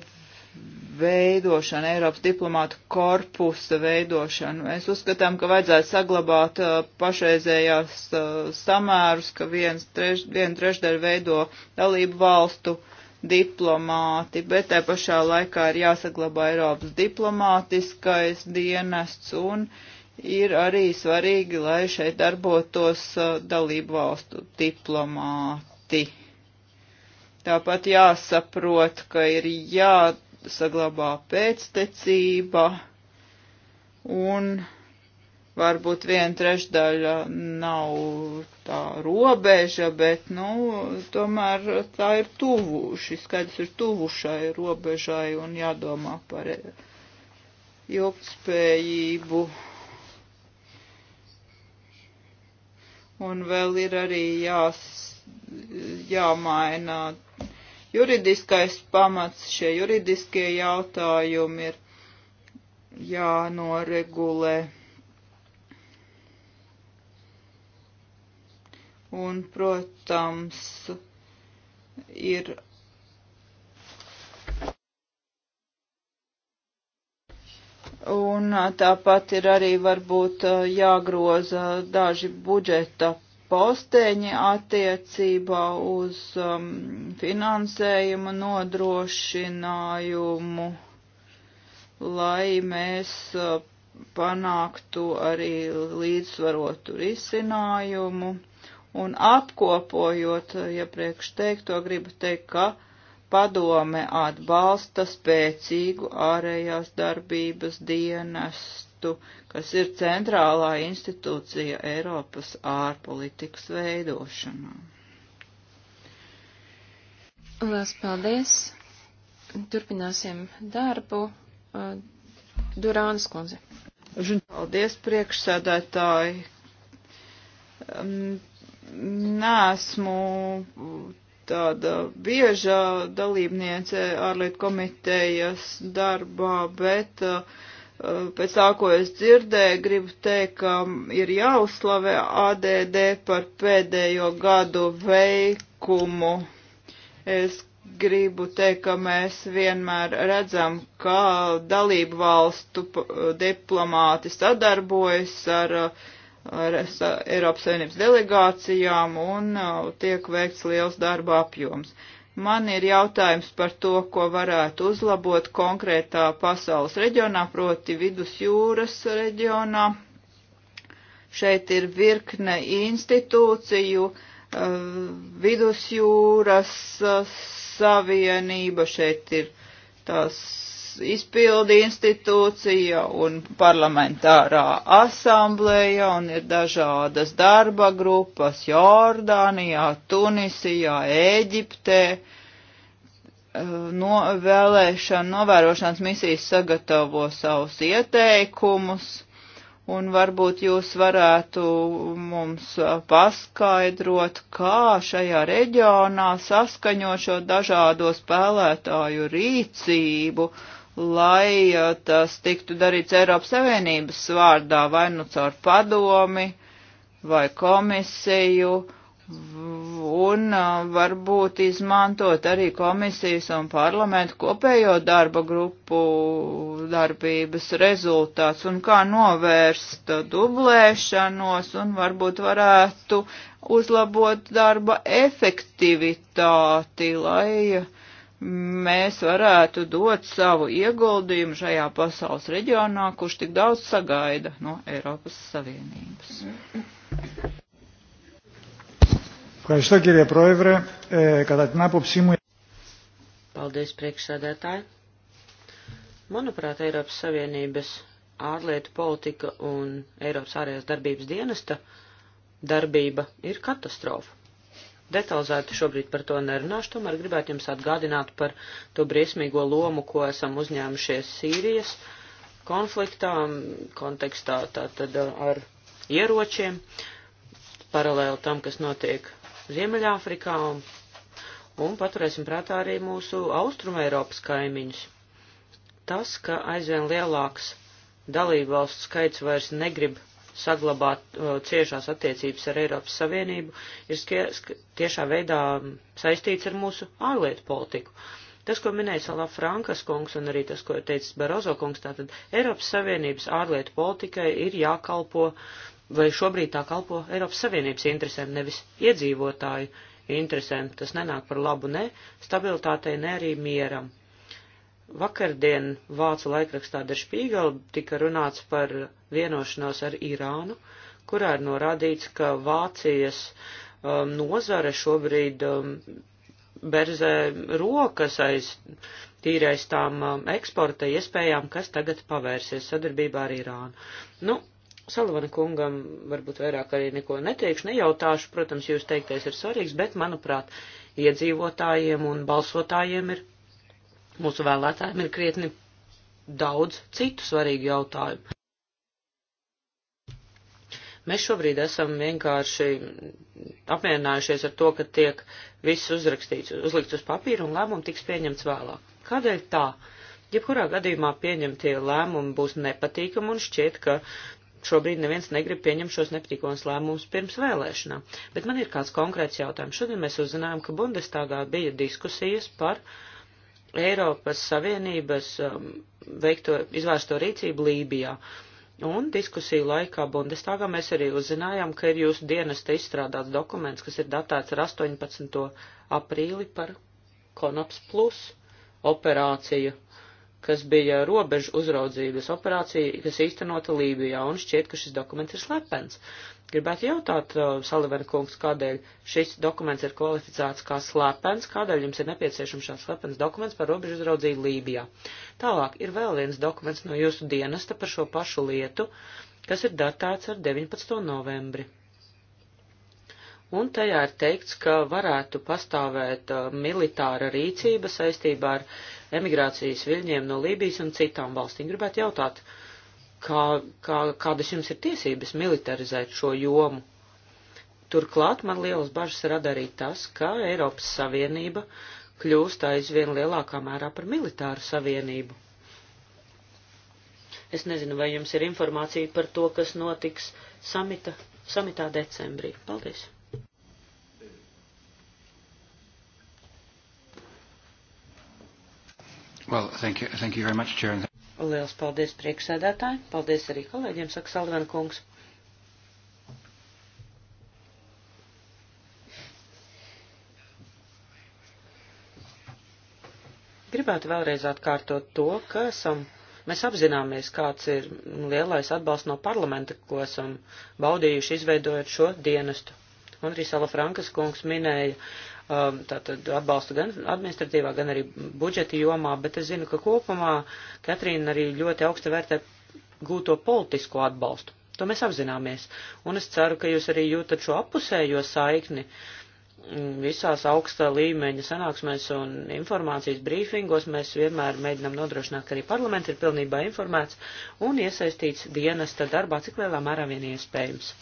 veidošanu, Eiropas diplomātu korpusa veidošanu. Mēs uzskatām, ka vajadzētu saglabāt uh, pašreizējās uh, samērus, ka viens treš, vienu trešdaļu veido dalību valstu diplomāti, bet te pašā laikā ir jāsaglabā Eiropas diplomātiskais dienests un ir arī svarīgi, lai šeit darbotos uh, dalību valstu diplomāti. Tāpat jāsaprot, ka ir jā saglabā pēctecība un varbūt viena trešdaļa nav tā robeža, bet, nu, tomēr tā ir tuvu, šis skaidrs ir tuvu šai robežai un jādomā par ilgspējību. Un vēl ir arī jās, jāmaina juridiskais pamats, šie juridiskie jautājumi ir jānoregulē. Un, protams, ir Un tāpat ir arī varbūt jāgroza daži budžeta posteņi attiecībā uz um, finansējumu nodrošinājumu, lai mēs uh, panāktu arī līdzsvarotu risinājumu. Un apkopojot uh, iepriekš ja teikto, gribu teikt, ka padome atbalsta spēcīgu ārējās darbības dienas dienestu, kas ir centrālā institūcija Eiropas ārpolitikas veidošanā. Lielas paldies! Turpināsim darbu. Uh, Durānas kundze. Paldies, priekšsēdētāji. Um, nesmu tāda bieža dalībniece ārlietu komitejas darbā, bet uh, Eh, pēc tā, ko es dzirdēju, gribu teikt, ka ir jāuzslavē ADD par pēdējo gadu veikumu. Es gribu teikt, ka mēs vienmēr redzam, kā dalību valstu diplomāti sadarbojas ar, ar Eiropas Savienības delegācijām un eh, tiek veikts liels darba apjoms. Uh, Man ir jautājums par to, ko varētu uzlabot konkrētā pasaules reģionā, proti vidusjūras reģionā. Šeit ir virkne institūciju, eh, vidusjūras eh, savienība, šeit ir tās izpildi institūcija un parlamentārā asambleja un ir dažādas darba grupas Jordānijā, Tunisijā, Ēģiptē, eh, no vēlēšana novērošanas misijas sagatavo savus ieteikumus un varbūt jūs varētu mums eh, paskaidrot, kā šajā reģionā saskaņot šo dažādo spēlētāju rīcību lai uh, tas tiktu darīts Eiropas Savienības vārdā vai nu caur padomi vai komisiju un uh, varbūt izmantot arī komisijas un parlamentu kopējo darba grupu darbības rezultāts un kā novērst dublēšanos un varbūt varētu uzlabot darba efektivitāti, lai uh, mēs varētu dot savu ieguldījumu šajā pasaules reģionā, kurš tik daudz sagaida no Eiropas Savienības. Ευχαριστώ κύριε Πρόεδρε. Ε, κατά την άποψή μου... Paldies, priekšsēdētāji. Manuprāt, Eiropas Savienības ārlietu politika un Eiropas ārējās darbības dienesta darbība ir katastrofa detalizēti šobrīd par to nerunāšu, tomēr gribētu jums atgādināt par to briesmīgo lomu, ko esam uzņēmušies Sīrijas konfliktā, kontekstā tātad ar ieročiem, paralēli tam, kas notiek Ziemeļāfrikā, un, un paturēsim prātā arī mūsu Austruma Eiropas kaimiņus. Tas, ka aizvien lielāks dalībvalstu skaits vairs negrib saglabāt uh, ciešās attiecības ar Eiropas Savienību, ir skie, sk, tiešā veidā saistīts ar mūsu ārlietu politiku. Tas, ko minēja Salā Frankas kungs un arī tas, ko teicis Barozo kungs, tātad Eiropas Savienības ārlietu politikai ir jākalpo, vai šobrīd tā kalpo Eiropas Savienības interesēm, nevis iedzīvotāju interesēm. Tas nenāk par labu ne stabilitātei, ne arī mieram. Vakardien Vācu laikrakstā Der Spiegel tika runāts par vienošanos ar Irānu, kurā ir norādīts, ka Vācijas um, nozare šobrīd um, berzē rokas aiz tīrais tām um, eksporta iespējām, kas tagad pavērsies sadarbībā ar Irānu. Nu, Salavana kungam varbūt vairāk arī neko neteikšu, nejautāšu, protams, jūs teiktais ir svarīgs, bet, manuprāt, iedzīvotājiem un balsotājiem ir Mūsu vēlētājiem ir krietni daudz citu svarīgu jautājumu. Mēs šobrīd esam vienkārši apmierinājušies ar to, ka tiek viss uzrakstīts, uzlikts uz papīra un lēmumu tiks pieņemts vēlāk. Kādēļ tā? Jebkurā gadījumā pieņemtie lēmumi būs nepatīkami un šķiet, ka šobrīd neviens negrib pieņemt šos nepatīkamos lēmumus pirms vēlēšanām. Bet man ir kāds konkrēts jautājums. Šodien mēs uzzinājām, ka Bundestagā bija diskusijas par uh, Eiropas Savienības um, veikto, izvērsto rīcību Lībijā. Un diskusiju laikā Bundestagā mēs arī uzzinājām, ka ir jūsu dienesta izstrādāts dokuments, kas ir datēts ar 18. aprīli par Konaps Plus operāciju, kas bija robežu uzraudzības operācija, kas īstenota Lībijā, un šķiet, ka šis dokuments ir slepens. Uh, Gribētu jautāt, uh, Salivena kungs, kādēļ šis dokuments ir kvalificēts kā slepens, kādēļ jums ir nepieciešams šāds slepens dokuments par robežu uzraudzību Lībijā. Tālāk ir vēl viens dokuments no jūsu dienesta par šo pašu lietu, kas ir datēts ar 19. novembri. Un tajā ir teikts, ka varētu pastāvēt uh, militāra rīcība saistībā ar emigrācijas viļņiem no Lībijas un citām valstīm. Gribētu jautāt, uh, kā, kā, kādas jums ir tiesības militarizēt šo jomu. Turklāt man lielas bažas rada arī tas, ka Eiropas Savienība kļūst aizvien lielākā mērā par militāru savienību. Es nezinu, vai jums ir informācija par to, kas notiks samita, samitā decembrī. Paldies! Well, thank you, thank you very much, Chair. Liels paldies priekšsēdētāji. Paldies arī kolēģiem, saka Salvena kungs. Gribētu vēlreiz atkārtot to, ka esam, mēs apzināmies, kāds ir lielais atbalsts no parlamenta, ko esam baudījuši izveidojot šo dienestu. Un arī Sala Frankas kungs minēja Um, tātad atbalstu gan administratīvā, gan arī budžeta jomā, bet es zinu, ka kopumā Katrīna arī ļoti augsti vērtē gūto politisko atbalstu. To mēs apzināmies. Un es ceru, ka jūs arī jūtat šo apusējo saikni mm, visās augstā līmeņa sanāksmēs un informācijas brīfingos mēs vienmēr mēģinam nodrošināt, ka arī parlaments ir pilnībā informēts un iesaistīts dienesta darbā, cik lielā mērā vien iespējams.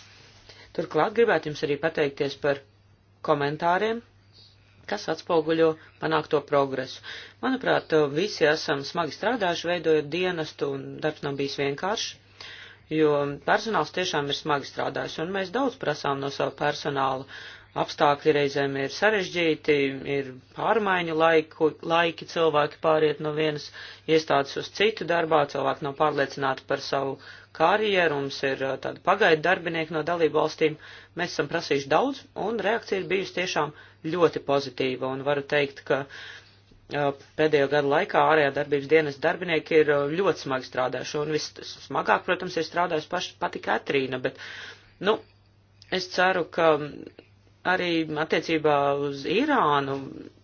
Turklāt gribētu jums arī pateikties par komentāriem, kas atspoguļo panākto progresu. Manuprāt, visi esam smagi strādājuši, veidojot dienestu, un darbs nav bijis vienkāršs, jo personāls tiešām ir smagi strādājis, un mēs daudz prasām no sava personāla, apstākļi reizēm ir sarežģīti, ir pārmaiņu laiku, laiki, cilvēki pāriet no vienas iestādes uz citu darbā, cilvēki nav pārliecināti par savu karjeru, mums ir uh, tādi pagaidu darbinieki no dalību valstīm, mēs esam prasījuši daudz, un reakcija ir bijusi tiešām ļoti pozitīva, un varu teikt, ka uh, pēdējo gadu laikā ārējā darbības dienas darbinieki ir uh, ļoti smagi strādājuši, un vissmagāk, protams, ir strādājusi paši pati Katrīna, bet, nu, es ceru, ka arī attiecībā uz Irānu,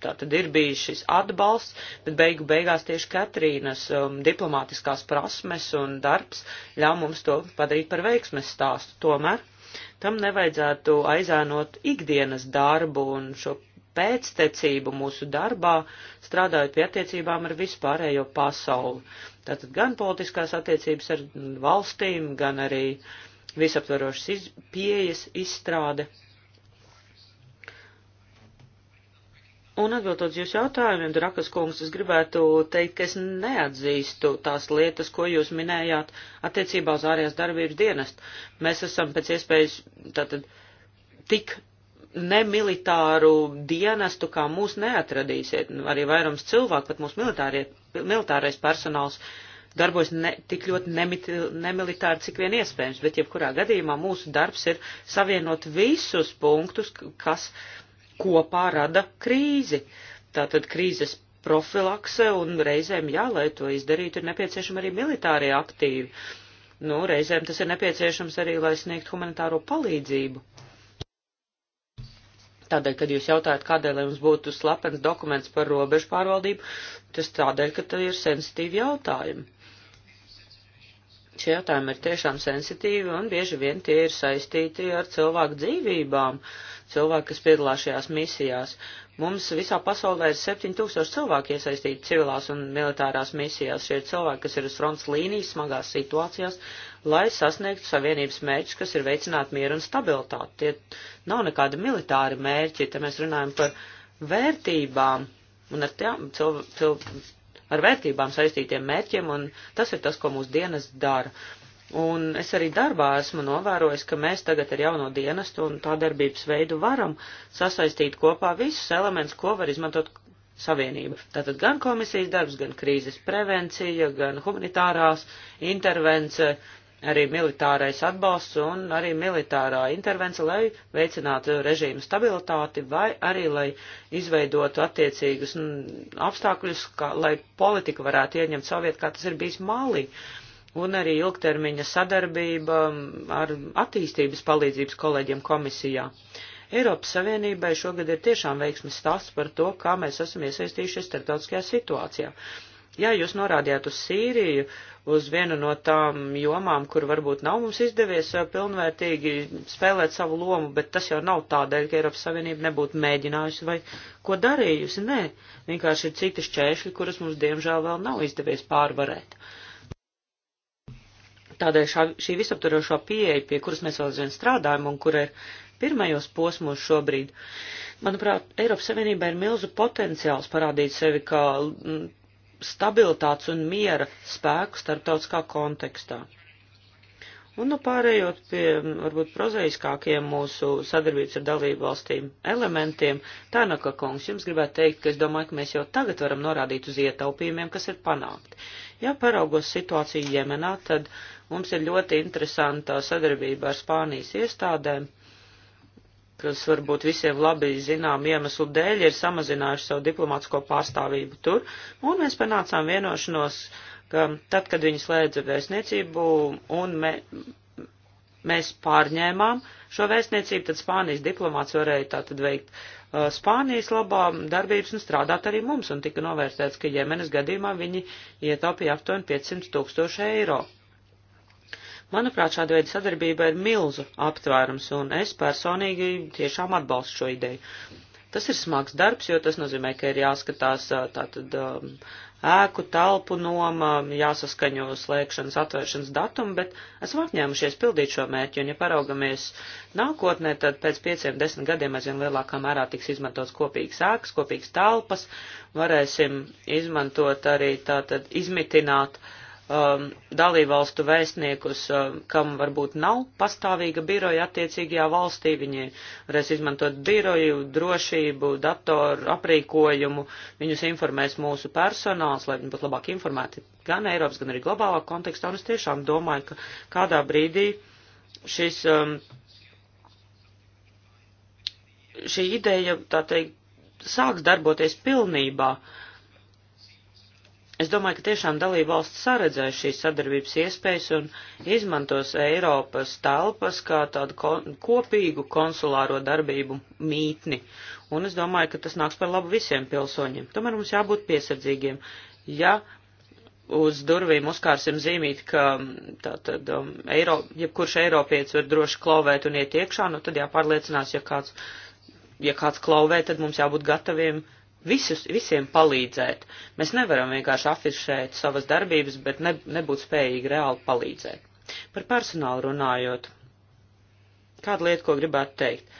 tā tad ir bijis šis atbalsts, bet beigu beigās tieši Katrīnas um, diplomātiskās prasmes un darbs ļauj mums to padarīt par veiksmes stāstu. Tomēr tam nevajadzētu aizēnot ikdienas darbu un šo pēctecību mūsu darbā, strādājot pie attiecībām ar vispārējo pasauli. Tātad gan politiskās attiecības ar valstīm, gan arī visaptvarošas iz, pieejas izstrāde Un atbildot jūsu jautājumiem, Drakas kungs, es gribētu teikt, ka es neatzīstu tās lietas, ko jūs minējāt attiecībā uz ārējās darbības dienestu. Mēs esam pēc iespējas tātad tik nemilitāru dienestu, kā mūs neatradīsiet. Arī vairums cilvēku, pat mūsu militārais personāls darbojas ne, tik ļoti nemiti, nemilitāri, cik vien iespējams, bet jebkurā gadījumā mūsu darbs ir savienot visus punktus, kas kopā rada krīzi. Tātad krīzes profilakse un reizēm, jā, lai to izdarītu, ir nepieciešama arī militārie aktīvi. Nu, reizēm tas ir nepieciešams arī, lai sniegtu humanitāro palīdzību. Tādēļ, kad jūs jautājat, kādēļ mums būtu slepens dokuments par robežu pārvaldību, tas tādēļ, ka tie ir sensitīvi jautājumi. Šie jautājumi ir tiešām sensitīvi un bieži vien tie ir saistīti ar cilvēku dzīvībām cilvēki, kas piedalās šajās misijās. Mums visā pasaulē ir 7000 cilvēki iesaistīti civilās un militārās misijās. Šie ir cilvēki, kas ir uz fronts līnijas smagās situācijās, lai sasniegtu savienības mērķus, kas ir veicināt mieru un stabilitāti. Tie nav nekādi militāri mērķi, te mēs runājam par vērtībām un ar, tiem, cil, cil, ar vērtībām saistītiem mērķiem, un tas ir tas, ko mūsu dienas dara. Un es arī darbā esmu novērojis, ka mēs tagad ar jauno dienestu un tā darbības veidu varam sasaistīt kopā visus elementus, ko var izmantot savienība. Tātad gan komisijas darbs, gan krīzes prevencija, gan humanitārās intervence, arī militārais atbalsts un arī militārā intervence, lai veicinātu režīmu stabilitāti vai arī, lai izveidotu attiecīgus mm, apstākļus, kā, lai politika varētu ieņemt savu vietu, kā tas ir bijis Malī. Uh, un arī ilgtermiņa sadarbība ar attīstības palīdzības kolēģiem komisijā. Eiropas Savienībai šogad ir tiešām veiksmes stāsts par to, kā mēs esam iesaistījušies starptautiskajā situācijā. Jā, jūs norādījāt uz Sīriju, uz vienu no tām jomām, kur varbūt nav mums izdevies eh, pilnvērtīgi spēlēt savu lomu, bet tas jau nav tādēļ, ka Eiropas Savienība nebūtu mēģinājusi vai ko darījusi. Nē, vienkārši ir citi šķēršļi, kurus mums diemžēl vēl nav izdevies pārvarēt. Uh, Tādēļ šā, šī visaptvarošā pieeja, pie kuras mēs vēl aizvien strādājam un kura ir pirmajos posmos šobrīd, manuprāt, Eiropas Savienībā ir milzu potenciāls parādīt sevi kā stabilitātes un miera spēku starptautiskā kontekstā. Un nu pārējot pie varbūt prozaiskākiem mūsu sadarbības ar dalību valstīm elementiem, Tanaka kungs, jums gribētu teikt, ka es domāju, ka mēs jau tagad varam norādīt uz ietaupījumiem, kas ir panākti. Ja paraugos situāciju Jemenā, tad mums ir ļoti interesanta sadarbība ar Spānijas iestādēm, kas varbūt visiem labi zinām iemeslu dēļ ir samazinājuši savu diplomātsko pārstāvību tur, un mēs panācām vienošanos, ka tad, kad viņi slēdza vēstniecību un me, mēs pārņēmām šo vēstniecību, tad Spānijas diplomāts varēja tātad veikt uh, Eh, Spānijas labā darbības un strādāt arī mums, un tika novērtēts, ka Jemenas gadījumā viņi ietaupīja aptuveni 500 tūkstoši eiro. Manuprāt, šāda veida sadarbība ir milzu aptvērums, un es personīgi tiešām atbalstu šo ideju. Tas ir smags darbs, jo tas nozīmē, ka ir jāskatās eh, tātad um, ēku telpu noma, jāsaskaņo slēgšanas atvēršanas datumu, bet esam apņēmušies pildīt šo mērķi, un ja paraugamies nākotnē, tad pēc pieciem, desmit gadiem aizvien lielākā mērā tiks izmantots kopīgas ēkas, kopīgas telpas, varēsim izmantot arī tātad izmitināt uh, um, dalībvalstu vēstniekus, um, kam varbūt nav pastāvīga biroja attiecīgajā valstī, viņi varēs izmantot biroju, drošību, datoru, aprīkojumu, viņus informēs mūsu personāls, lai viņi būtu labāk informēti gan Eiropas, gan arī globālā kontekstā, un es tiešām domāju, ka kādā brīdī šis, um, šī ideja, tā teikt, sāks darboties pilnībā. Uh, Es domāju, ka tiešām dalība valsts saredzēs šīs sadarbības iespējas un izmantos Eiropas telpas kā tādu ko, kopīgu konsulāro darbību mītni. Un es domāju, ka tas nāks par labu visiem pilsoņiem. Tomēr mums jābūt piesardzīgiem. Ja uz durvīm uzkārsim zīmīt, ka mm, tātad um, Eiro, jebkurš Eiropietis var droši klauvēt un iet iekšā, nu tad jāpārliecinās, ja kāds, ja kāds klauvē, tad mums jābūt gataviem visus, visiem palīdzēt. Mēs nevaram vienkārši afišēt savas darbības, bet ne, nebūt spējīgi reāli palīdzēt. Par personālu runājot, kāda lieta, ko gribētu teikt?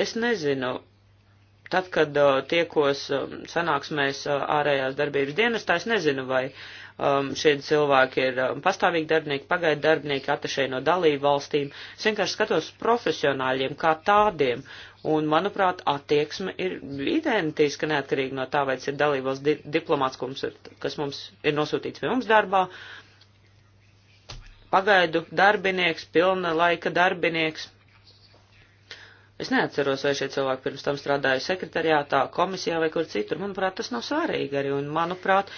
Es nezinu, tad, kad uh, tiekos um, sanāksmēs uh, ārējās darbības dienestā, es nezinu, vai um, šie cilvēki ir um, pastāvīgi darbinieki, pagaidu darbinieki, atašai no dalību valstīm. Es vienkārši skatos profesionāļiem kā tādiem, Un, manuprāt, attieksme ir identiska neatkarīgi no tā, vai tas ir dalībvalsts di diplomāts, kas mums, ir, kas mums ir nosūtīts pie mums darbā, pagaidu darbinieks, pilna laika darbinieks. Es neatceros, vai šie cilvēki pirms tam strādāja sekretariātā, komisijā vai kur citur. Manuprāt, tas nav svarīgi arī, un manuprāt,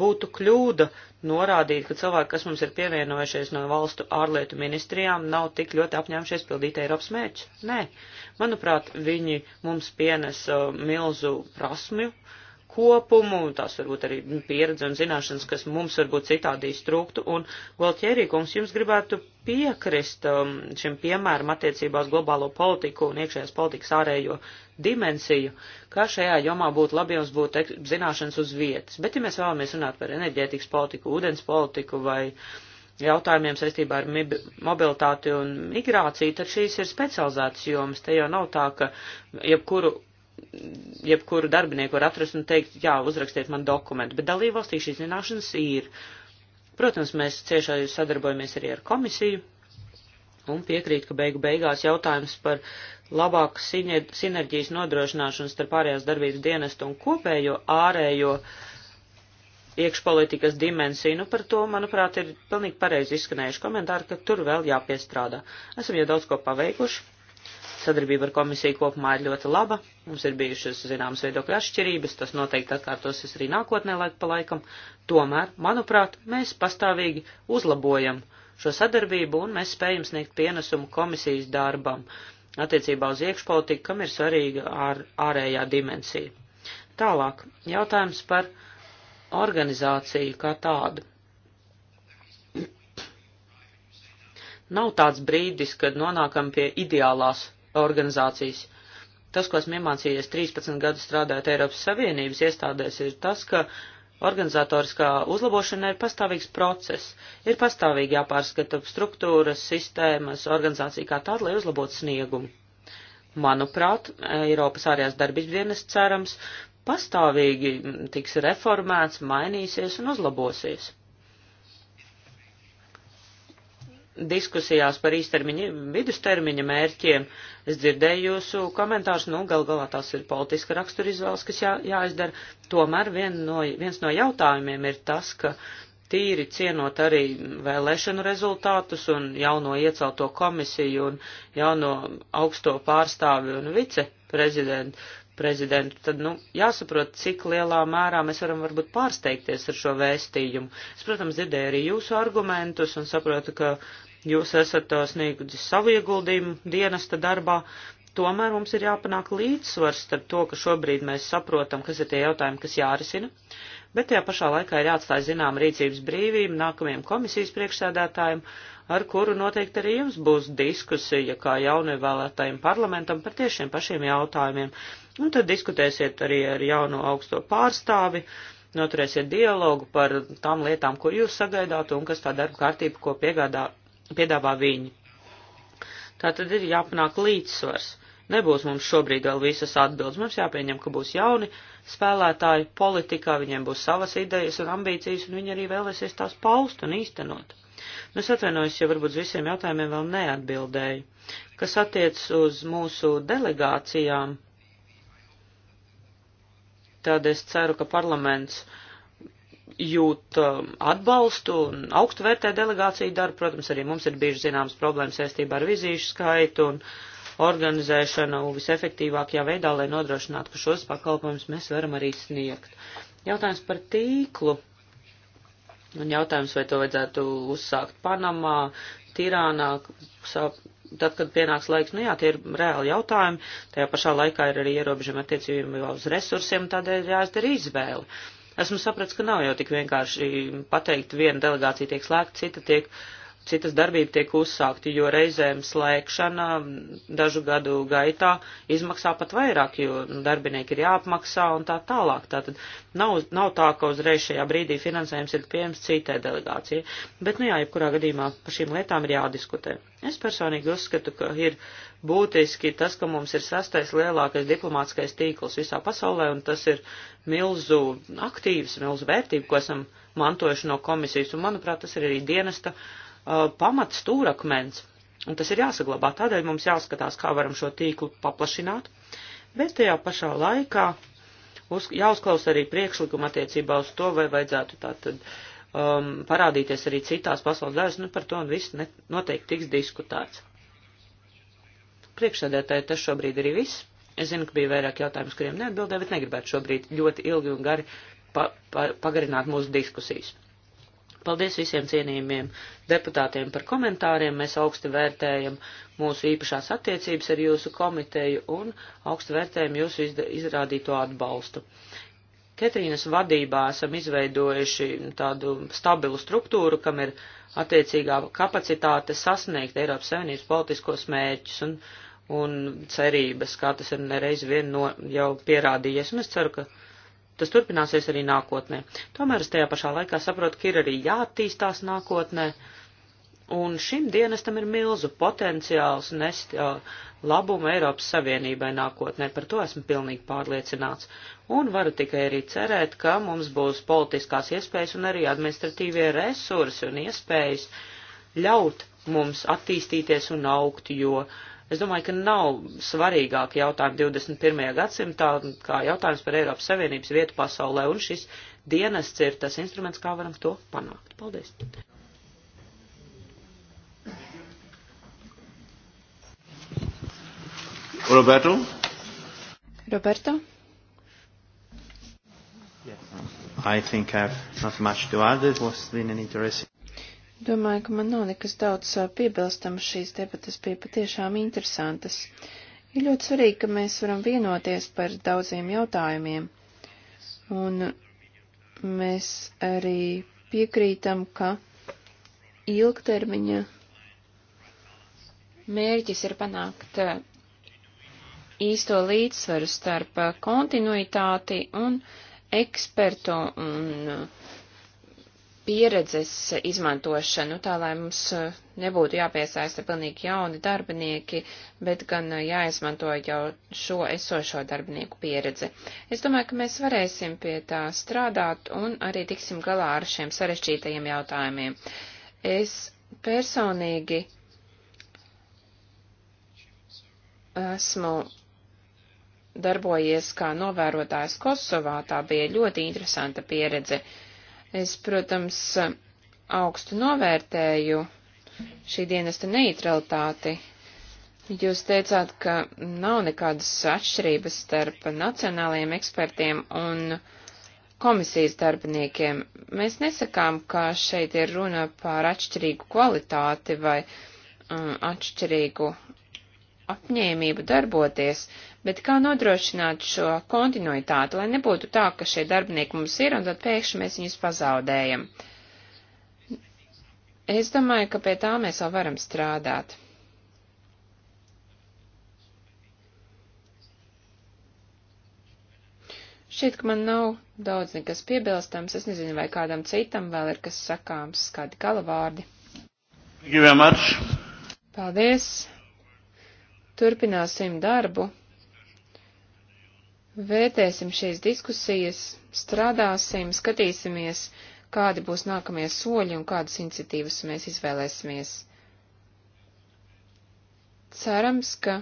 būtu kļūda norādīt, ka cilvēki, kas mums ir pievienojušies no valstu ārlietu ministrijām, nav tik ļoti apņēmušies pildīt Eiropas mērķus. Nē, manuprāt, viņi mums pienes uh, milzu prasmju, uh, kopumu, tās varbūt arī pieredze un zināšanas, kas mums varbūt citādi iztrūktu, un Gualtjērī kungs jums gribētu piekrist um, šim piemēram attiecībās globālo politiku un iekšējās politikas ārējo dimensiju, kā šajā jomā būtu labi jums būt zināšanas uz vietas. Bet, ja mēs vēlamies runāt par enerģētikas politiku, ūdens politiku vai jautājumiem saistībā ar mobilitāti un migrāciju, tad šīs ir specializētas jomas. Te jau nav tā, ka jebkuru jebkuru darbinieku var atrast un teikt, jā, uzrakstiet man dokumentu, bet dalībvalstī šīs zināšanas ir. Protams, mēs ciešai sadarbojamies arī ar komisiju un piekrīt, ka beigu beigās jautājums par labāku sinerģijas nodrošināšanu starp pārējās darbības dienestu un kopējo ārējo iekšpolitikas dimensiju, nu par to, manuprāt, ir pilnīgi pareizi izskanējuši komentāri, ka tur vēl jāpiestrādā. Esam jau daudz ko paveikuši sadarbība ar komisiju kopumā ir ļoti laba. Mums ir bijušas zināmas viedokļa atšķirības, tas noteikti atkārtosies arī nākotnē laika pa laikam. Tomēr, manuprāt, mēs pastāvīgi uzlabojam šo sadarbību un mēs spējam sniegt pienesumu komisijas darbam attiecībā uz iekšpolitiku, kam ir svarīga ār, ārējā dimensija. Tālāk, jautājums par organizāciju kā tādu. Nav tāds brīdis, kad nonākam pie ideālās organizācijas. Tas, ko esmu iemācījies 13 gadus strādājot Eiropas Savienības iestādēs, ir tas, ka organizatoriskā uzlabošana ir pastāvīgs process. Ir pastāvīgi jāpārskata struktūras, sistēmas, organizācija kā tāda, lai uzlabotu sniegumu. Manuprāt, Eiropas ārējās darbības dienas cerams pastāvīgi tiks reformēts, mainīsies un uzlabosies. diskusijās par īstermiņa, vidustermiņa mērķiem, es dzirdēju jūsu komentārus, nu, gal galā tas ir politiska rakstura izvēles, kas jā, jāizdara. Tomēr vien no, viens no jautājumiem ir tas, ka tīri cienot arī vēlēšanu rezultātus un jauno iecelto komisiju un jauno augsto pārstāvi un viceprezidentu, prezidentu, tad, nu, jāsaprot, cik lielā mērā mēs varam varbūt pārsteigties ar šo vēstījumu. Es, protams, dzirdēju arī jūsu argumentus un saprotu, ka jūs esat sniegusi savu ieguldījumu dienesta darbā, tomēr mums ir jāpanāk līdzsvars starp to, ka šobrīd mēs saprotam, kas ir tie jautājumi, kas jārisina, bet tajā pašā laikā ir jāatstāj zinām rīcības brīvību nākamajam komisijas priekšsēdētājiem, ar kuru noteikti arī jums būs diskusija kā jaunievēlētājiem parlamentam par tiešiem pašiem jautājumiem. Un tad diskutēsiet arī ar jauno augsto pārstāvi, noturēsiet dialogu par tām lietām, ko jūs sagaidāt un kas tā darba kārtība, ko piegādā, piedāvā viņi. Tā tad ir jāpanāk līdzsvars. Nebūs mums šobrīd vēl visas atbildes. Mums jāpieņem, ka būs jauni spēlētāji politikā, viņiem būs savas idejas un ambīcijas, un viņi arī vēlēsies tās paust un īstenot. Nu, es atvainojos, ja varbūt visiem jautājumiem vēl neatbildēju. Kas attiec uz mūsu delegācijām, tad es ceru, ka parlaments uh, jūt um, atbalstu un augstu vērtē delegāciju darbu. Protams, arī mums ir bieži zināmas problēmas saistībā ar vizīšu skaitu un organizēšanu visefektīvākajā veidā, lai nodrošinātu, ka šos pakalpojumus mēs varam arī sniegt. Jautājums par tīklu. Un jautājums, vai to vajadzētu uzsākt Panamā, Tirānā, tad, kad pienāks laiks, nu jā, tie ir reāli jautājumi, tajā pašā laikā ir arī ierobežami attiecībiem jau uz resursiem, tādēļ jāizdara izvēle. Esmu sapratis, ka nav jau tik vienkārši pateikt, viena delegācija tiek slēgta, cita tiek citas darbības tiek uzsākti, jo reizēm slēgšana dažu gadu gaitā izmaksā pat vairāk, jo darbinieki ir jāapmaksā un tā tālāk. Tātad nav, nav tā, ka uzreiz šajā brīdī finansējums ir pieejams citai delegācijai, bet, nu jā, jebkurā gadījumā par šīm lietām ir jādiskutē. Es personīgi uzskatu, ka ir būtiski tas, ka mums ir sastais lielākais diplomātskais tīkls visā pasaulē, un tas ir milzu aktīvs, milzu vērtību, ko esam mantojuši no komisijas, un, manuprāt, tas ir arī dienesta uh, uh, pamats stūrakmens, un tas ir jāsaglabā. Tādēļ mums jāskatās, kā varam šo tīklu paplašināt, bet tajā pašā laikā uz, jāuzklaus arī priekšlikuma attiecībā uz to, vai vajadzētu tātad um, parādīties arī citās pasaules daļās, nu par to un viss ne, noteikti tiks diskutēts. Priekšsēdētāji, tas šobrīd arī viss. Es zinu, ka bija vairāk jautājumu, uz kuriem neatbildēju, bet negribētu šobrīd ļoti ilgi un gari pa, pa, pagarināt mūsu diskusijas. Paldies visiem cienījumiem deputātiem par komentāriem. Mēs augsti vērtējam mūsu īpašās attiecības ar jūsu komiteju un augsti vērtējam jūsu izrādīto atbalstu. Ketrīnas vadībā esam izveidojuši tādu stabilu struktūru, kam ir attiecīgā kapacitāte sasniegt Eiropas Savienības politiskos mērķus un, un cerības, kā tas ir nereiz vien no, jau pierādījies. Un es ceru, ka tas turpināsies arī nākotnē. Tomēr es tajā pašā laikā saprotu, ka ir arī jāattīstās nākotnē, un šim dienestam ir milzu potenciāls nest uh, labumu Eiropas Savienībai nākotnē, par to esmu pilnīgi pārliecināts, un varu tikai arī cerēt, ka mums būs politiskās iespējas un arī administratīvie resursi un iespējas ļaut mums attīstīties un augt, jo uh, Es domāju, ka nav svarīgāka jautājuma 21. gadsimtā kā jautājums par Eiropas Savienības vietu pasaulē, un šis dienests ir tas instruments, kā varam to panākt. Paldies! Roberto? Roberto? Yes. I think I have not much to add. It was been an interesting. Domāju, ka man nav nekas daudz piebilstams. Šīs debatas bija patiešām interesantas. Ir ļoti svarīgi, ka mēs varam vienoties par daudziem jautājumiem. Un mēs arī piekrītam, ka ilgtermiņa mērķis ir panākt īsto līdzsvaru starp kontinuitāti un ekspertu un uh, pieredzes izmantošanu, tā lai mums eh, nebūtu jāpiesaista pilnīgi jauni darbinieki, bet gan eh, jāizmanto jau šo esošo darbinieku pieredze. Es domāju, ka mēs varēsim pie tā strādāt un arī tiksim galā ar šiem sarežģītajiem jautājumiem. Es personīgi esmu darbojies kā novērotājs Kosovā, tā bija ļoti interesanta pieredze. Uh, Es, protams, augstu novērtēju šī dienesta neutralitāti. Jūs teicāt, ka nav nekādas atšķirības starp nacionālajiem ekspertiem un komisijas darbiniekiem. Mēs nesakām, ka šeit ir runa par atšķirīgu kvalitāti vai um, atšķirīgu apņēmību darboties. Bet kā nodrošināt šo kontinuitāti, lai nebūtu tā, ka šie darbinieki mums ir un tad pēkšņi mēs viņus pazaudējam? Es domāju, ka pie tā mēs vēl varam strādāt. Šķiet, ka man nav daudz nekas piebilstams. Es nezinu, vai kādam citam vēl ir kas sakāms, kādi galavārdi. Paldies! Turpināsim darbu. Vērtēsim šīs diskusijas, strādāsim, skatīsimies, kādi būs nākamie soļi un kādas iniciatīvas mēs izvēlēsimies. Cerams, ka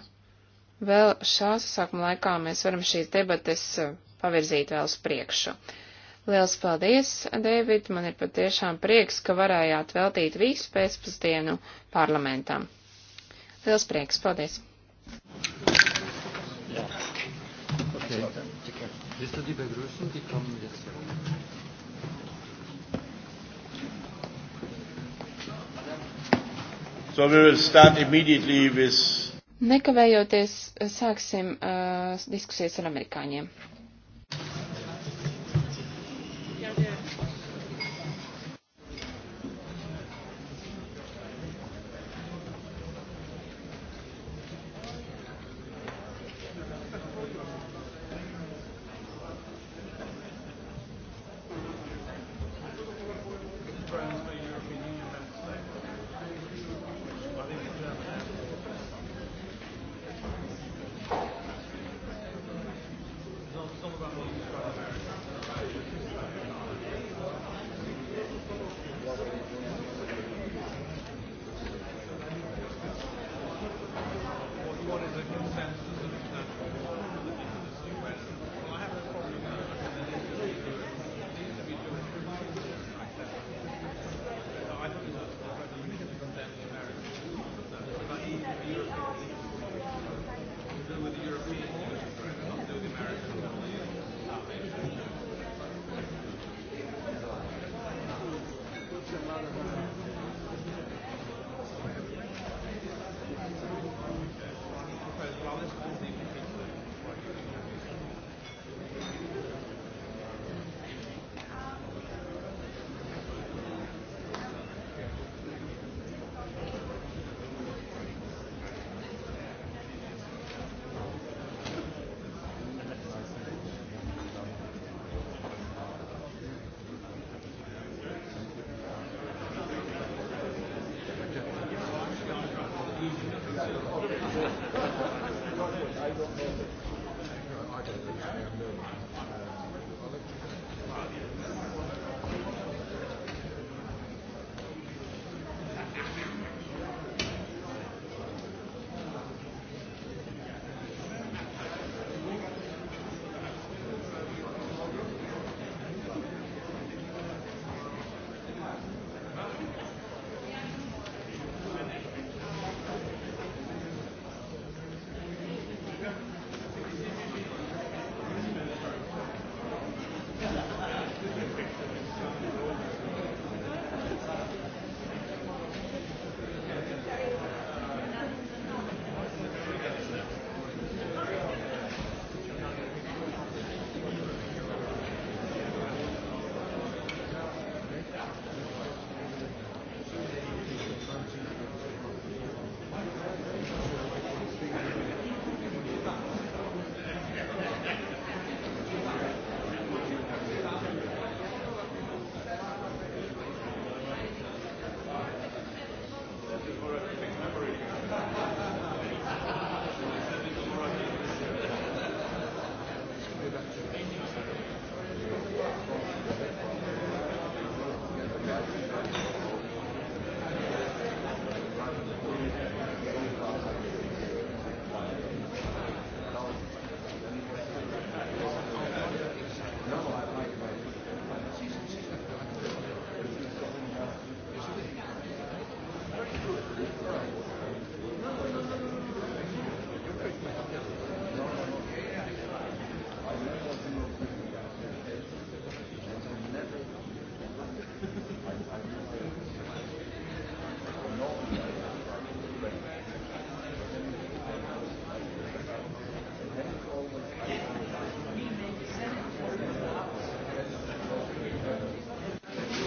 vēl šā sasākuma laikā mēs varam šīs debates eh, pavirzīt vēl uz priekšu. Liels paldies, Dēvid, man ir patiešām prieks, ka varējāt veltīt visu pēcpusdienu parlamentam. Liels prieks, paldies! Okay. Willst du die begrüßen? Die kommen jetzt herum. So we will start immediately with Nekavējoties sāksim uh, diskusijas ar amerikāņiem.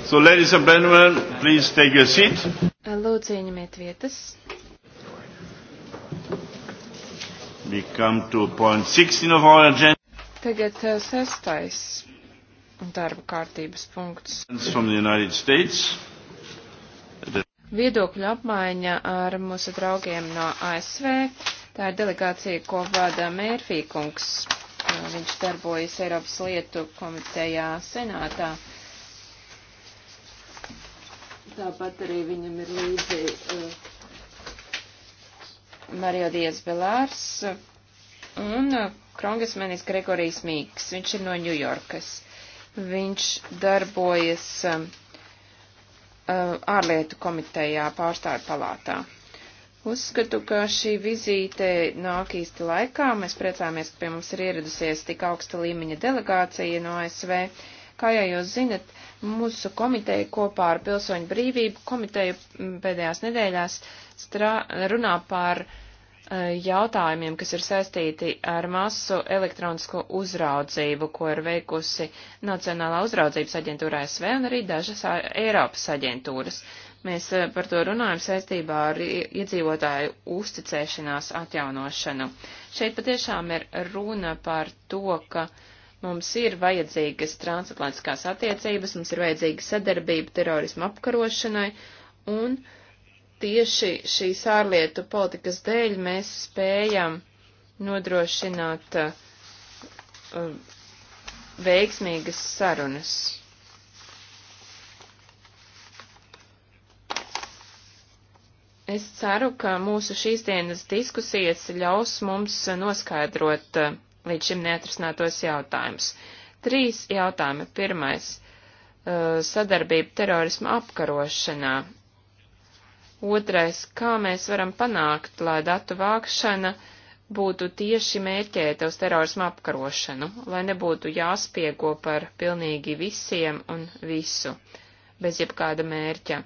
So, ladies and gentlemen, please take your seat. Uh, lūdzu, ieņemiet vietas. We come to point 16 of our agenda. Tagad uh, sestais darba kārtības punkts. From the United States. Viedokļu apmaiņa ar mūsu draugiem no ASV. Tā ir delegācija, ko vada Mērfīkungs. Uh, viņš darbojas Eiropas lietu komitejā senātā. Tāpat arī viņam ir līdzi uh, Mario Diez Belārs un uh, krongesmenis Gregorijs Mīks. Viņš ir no Ņujorkas. Viņš darbojas um, uh, ārlietu komitejā pārstāju palātā. Uzskatu, ka šī vizīte nāk īsti laikā. Mēs priecāmies, ka pie mums ir ieradusies tik augsta līmeņa delegācija no ASV. Uh, Kā jau jūs zinat, mūsu komiteja kopā ar Pilsoņu brīvību komiteju pēdējās nedēļās strā, runā par uh, jautājumiem, kas ir saistīti ar masu elektronisko uzraudzību, ko ir veikusi Nacionālā uzraudzības aģentūra ASV un arī dažas Eiropas aģentūras. Mēs uh, par to runājam saistībā ar iedzīvotāju uzticēšanās atjaunošanu. Šeit patiešām ir runa par to, ka uh, Mums ir vajadzīgas transatlantiskās attiecības, mums ir vajadzīga sadarbība terorismu apkarošanai, un tieši šīs ārlietu politikas dēļ mēs spējam nodrošināt uh, veiksmīgas sarunas. Es ceru, ka mūsu šīs dienas diskusijas ļaus mums noskaidrot uh, līdz šim neatrisinātos jautājumus. Trīs jautājumi. Pirmais uh, - sadarbība terorisma apkarošanā. Otrais - kā mēs varam panākt, lai datu vākšana būtu tieši mērķēta uz terorismu apkarošanu, lai nebūtu jāspiego par pilnīgi visiem un visu, bez jebkāda mērķa.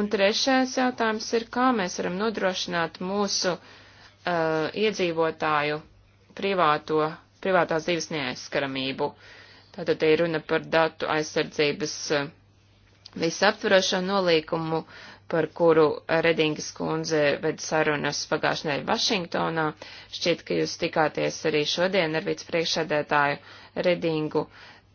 Un trešais jautājums ir, kā mēs varam nodrošināt mūsu uh, iedzīvotāju privāto, privātās dzīves neaizskaramību. Tātad te ir runa par datu aizsardzības eh, visaptverošo nolīkumu, par kuru Redingas kundze ved sarunas pagājušajā nedēļā Vašingtonā. Šķiet, ka jūs tikāties arī šodien ar vicepriekšsēdētāju Redingu.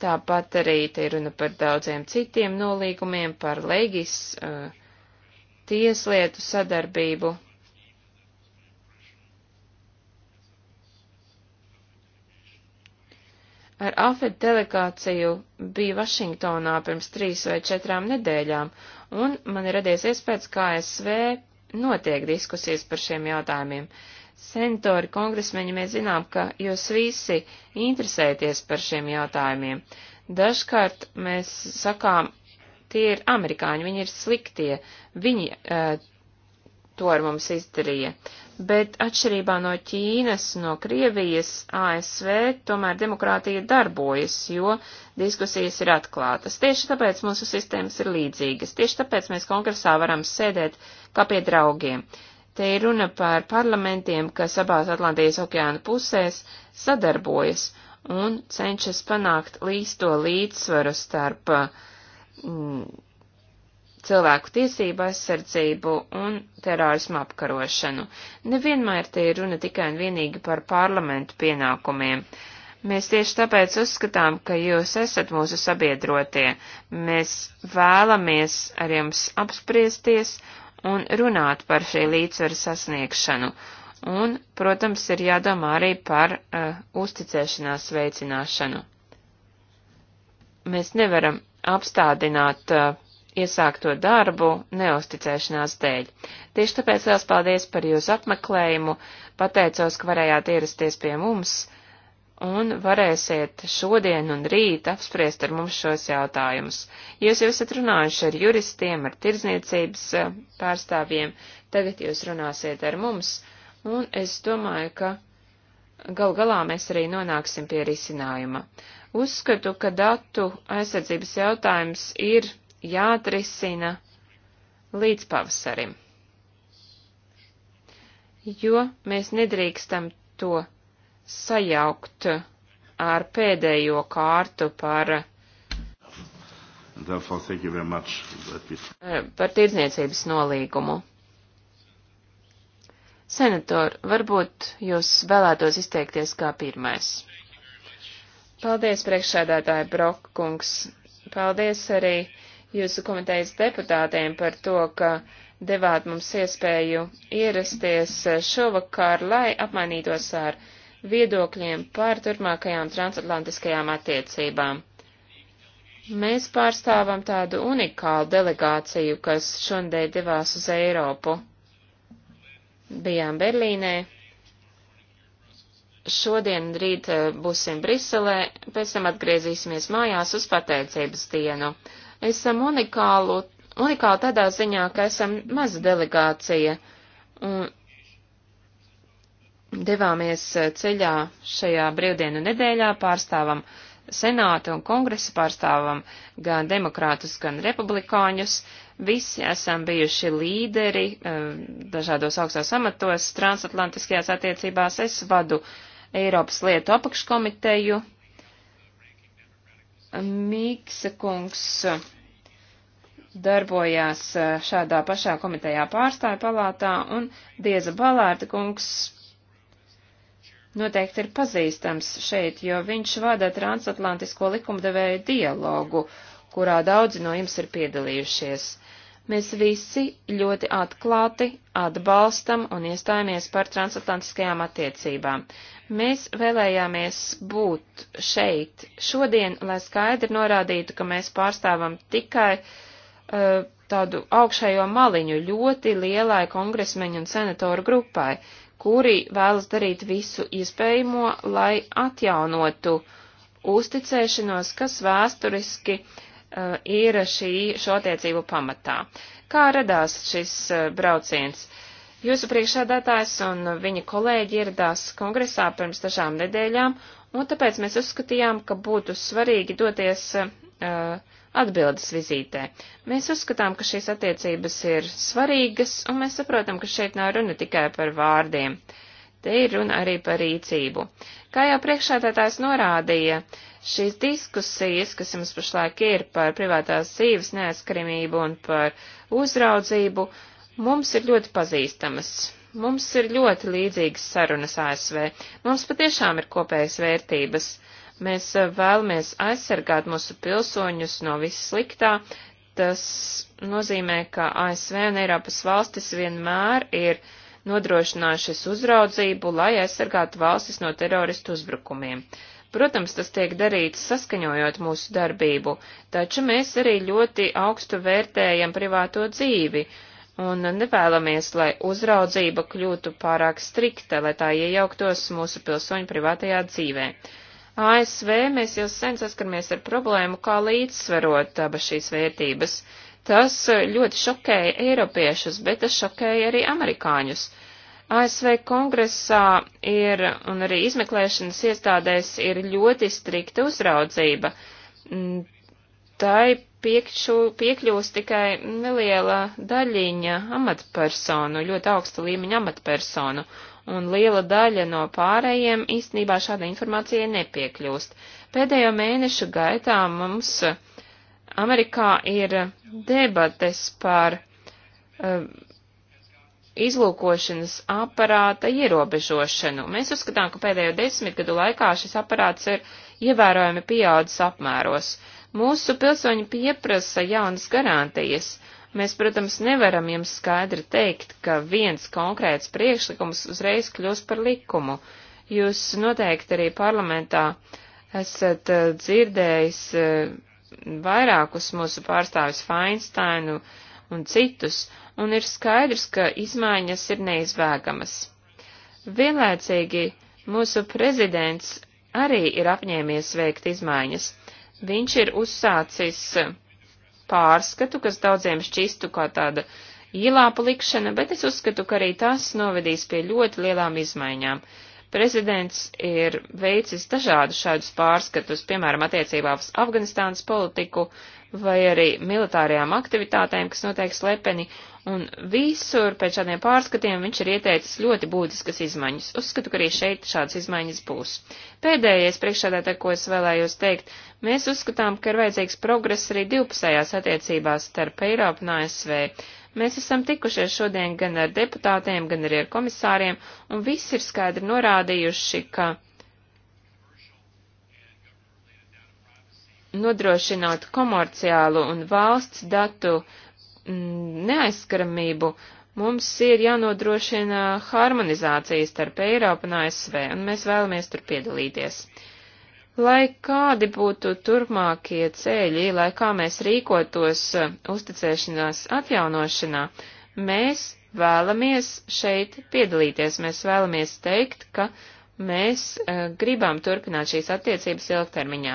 Tāpat arī te ir runa par daudziem citiem nolīgumiem, par leģis, eh, tieslietu sadarbību, Ar AFED delegāciju biju Vašingtonā pirms trīs vai četrām nedēļām, un man ir radies iespējas, kā ASV notiek diskusijas par šiem jautājumiem. Sentori, kongresmeņi, mēs zinām, ka jūs visi interesēties par šiem jautājumiem. Dažkārt mēs sakām, tie ir amerikāņi, viņi ir sliktie, viņi e, to ar mums izdarīja. Uh, bet atšķirībā no Ķīnas, no Krievijas, ASV, tomēr demokrātija darbojas, jo diskusijas ir atklātas. Tieši tāpēc mūsu sistēmas ir līdzīgas, tieši tāpēc mēs kongresā varam sēdēt kā pie draugiem. Te ir runa par parlamentiem, kas abās Atlantijas okeāna pusēs sadarbojas un cenšas panākt līsto līdzsvaru starp mm, cilvēku tiesību aizsardzību un terorismu apkarošanu. Nevienmēr te ir runa tikai un vienīgi par parlamentu pienākumiem. Mēs tieši tāpēc uzskatām, ka jūs esat mūsu sabiedrotie. Mēs vēlamies ar jums apspriesties un runāt par šī līdzsvera sasniegšanu. Un, protams, ir jādomā arī par uh, uzticēšanās veicināšanu. Mēs nevaram apstādināt uh, iesākto darbu neusticēšanās dēļ. Tieši tāpēc liels paldies par jūsu apmeklējumu, pateicos, ka varējāt ierasties pie mums un varēsiet šodien un rīt apspriest ar mums šos jautājumus. Jūs jau esat runājuši ar juristiem, ar tirdzniecības eh, pārstāvjiem, tagad jūs runāsiet ar mums, un es domāju, ka gal galā mēs arī nonāksim pie risinājuma. Uzskatu, ka datu aizsardzības jautājums ir jāatrisina līdz pavasarim, jo mēs nedrīkstam to sajaukt ar pēdējo kārtu par eh, par tirdzniecības nolīgumu. Senator, varbūt jūs vēlētos izteikties kā pirmais. Paldies, priekšsēdētāji Brokkungs. Paldies arī jūsu komitejas deputātiem par to, ka devāt mums iespēju ierasties šovakar, lai apmainītos ar viedokļiem par turpmākajām transatlantiskajām attiecībām. Mēs pārstāvam tādu unikālu delegāciju, kas šodien devās uz Eiropu. Bijām Berlīnē, šodien rīt eh, būsim Briselē, pēc tam atgriezīsimies mājās uz pateicības dienu. Esam unikālu, unikāli tādā ziņā, ka esam maza delegācija un devāmies eh, ceļā šajā brīvdienu nedēļā, pārstāvam senātu un kongresu pārstāvam gan demokrātus, gan republikāņus. Visi esam bijuši līderi eh, dažādos augstās amatos, transatlantiskajās attiecībās. Es vadu Eiropas lietu apakškomiteju, Mīksa kungs darbojās eh, šādā pašā komitejā pārstāju palātā, un Dieza Balārta kungs noteikti ir pazīstams šeit, jo viņš vada transatlantisko likumdevēju dialogu, kurā daudzi no jums ir piedalījušies. Mēs visi ļoti atklāti atbalstam un iestājamies par transatlantiskajām attiecībām. Mēs vēlējāmies būt šeit šodien, lai skaidri norādītu, ka mēs pārstāvam tikai uh, tādu augšējo maliņu ļoti lielai kongresmeņu un senatoru grupai, kuri vēlas darīt visu iespējamo, lai atjaunotu uzticēšanos, kas vēsturiski uh, ir šī, šo attiecību pamatā. Kā radās šis uh, brauciens? Uh, Jūsu priekšsēdētājs un viņa kolēģi ieradās kongresā pirms dažām nedēļām, un tāpēc mēs uzskatījām, ka būtu svarīgi doties uh, atbildes vizītē. Mēs uzskatām, ka šīs attiecības ir svarīgas, un mēs saprotam, ka šeit nav runa tikai par vārdiem. Te ir runa arī par rīcību. Kā jau priekšsēdētājs norādīja, šīs diskusijas, kas jums pašlaik ir par privātās dzīves neaizskarimību un par uzraudzību, uh, mums ir ļoti pazīstamas. Mums ir ļoti līdzīgas sarunas ASV. Mums patiešām ir kopējas vērtības. Mēs eh, vēlamies aizsargāt mūsu pilsoņus no viss sliktā. Tas nozīmē, ka ASV un Eiropas valstis vienmēr ir nodrošinājušas uzraudzību, lai aizsargātu valstis no teroristu uzbrukumiem. Protams, tas tiek darīts saskaņojot mūsu darbību, taču mēs arī ļoti augstu vērtējam privāto dzīvi un nevēlamies, lai uzraudzība kļūtu pārāk strikta, lai tā iejauktos mūsu pilsoņu privātajā dzīvē. ASV mēs jau sen saskaramies ar problēmu, kā līdzsvarot abas šīs vērtības. Tas ļoti šokēja eiropiešus, bet tas šokēja arī amerikāņus. ASV kongresā ir un arī izmeklēšanas iestādēs ir ļoti strikta uzraudzība mm, tai piekšu, piekļūs tikai neliela daļiņa amatpersonu, ļoti augsta līmeņa amatpersonu, un liela daļa no pārējiem īstenībā šāda informācija nepiekļūst. Pēdējo mēnešu gaitā mums Amerikā ir debates par uh, izlūkošanas aparāta ierobežošanu. Mēs uzskatām, ka pēdējo desmitgadu laikā šis aparāts ir ievērojami pieaudzis apmēros. Uh, Mūsu pilsoņi pieprasa jaunas garantijas. Mēs, protams, nevaram jums skaidri teikt, ka viens konkrēts priekšlikums uzreiz kļūs par likumu. Jūs noteikti arī parlamentā esat eh, dzirdējis eh, vairākus mūsu pārstāvis Feinsteinu un citus, un ir skaidrs, ka izmaiņas ir neizbēgamas. Vienlaicīgi mūsu prezidents arī ir apņēmies veikt izmaiņas. Viņš ir uzsācis pārskatu, kas daudziem šķistu kā tāda īlā palikšana, bet es uzskatu, ka arī tas novedīs pie ļoti lielām izmaiņām. Prezidents ir veicis dažādu šādus pārskatus, piemēram, attiecībā uz Afganistānas politiku, vai arī militārajām aktivitātēm, kas notiek slepeni, un visur pēc šādiem pārskatiem viņš ir ieteicis ļoti būtiskas izmaiņas. Uzskatu, ka arī šeit šādas izmaiņas būs. Pēdējais priekšādātā, ko es vēlējos teikt, mēs uzskatām, ka ir vajadzīgs progress arī divpusējās attiecībās starp Eiropu un ASV. Mēs esam tikušies šodien gan ar deputātiem, gan arī ar komisāriem, un visi ir skaidri norādījuši, ka nodrošināt komerciālu un valsts datu mm, neaizskaramību, mums ir jānodrošina harmonizācija starp Eiropu un ASV, un mēs vēlamies tur piedalīties. Lai kādi būtu turpmākie ceļi, lai kā mēs rīkotos uzticēšanās atjaunošanā, mēs vēlamies šeit piedalīties, mēs vēlamies teikt, ka uh, Mēs uh, gribam turpināt šīs attiecības ilgtermiņā.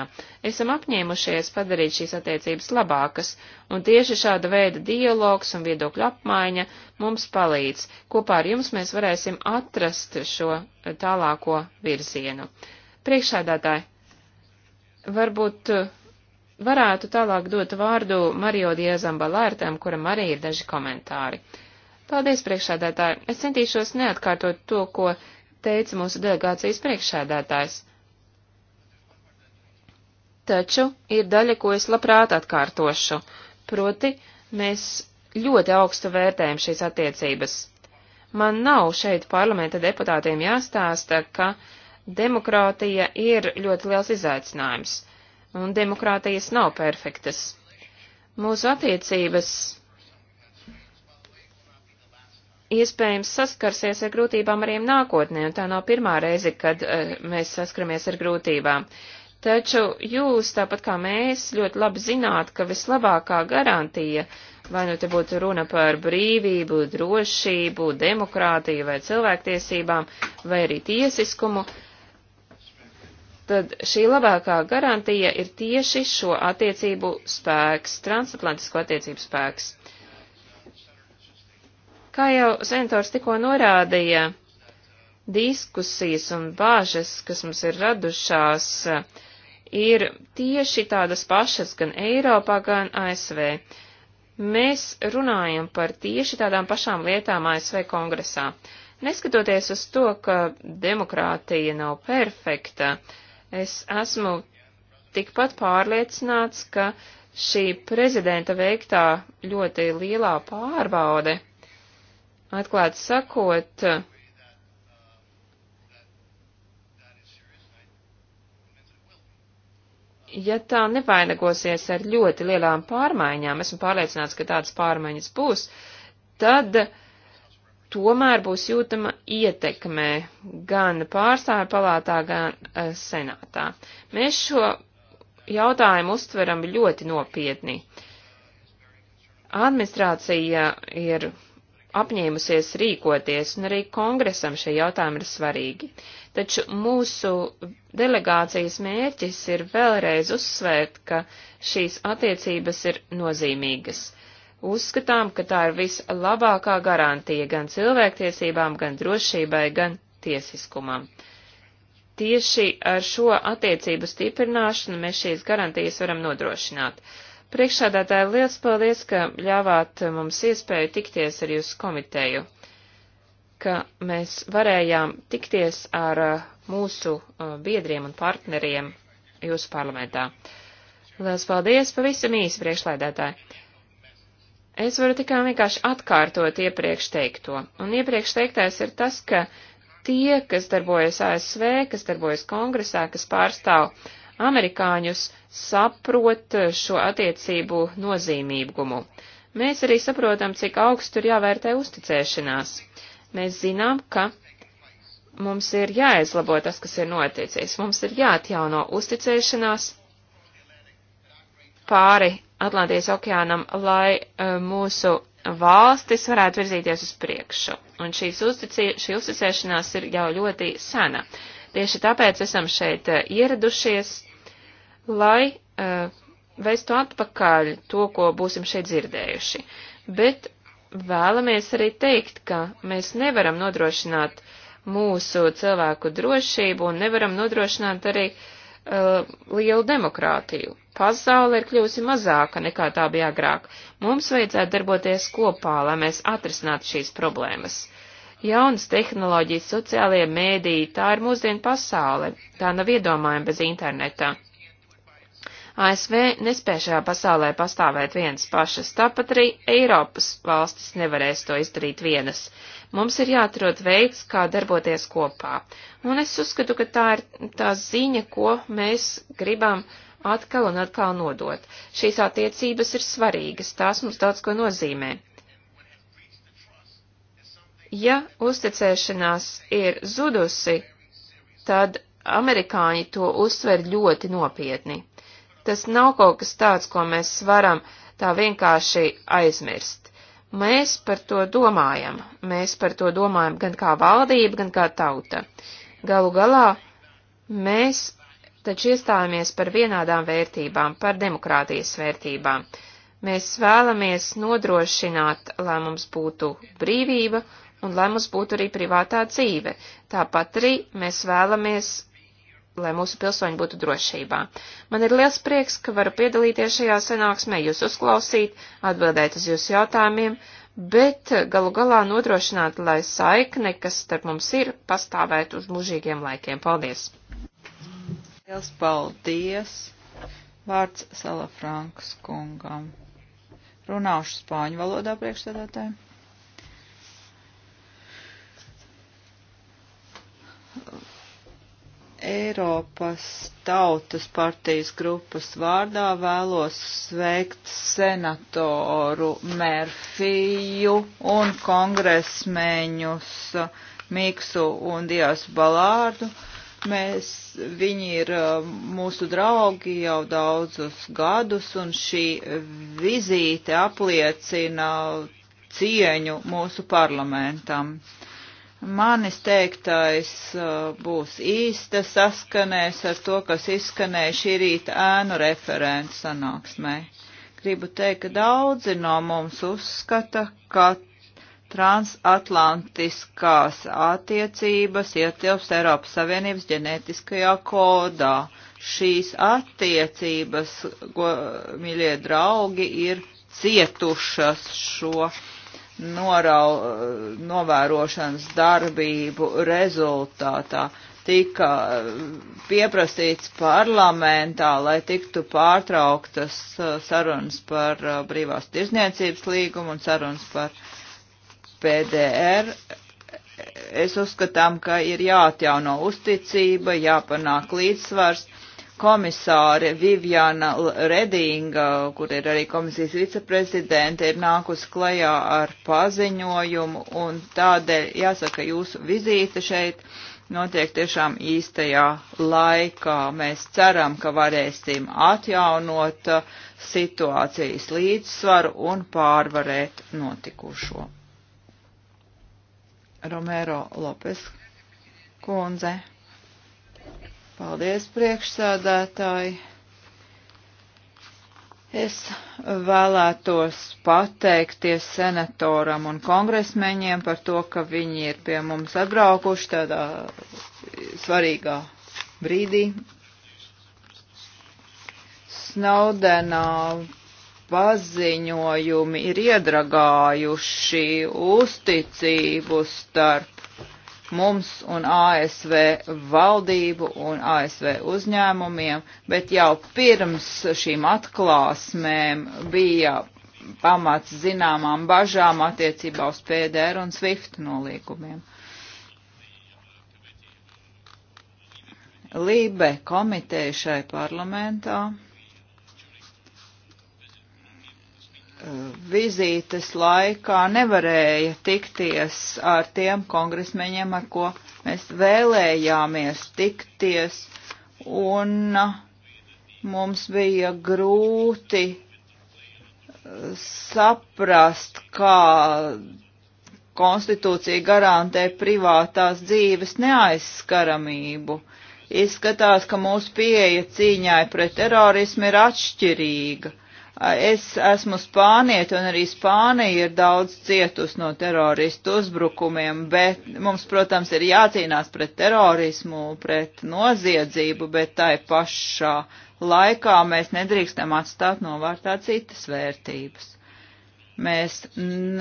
Esam apņēmušies padarīt šīs attiecības labākas, un tieši šāda veida dialogs un viedokļu apmaiņa mums palīdz. Kopā ar jums mēs varēsim atrast šo eh, tālāko virzienu. Priekšsēdētāji, varbūt eh, varētu tālāk dot vārdu Mario Diezam Balārtam, kuram arī ir daži komentāri. Paldies, priekšsēdētāji. Es centīšos neatkārtot to, ko teica mūsu delegācijas priekšsēdētājs. Taču ir daļa, ko es labprāt atkārtošu, proti mēs ļoti augstu vērtējam šīs attiecības. Man nav šeit parlamenta deputātiem jāstāsta, ka demokrātija ir ļoti liels izaicinājums, un demokrātijas nav perfektas. Mūsu attiecības iespējams saskarsies ar grūtībām arī nākotnē, un tā nav pirmā reize, kad uh, mēs saskaramies ar grūtībām. Taču jūs, tāpat kā mēs, ļoti labi zināt, ka vislabākā garantija, vai nu te būtu runa par brīvību, drošību, demokrātiju vai cilvēktiesībām, vai arī tiesiskumu, tad šī labākā garantija ir tieši šo attiecību spēks, transatlantisko attiecību spēks. Uh, Kā jau Sentors tikko norādīja, diskusijas un bāžas, kas mums ir radušās, ir tieši tādas pašas gan Eiropā, gan ASV. Mēs runājam par tieši tādām pašām lietām ASV kongresā. Neskatoties uz to, ka demokrātija nav perfekta, es esmu tikpat pārliecināts, ka šī prezidenta veiktā ļoti lielā pārbaude Atklāt sakot, ja tā nevainagosies ar ļoti lielām pārmaiņām, esmu pārliecināts, ka tādas pārmaiņas būs, tad tomēr būs jūtama ietekme gan pārstāvju palātā, gan uh, senātā. Mēs šo jautājumu uztveram ļoti nopietni. Administrācija ir apņēmusies rīkoties, un arī kongresam šie jautājumi ir svarīgi. Taču mūsu delegācijas mērķis ir vēlreiz uzsvērt, ka šīs attiecības ir nozīmīgas. Uzskatām, ka tā ir vislabākā garantija gan cilvēktiesībām, gan drošībai, gan tiesiskumam. Tieši ar šo attiecību stiprināšanu mēs šīs garantijas varam nodrošināt. Uh, Priekšsādātāji, liels paldies, ka ļāvāt mums iespēju tikties ar jūsu komiteju, ka mēs varējām tikties ar eh, mūsu eh, biedriem un partneriem jūsu parlamentā. Liels paldies, pavisam īsi priekšlaidētāji. Es varu tikai vienkārši atkārtot iepriekš teikto. Un iepriekš teiktais ir tas, ka tie, kas darbojas ASV, kas darbojas kongresā, kas pārstāv amerikāņus saprot šo attiecību nozīmīgumu. Mēs arī saprotam, cik augstu ir jāvērtē uzticēšanās. Mēs zinām, ka mums ir jāizlabo tas, kas ir noticis. Mums ir jāatjauno uzticēšanās pāri Atlantijas okeānam, lai e, mūsu valstis varētu virzīties uz priekšu. Un uzticī, šī uzticēšanās ir jau ļoti sena. Tieši tāpēc esam šeit e, ieradušies lai uh, vestu atpakaļ to, ko būsim šeit dzirdējuši. Bet vēlamies arī teikt, ka mēs nevaram nodrošināt mūsu cilvēku drošību un nevaram nodrošināt arī uh, lielu demokrātiju. Pasaule ir kļūsi mazāka nekā tā bija agrāk. Mums vajadzētu darboties kopā, lai mēs atrisinātu šīs problēmas. Jaunas tehnoloģijas, sociālie mēdī, tā ir mūsdienu pasaule, tā nav iedomājama bez interneta. ASV nespēja šajā pasaulē pastāvēt vienas pašas, tāpat arī Eiropas valstis nevarēs to izdarīt vienas. Mums ir jāatrod veids, kā darboties kopā. Un es uzskatu, ka tā ir tā ziņa, ko mēs gribam atkal un atkal nodot. Šīs attiecības ir svarīgas, tās mums daudz ko nozīmē. Ja uzticēšanās ir zudusi, tad amerikāņi to uztver ļoti nopietni. Tas nav kaut kas tāds, ko mēs varam tā vienkārši aizmirst. Mēs par to domājam. Mēs par to domājam gan kā valdība, gan kā tauta. Galu galā mēs taču iestājāmies par vienādām vērtībām, par demokrātijas vērtībām. Mēs vēlamies nodrošināt, lai mums būtu brīvība un lai mums būtu arī privātā dzīve. Tāpat arī mēs vēlamies lai mūsu pilsoņi būtu drošībā. Man ir liels prieks, ka varu piedalīties šajā sanāksmē, jūs uzklausīt, atbildēt uz jūsu jautājumiem, bet galu galā nodrošināt, lai saikne, kas starp mums ir, pastāvētu uz mūžīgiem laikiem. Paldies! Liels paldies! Vārds Salafrankas kungam. Runāšu spāņu valodā priekšstādātājiem. Eiropas Tautas partijas grupas vārdā vēlos sveikt senatoru Merfiju un kongresmeņus Miksu un Dijas Balārdu. Mēs, viņi ir uh, mūsu draugi jau daudzus gadus, un šī vizīte apliecina cieņu mūsu parlamentam. Uh, Manis teiktais uh, būs īsta saskanēs ar to, kas izskanēja šī rīta ēnu referentu sanāksmē. Gribu teikt, ka daudzi no mums uzskata, ka transatlantiskās attiecības ietilpst Eiropas Savienības ģenētiskajā kodā. Šīs attiecības, go, miļie draugi, ir cietušas šo norau, novērošanas darbību rezultātā tika eh, pieprasīts parlamentā, lai tiktu pārtrauktas eh, sarunas par eh, brīvās tirzniecības līgumu un sarunas par PDR. Es uzskatām, ka ir jāatjauno uzticība, jāpanāk līdzsvars komisāre Viviana Redinga, kur ir arī komisijas viceprezidente, ir nākus klajā ar paziņojumu, un tādēļ jāsaka, jūsu vizīte šeit notiek tiešām īstajā laikā. Mēs ceram, ka varēsim atjaunot uh, situācijas līdzsvaru un pārvarēt notikušo. Romero Lopes kundze. Paldies, priekšsādātāji! Es vēlētos pateikties senatoram un kongresmeņiem par to, ka viņi ir pie mums atbraukuši tādā svarīgā brīdī. Snaudenā paziņojumi ir iedragājuši uzticību starp mums un ASV valdību un ASV uzņēmumiem, bet jau pirms šīm atklāsmēm bija pamats zināmām bažām attiecībā uz PDR un SWIFT nolīgumiem. Lībe komiteja šai parlamentā vizītes laikā nevarēja tikties ar tiem kongresmeņiem, ar ko mēs vēlējāmies tikties, un uh, mums bija grūti uh, saprast, kā konstitūcija garantē privātās dzīves neaizskaramību. Izskatās, ka mūsu pieeja cīņai pret terorismu ir atšķirīga Es esmu spānieti un arī Spānija ir daudz cietus no teroristu uzbrukumiem, bet mums, protams, ir jācīnās pret terorismu, pret noziedzību, bet tai pašā laikā mēs nedrīkstam atstāt novārtā citas vērtības. Mēs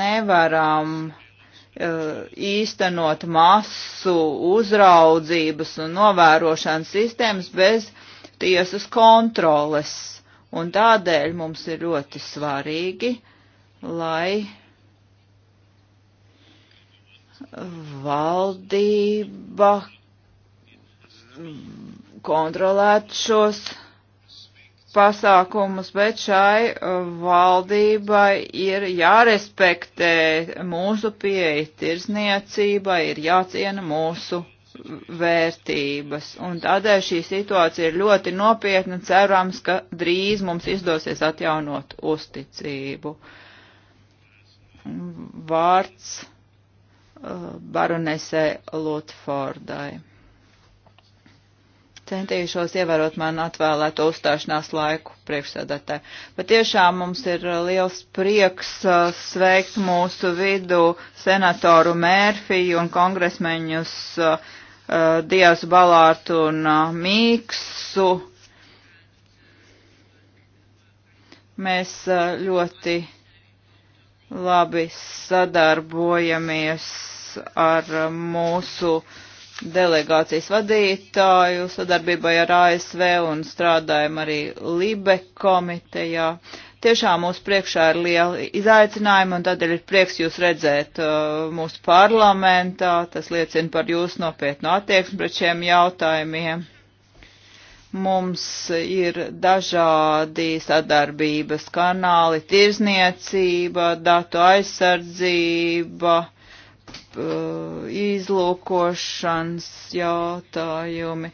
nevaram eh, īstenot masu uzraudzības un novērošanas sistēmas bez tiesas kontroles Un tādēļ mums ir ļoti svarīgi, lai valdība kontrolētu šos pasākumus, bet šai valdībai ir jārespektē mūsu pieeja tirzniecībai, ir jāciena mūsu vērtības. Un tādēļ šī situācija ir ļoti nopietna. Cerams, ka drīz mums izdosies atjaunot uzticību. Vārds uh, baronesē Lotfordai. Centīšos ievērot man atvēlēto uzstāšanās laiku priekšsēdētāji. Bet tiešām mums ir uh, liels prieks uh, sveikt mūsu vidu senatoru Mērfiju un kongresmeņus uh, uh, Dievs Balārtu un uh, Mīksu. Mēs uh, ļoti labi sadarbojamies ar uh, mūsu delegācijas vadītāju sadarbībai ar ASV un strādājam arī Libe komitejā. Uh, Tiešām mūsu priekšā ir liela izaicinājuma, un tādēļ ir prieks jūs redzēt uh, mūsu parlamentā. Tas liecina par jūsu nopietnu attieksmi pret šiem jautājumiem. Mums ir dažādi sadarbības kanāli, tirzniecība, datu aizsardzība uh, izlūkošanas jautājumi,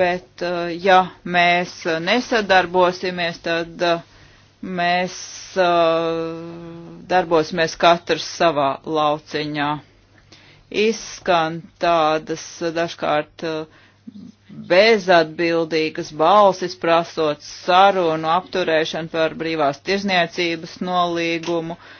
bet uh, ja mēs nesadarbosimies, tad uh, mēs uh, darbosimies katrs savā lauciņā. Izskan tādas dažkārt uh, bezatbildīgas balsis prasot sarunu apturēšanu par brīvās tirzniecības nolīgumu. Uh,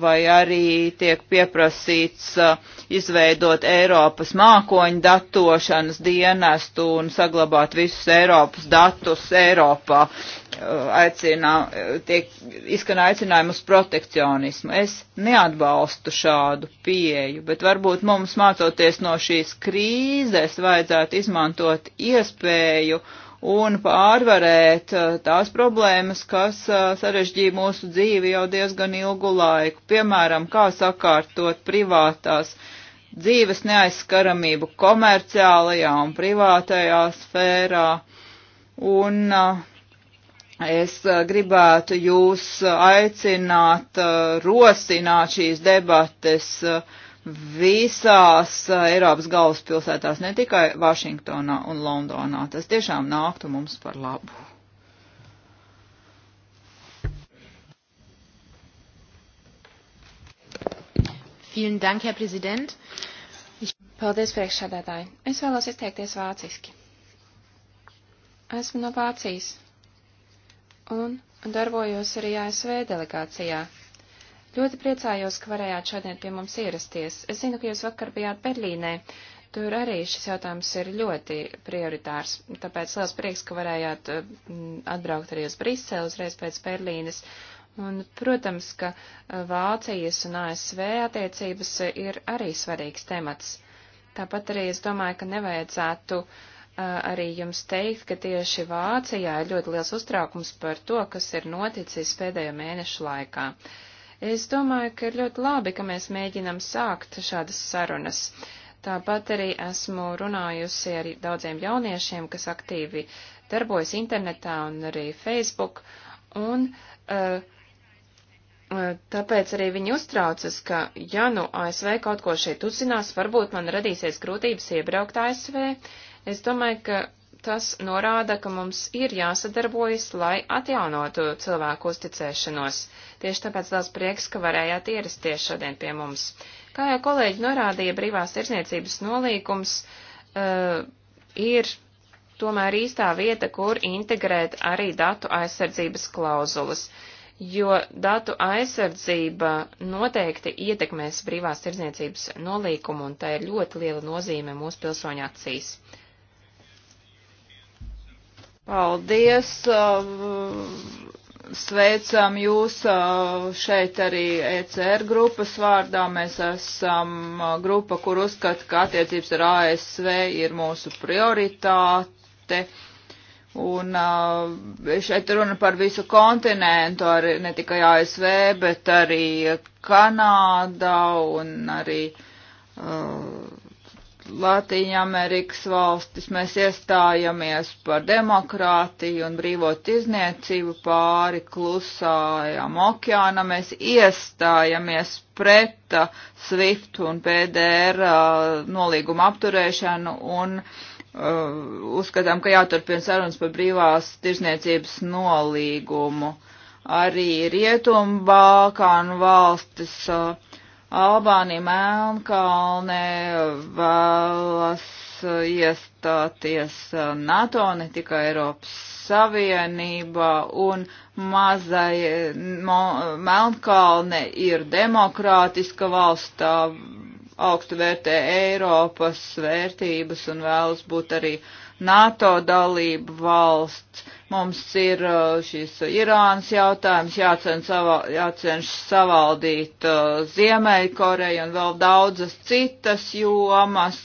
vai arī tiek pieprasīts uh, izveidot Eiropas mākoņu datošanas dienestu un saglabāt visus Eiropas datus Eiropā. Uh, aicinā, uh, tiek izskan aicinājumu uz protekcionismu. Es neatbalstu šādu pieeju, bet varbūt mums mācoties no šīs krīzes vajadzētu izmantot iespēju uh, un pārvarēt uh, tās problēmas, kas uh, sarežģīja mūsu dzīvi jau diezgan ilgu laiku. Piemēram, kā sakārtot privātās dzīves neaizskaramību komerciālajā un privātajā sfērā. Un uh, es gribētu jūs aicināt, rosināt šīs debates, uh, visās eh, Eiropas galvaspilsētās, ne tikai Vašingtonā un Londonā. Tas tiešām nāktu mums par labu. Vielen Dank, Herr Präsident. Ich... Paldies, priekšsādātāji. Es vēlos izteikties vāciski. Esmu no Vācijas un darbojos arī ASV delegācijā. Ļoti priecājos, ka varējāt šodien pie mums ierasties. Es zinu, ka jūs vakar bijāt Berlīnē. Tur arī šis jautājums ir ļoti prioritārs, tāpēc liels prieks, ka varējāt eh, atbraukt arī uz Briseli uzreiz pēc Berlīnes. Un, protams, ka eh, Vācijas un ASV attiecības ir arī svarīgs temats. Tāpat arī es domāju, ka nevajadzētu uh, arī jums teikt, ka tieši Vācijā ir ļoti liels uztraukums par to, kas ir noticis pēdējo mēnešu laikā. Uh, Es domāju, ka ir ļoti labi, ka mēs mēģinam sākt šādas sarunas. Tāpat arī esmu runājusi ar daudziem jauniešiem, kas aktīvi darbojas internetā un arī Facebook, un uh, uh tāpēc arī viņi uztraucas, ka ja nu ASV kaut ko šeit uzzinās, varbūt man radīsies grūtības iebraukt ASV. Es domāju, ka tas norāda, ka mums ir jāsadarbojas, lai atjaunotu cilvēku uzticēšanos. Tieši tāpēc liels prieks, ka varējāt ierasties šodien pie mums. Kā jau kolēģi norādīja, brīvās tirsniecības nolīkums uh, eh, ir tomēr īstā vieta, kur integrēt arī datu aizsardzības klauzulas, jo datu aizsardzība noteikti ietekmēs brīvās tirsniecības nolīkumu un tā ir ļoti liela nozīme mūsu pilsoņu acīs. Paldies! Uh, sveicam jūs uh, šeit arī ECR grupas vārdā. Mēs esam uh, grupa, kur uzskata, ka attiecības ar ASV ir mūsu prioritāte. Un šeit runa par visu kontinentu, arī ne tikai ASV, bet arī Kanādā un arī uh, Latīņa Amerikas valstis mēs iestājamies par demokrātiju un brīvo tirzniecību pāri klusājām okeāna. Mēs iestājamies pret uh, SWIFT un PDR uh, nolīguma apturēšanu un uh, uzskatām, ka jāturpina sarunas par brīvās tirzniecības nolīgumu. Arī Rietumbākānu valstis uh, Albānija, Melnkalne vēlas iestāties NATO, ne tikai Eiropas Savienībā, un mazai Melnkalne ir demokrātiska valsts, tā augstu vērtē Eiropas vērtības un vēlas būt arī NATO dalību valsts. Mums ir uh, šis Irānas jautājums, jācenš, savā, jācenš savaldīt uh, Ziemeļkoreju un vēl daudzas citas jomas,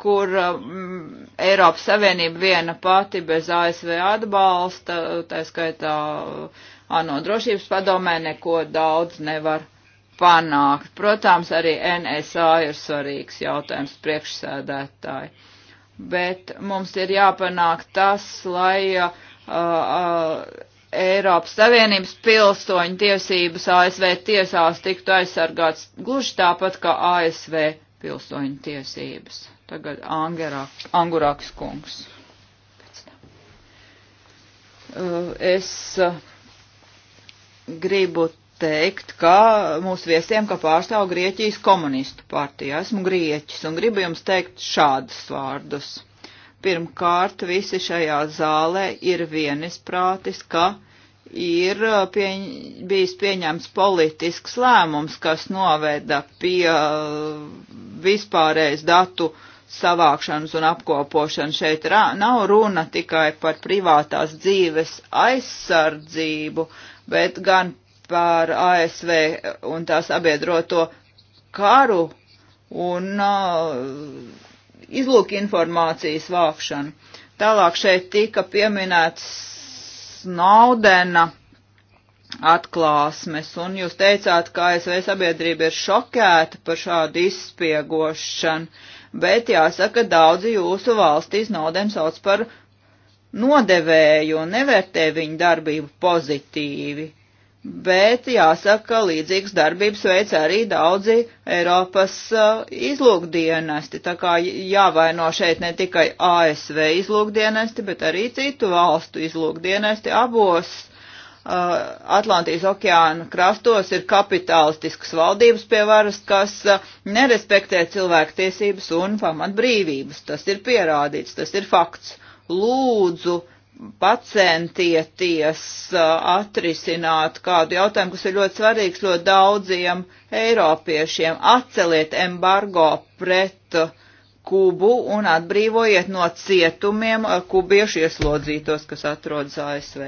kur uh, mm, Eiropas Savienība viena pati bez ASV atbalsta, tā skaitā ANO drošības padomē, neko daudz nevar panākt. Protams, arī NSA ir svarīgs jautājums priekšsēdētāji. Bet mums ir jāpanāk tas, lai uh, uh, Eiropas Savienības pilsoņu tiesības ASV tiesās tiktu aizsargāts gluži tāpat kā ASV pilsoņu tiesības. Tagad Angerāk, Angurāks kungs. Uh, es uh, gribu teikt, ka mūsu viesiem, ka pārstāv Grieķijas komunistu partija. Esmu Grieķis un gribu jums teikt šādus vārdus. Pirmkārt, visi šajā zālē ir vienisprātis, ka ir uh, pieņ, bijis pieņemts politisks lēmums, kas noveda pie uh, vispārējais datu savākšanas un apkopošanas. Šeit rā, nav runa tikai par privātās dzīves aizsardzību, bet gan par ASV un tā sabiedroto karu un uh, izlūk informācijas vākšanu. Tālāk šeit tika pieminēts Snaudena atklāsmes, un jūs teicāt, ka ASV sabiedrība ir šokēta par šādu izspiegošanu, bet jāsaka, daudzi jūsu valstīs Snaudena sauc par nodevēju un nevērtē viņu darbību pozitīvi bet jāsaka, ka līdzīgas darbības veic arī daudzi Eiropas uh, izlūkdienesti. Tā kā jāvaino šeit ne tikai ASV izlūkdienesti, bet arī citu valstu izlūkdienesti abos. Uh, Atlantijas okeāna krastos ir kapitalistiskas valdības pie varas, kas uh, nerespektē cilvēktiesības un pamatbrīvības. Tas ir pierādīts, tas ir fakts. Lūdzu, uh, pacentieties atrisināt kādu jautājumu, kas ir ļoti svarīgs ļoti daudziem eiropiešiem. Atceliet embargo pret Kubu un atbrīvojiet no cietumiem kubiešu ieslodzītos, kas atrodas ASV.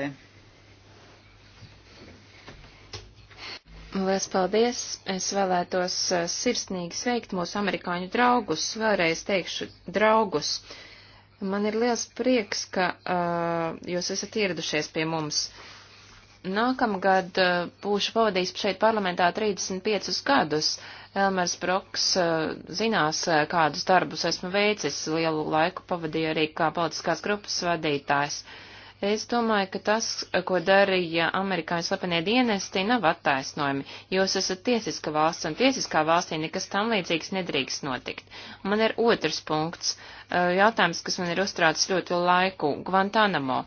Lielas paldies! Es vēlētos sirsnīgi sveikt mūsu amerikāņu draugus. Vēlreiz teikšu draugus. Uh, Man ir liels prieks, ka uh, jūs esat ieradušies pie mums. Nākamgad uh, būšu pavadījis šeit parlamentā 35 gadus. Elmers Broks uh, zinās, uh, kādus darbus esmu veicis. Lielu laiku pavadīju arī kā politiskās grupas vadītājs. Uh, Es domāju, ka tas, ko darīja amerikāņu slepenie dienesti, nav attaisnojami. Jūs esat tiesiska valsts, un tiesiskā valstī nekas tam līdzīgs nedrīkst notikt. Man ir otrs punkts, eh, jautājums, kas man ir uztraucis ļoti laiku - Guantanamo.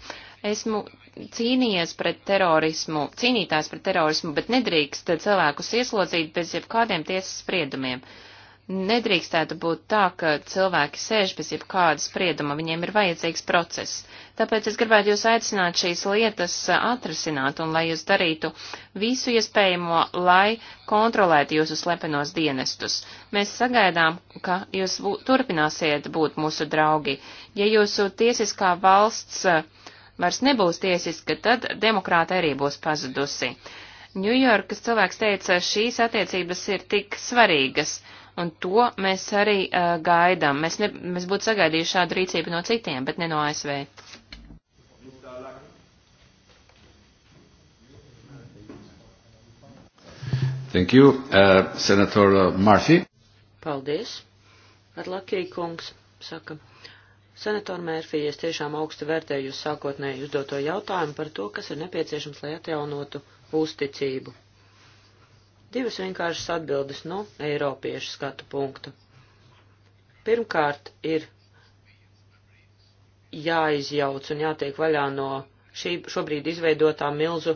Esmu cīnījies pret terorismu, cīnītājs pret terorismu, bet nedrīkst cilvēkus ieslodzīt bez jebkādiem tiesas spriedumiem. Uh, Nedrīkstētu būt tā, ka cilvēki sēž bez jebkāda sprieduma, viņiem ir vajadzīgs process. Tāpēc es gribētu jūs aicināt šīs lietas atrasināt un lai jūs darītu visu iespējamo, lai kontrolētu jūsu slepenos dienestus. Mēs sagaidām, ka jūs turpināsiet būt mūsu draugi. Ja jūsu tiesiskā valsts eh, vairs nebūs tiesiska, tad demokrāta arī būs pazudusi. Ņujorkas cilvēks teica, šīs attiecības ir tik svarīgas un to mēs arī uh, gaidām. Mēs, ne, mēs būtu sagaidījuši šādu rīcību no citiem, bet ne no ASV. Thank you, uh, Senator Murphy. Paldies. Ar Lakiju kungs saka. Senator Mērfī, es tiešām augstu vērtēju jūs sākotnēji uzdoto jautājumu par to, kas ir nepieciešams, lai atjaunotu uzticību Divas vienkāršas atbildes no Eiropiešu skatu punktu. Pirmkārt, ir jāizjauc un jātiek vaļā no šī šobrīd izveidotā milzu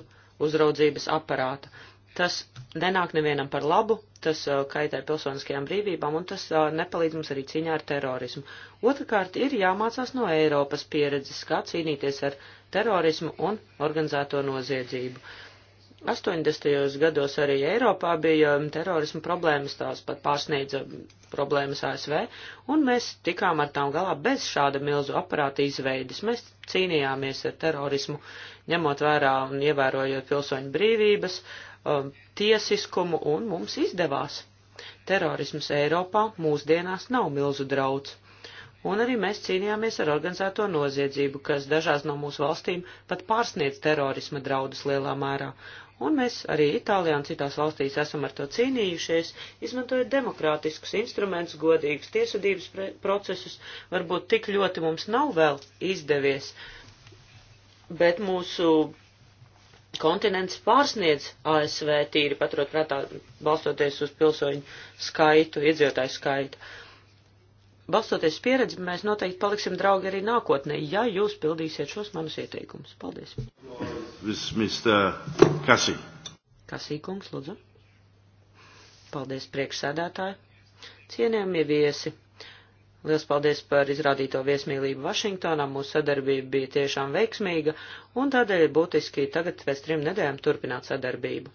uzraudzības aparāta. Tas nenāk nevienam par labu, tas uh, kaitē pilsoniskajām brīvībām un tas uh, nepalīdz mums arī cīņā ar terorismu. Otrakārt, ir jāmācās no Eiropas pieredzes, kā cīnīties ar terorismu un organizēto noziedzību. 80. gados arī Eiropā bija um, terorisma problēmas, tās pat pārsniedza problēmas ASV, un mēs tikām ar tām galā bez šāda milzu aparāta izveidas. Mēs cīnījāmies ar terorismu, ņemot vērā un ievērojot pilsoņu brīvības, um, tiesiskumu, un mums izdevās. Terorisms Eiropā mūsdienās nav milzu draudz. Un arī mēs cīnījāmies ar organizēto noziedzību, kas dažās no mūsu valstīm pat pārsniedz terorisma draudus lielā mērā un mēs arī Itālijā un citās valstīs esam ar to cīnījušies, izmantojot demokrātiskus instrumentus, godīgus tiesvedības procesus, varbūt tik ļoti mums nav vēl izdevies, bet mūsu kontinents pārsniedz ASV tīri, paturot prātā, balstoties uz pilsoņu skaitu, iedzīvotāju skaitu. Uh, balstoties pieredzi, mēs noteikti paliksim draugi arī nākotnē, ja jūs pildīsiet šos manus ieteikumus. Paldies. Kasī. Kasī kungs, lūdzu. Paldies, priekšsēdētāji. Cienējamie viesi. Liels paldies par izrādīto viesmīlību Vašingtonā. Mūsu sadarbība bija tiešām veiksmīga, un tādēļ būtiski tagad pēc trim nedēļām turpināt sadarbību.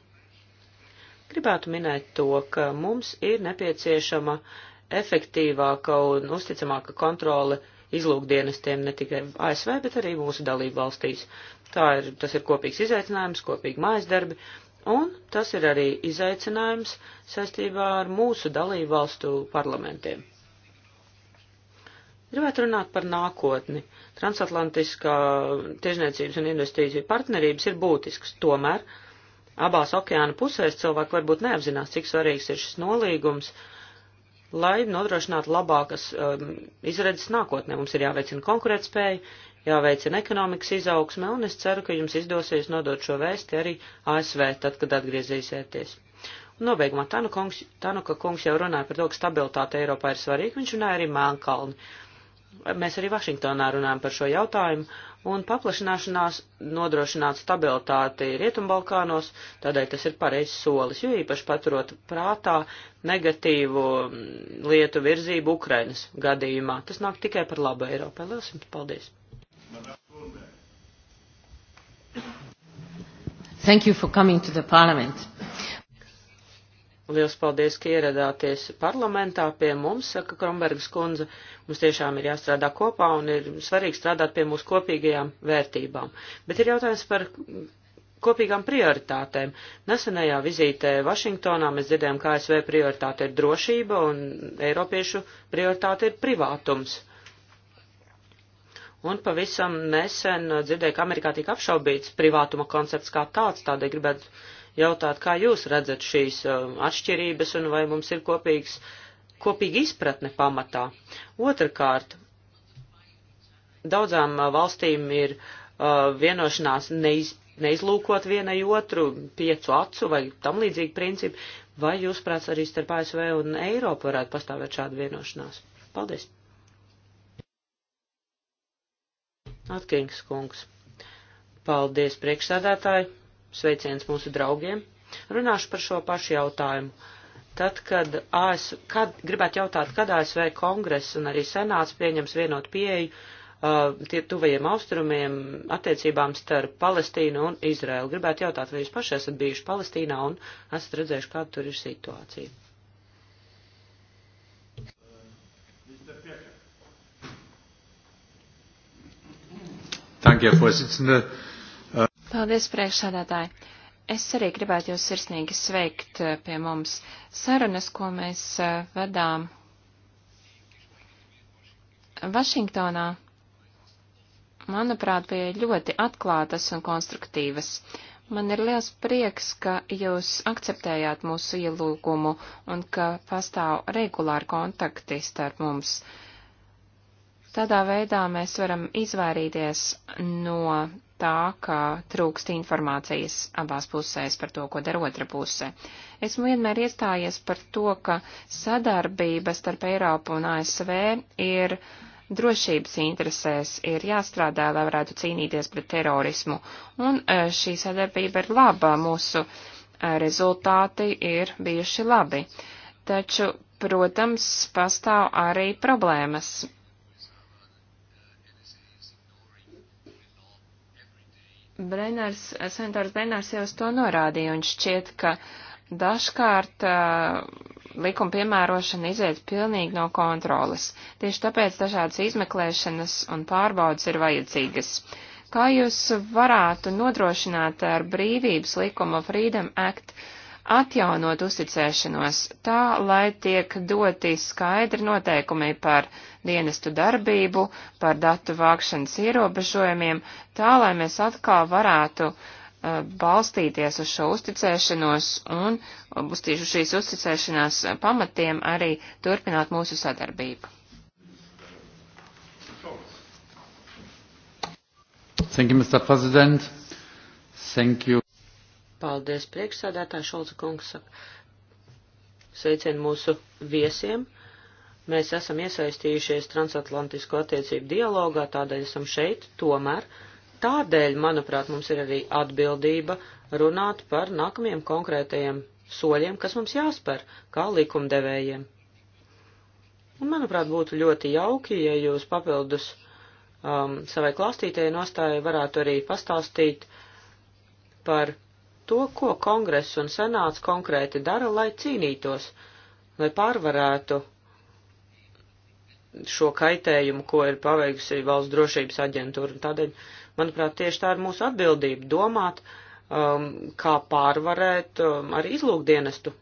Gribētu minēt to, ka mums ir nepieciešama uh, efektīvāka un uzticamāka kontrole izlūkdienestiem ne tikai ASV, bet arī mūsu dalību valstīs. Tā ir, tas ir kopīgs izaicinājums, kopīgi mājas darbi, un tas ir arī izaicinājums saistībā ar mūsu dalību valstu parlamentiem. Gribētu runāt par nākotni. Transatlantiskā tiežniecības un investīciju partnerības ir būtisks. Tomēr abās okeāna pusēs cilvēki varbūt neapzinās, cik svarīgs ir šis nolīgums, uh, lai nodrošinātu labākas um, izredzes nākotnē. Mums ir jāveicina konkurētspēja, jāveicina ekonomikas izaugsme, un es ceru, ka jums izdosies nodot šo vēsti arī ASV, tad, kad atgriezīsieties. Un nobeigumā Tanuka kungs, Tanu, kungs jau runāja par to, ka stabilitāte Eiropā ir svarīga, viņš runāja arī Mēnkalni. Mēs arī Vašingtonā runājam par šo jautājumu, un paplašināšanās nodrošināt stabilitāti Rietumbalkānos, tādēļ tas ir pareizs solis, jo īpaši paturot prātā negatīvu mm, lietu virzību Ukrainas gadījumā. Tas nāk tikai par labu Eiropai. Lielas jums paldies! Thank you for coming to the parliament. Liels paldies, ka ieradāties parlamentā pie mums, saka Krombergas kundze. Mums tiešām ir jāstrādā kopā un ir svarīgi strādāt pie mūsu kopīgajām vērtībām. Bet ir jautājums par kopīgām prioritātēm. Nesenajā vizītē Vašingtonā mēs dzirdējām, ka ASV prioritāte ir drošība un Eiropiešu prioritāte ir privātums. Un pavisam nesen dzirdēju, ka Amerikā tika apšaubīts privātuma koncepts kā tāds, tādēļ gribētu jautāt, kā jūs redzat šīs um, atšķirības un vai mums ir kopīgs, kopīga izpratne pamatā. Otrakārt, daudzām uh, valstīm ir uh, vienošanās neiz, neizlūkot vienai otru, piecu acu vai tam līdzīgi principi, vai jūs prāts arī starp ASV un Eiropu varētu pastāvēt šāda vienošanās? Paldies! Atkings kungs. Paldies, priekšsādātāji. Sveiciens mūsu draugiem. Runāšu par šo pašu jautājumu. Tad, kad, AS, kad gribētu jautāt, kad ASV kongress un arī senāts pieņems vienotu pieeju uh, tie tuvajiem austrumiem attiecībām starp Palestīnu un Izraēlu. Gribētu jautāt, vai jūs paši esat bijuši Palestīnā un esat redzējuši, kāda tur ir situācija. Danke, Herr Vorsitzende. Paldies, priekšsādātāji. Es arī gribētu jūs sirsnīgi sveikt eh, pie mums sarunas, ko mēs eh, vedām Vašingtonā. Manuprāt, bija ļoti atklātas un konstruktīvas. Man ir liels prieks, ka jūs akceptējāt mūsu ielūgumu un ka pastāv regulāri kontakti starp mums. Uh, Tādā veidā mēs varam izvairīties no tā, ka trūkst informācijas abās pusēs par to, ko dara otra puse. Esmu vienmēr iestājies par to, ka sadarbība starp Eiropu un ASV ir drošības interesēs, ir jāstrādā, lai varētu cīnīties pret terorismu, un e, šī sadarbība ir laba, mūsu e, rezultāti ir bijuši labi. Taču, protams, pastāv arī problēmas Brenners, senators Brenners jau uz to norādīja, un šķiet, ka dažkārt uh, likuma piemērošana iziet pilnīgi no kontrolas. Tieši tāpēc dažādas izmeklēšanas un pārbaudas ir vajadzīgas. Kā jūs varētu nodrošināt ar brīvības likuma Freedom Act uh, atjaunot uzticēšanos tā, lai tiek doti skaidri noteikumi par dienestu darbību, par datu vākšanas ierobežojumiem, tā, lai mēs atkal varētu uh, balstīties uz šo uzticēšanos un uz tieši šīs uzticēšanās pamatiem arī turpināt mūsu sadarbību. Thank you, Mr. President. Thank you. Paldies, priekšsādātāji Šolca kungs. Sveicien mūsu viesiem. Mēs esam iesaistījušies transatlantisko attiecību dialogā, tādēļ esam šeit. Tomēr tādēļ, manuprāt, mums ir arī atbildība runāt par nākamajiem konkrētajiem soļiem, kas mums jāspēr kā likumdevējiem. Un, manuprāt, būtu ļoti jauki, ja jūs papildus um, savai klāstītēji nostāja varētu arī pastāstīt par to, ko kongress un senāts konkrēti dara, lai cīnītos, lai pārvarētu šo kaitējumu, ko ir paveikusi valsts drošības aģentūra. Tādēļ, manuprāt, tieši tā ir mūsu atbildība domāt, um, kā pārvarēt um, arī izlūkdienestu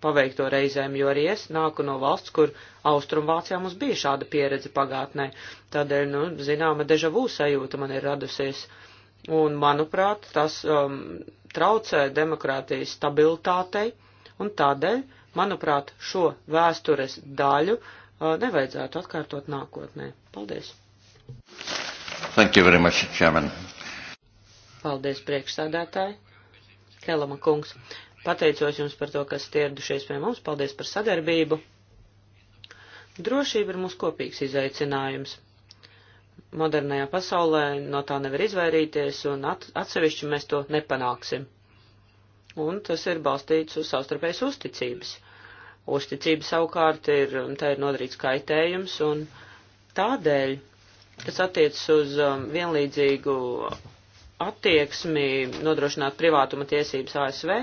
paveikto reizēm, jo arī es nāku no valsts, kur Austrumvācijā mums bija šāda pieredze pagātnē. Tādēļ, nu, zināma dežavū sajūta man ir radusies. Un, manuprāt, tas um, traucē demokrātijas stabilitātei, un tādēļ, manuprāt, šo vēstures daļu uh, nevajadzētu atkārtot nākotnē. Paldies! Thank you very much, Chairman. Paldies, priekšsādātāji. Kelama kungs, pateicos jums par to, kas ieradušies pie mums. Paldies par sadarbību. Drošība ir mūsu kopīgs izaicinājums modernajā pasaulē no tā nevar izvairīties, un at, atsevišķi mēs to nepanāksim. Un tas ir balstīts uz savstarpējas uzticības. Uzticība savukārt ir, tā ir nodarīts kaitējums, un tādēļ, kas attiecas uz um, vienlīdzīgu attieksmi nodrošināt privātuma tiesības ASV,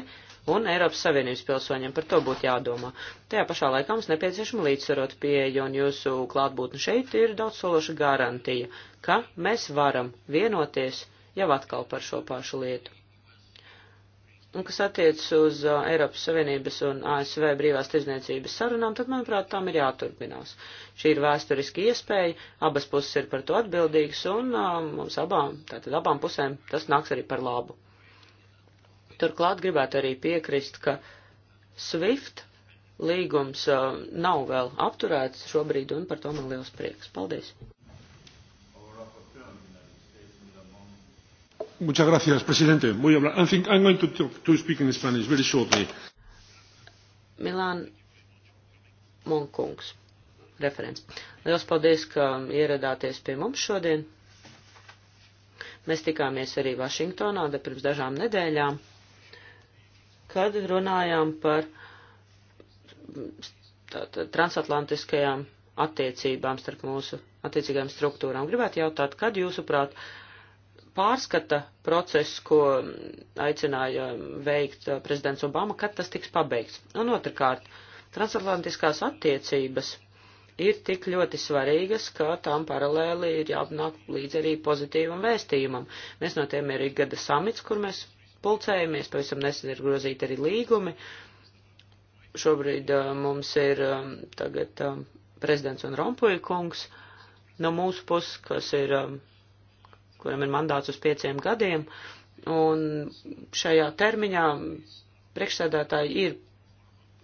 un Eiropas Savienības pilsoņiem. Par to būtu jādomā. Tajā pašā laikā mums nepieciešama līdzsvarot pieeja, un jūsu klātbūtne šeit ir daudz sološa garantija, ka mēs varam vienoties jau atkal par šo pašu lietu. Un kas attiecas uz uh, Eiropas Savienības un ASV brīvās tirzniecības sarunām, tad, manuprāt, tām ir jāturpinās. Šī ir vēsturiski iespēja, abas puses ir par to atbildīgas, un uh, mums abām, tātad abām pusēm tas nāks arī par labu. Turklāt gribētu arī piekrist, ka SWIFT līgums uh, nav vēl apturēts šobrīd, un par to man liels prieks. Paldies! Muchas gracias, presidente. Voy a hablar. I think I'm going to, talk, to speak in Spanish very shortly. Milan Monkungs, referents. Liels paldies, ka ieradāties pie mums šodien. Mēs tikāmies arī Vašingtonā pirms dažām nedēļām kad runājām par tātad, transatlantiskajām attiecībām starp mūsu attiecīgajām struktūrām. Gribētu jautāt, kad jūsuprāt pārskata process, ko aicināja veikt prezidents Obama, kad tas tiks pabeigts? Un otrkārt, transatlantiskās attiecības ir tik ļoti svarīgas, ka tām paralēli ir jāpanāk līdz arī pozitīvam vēstījumam. Mēs no tiem ir gada samits, kur mēs pulcējamies, pavisam nesen ir grozīti arī līgumi. Šobrīd uh, mums ir um, tagad um, prezidents un rompuja kungs no mūsu puses, kas ir, um, kuram ir mandāts uz pieciem gadiem, un šajā termiņā priekšsēdētāji ir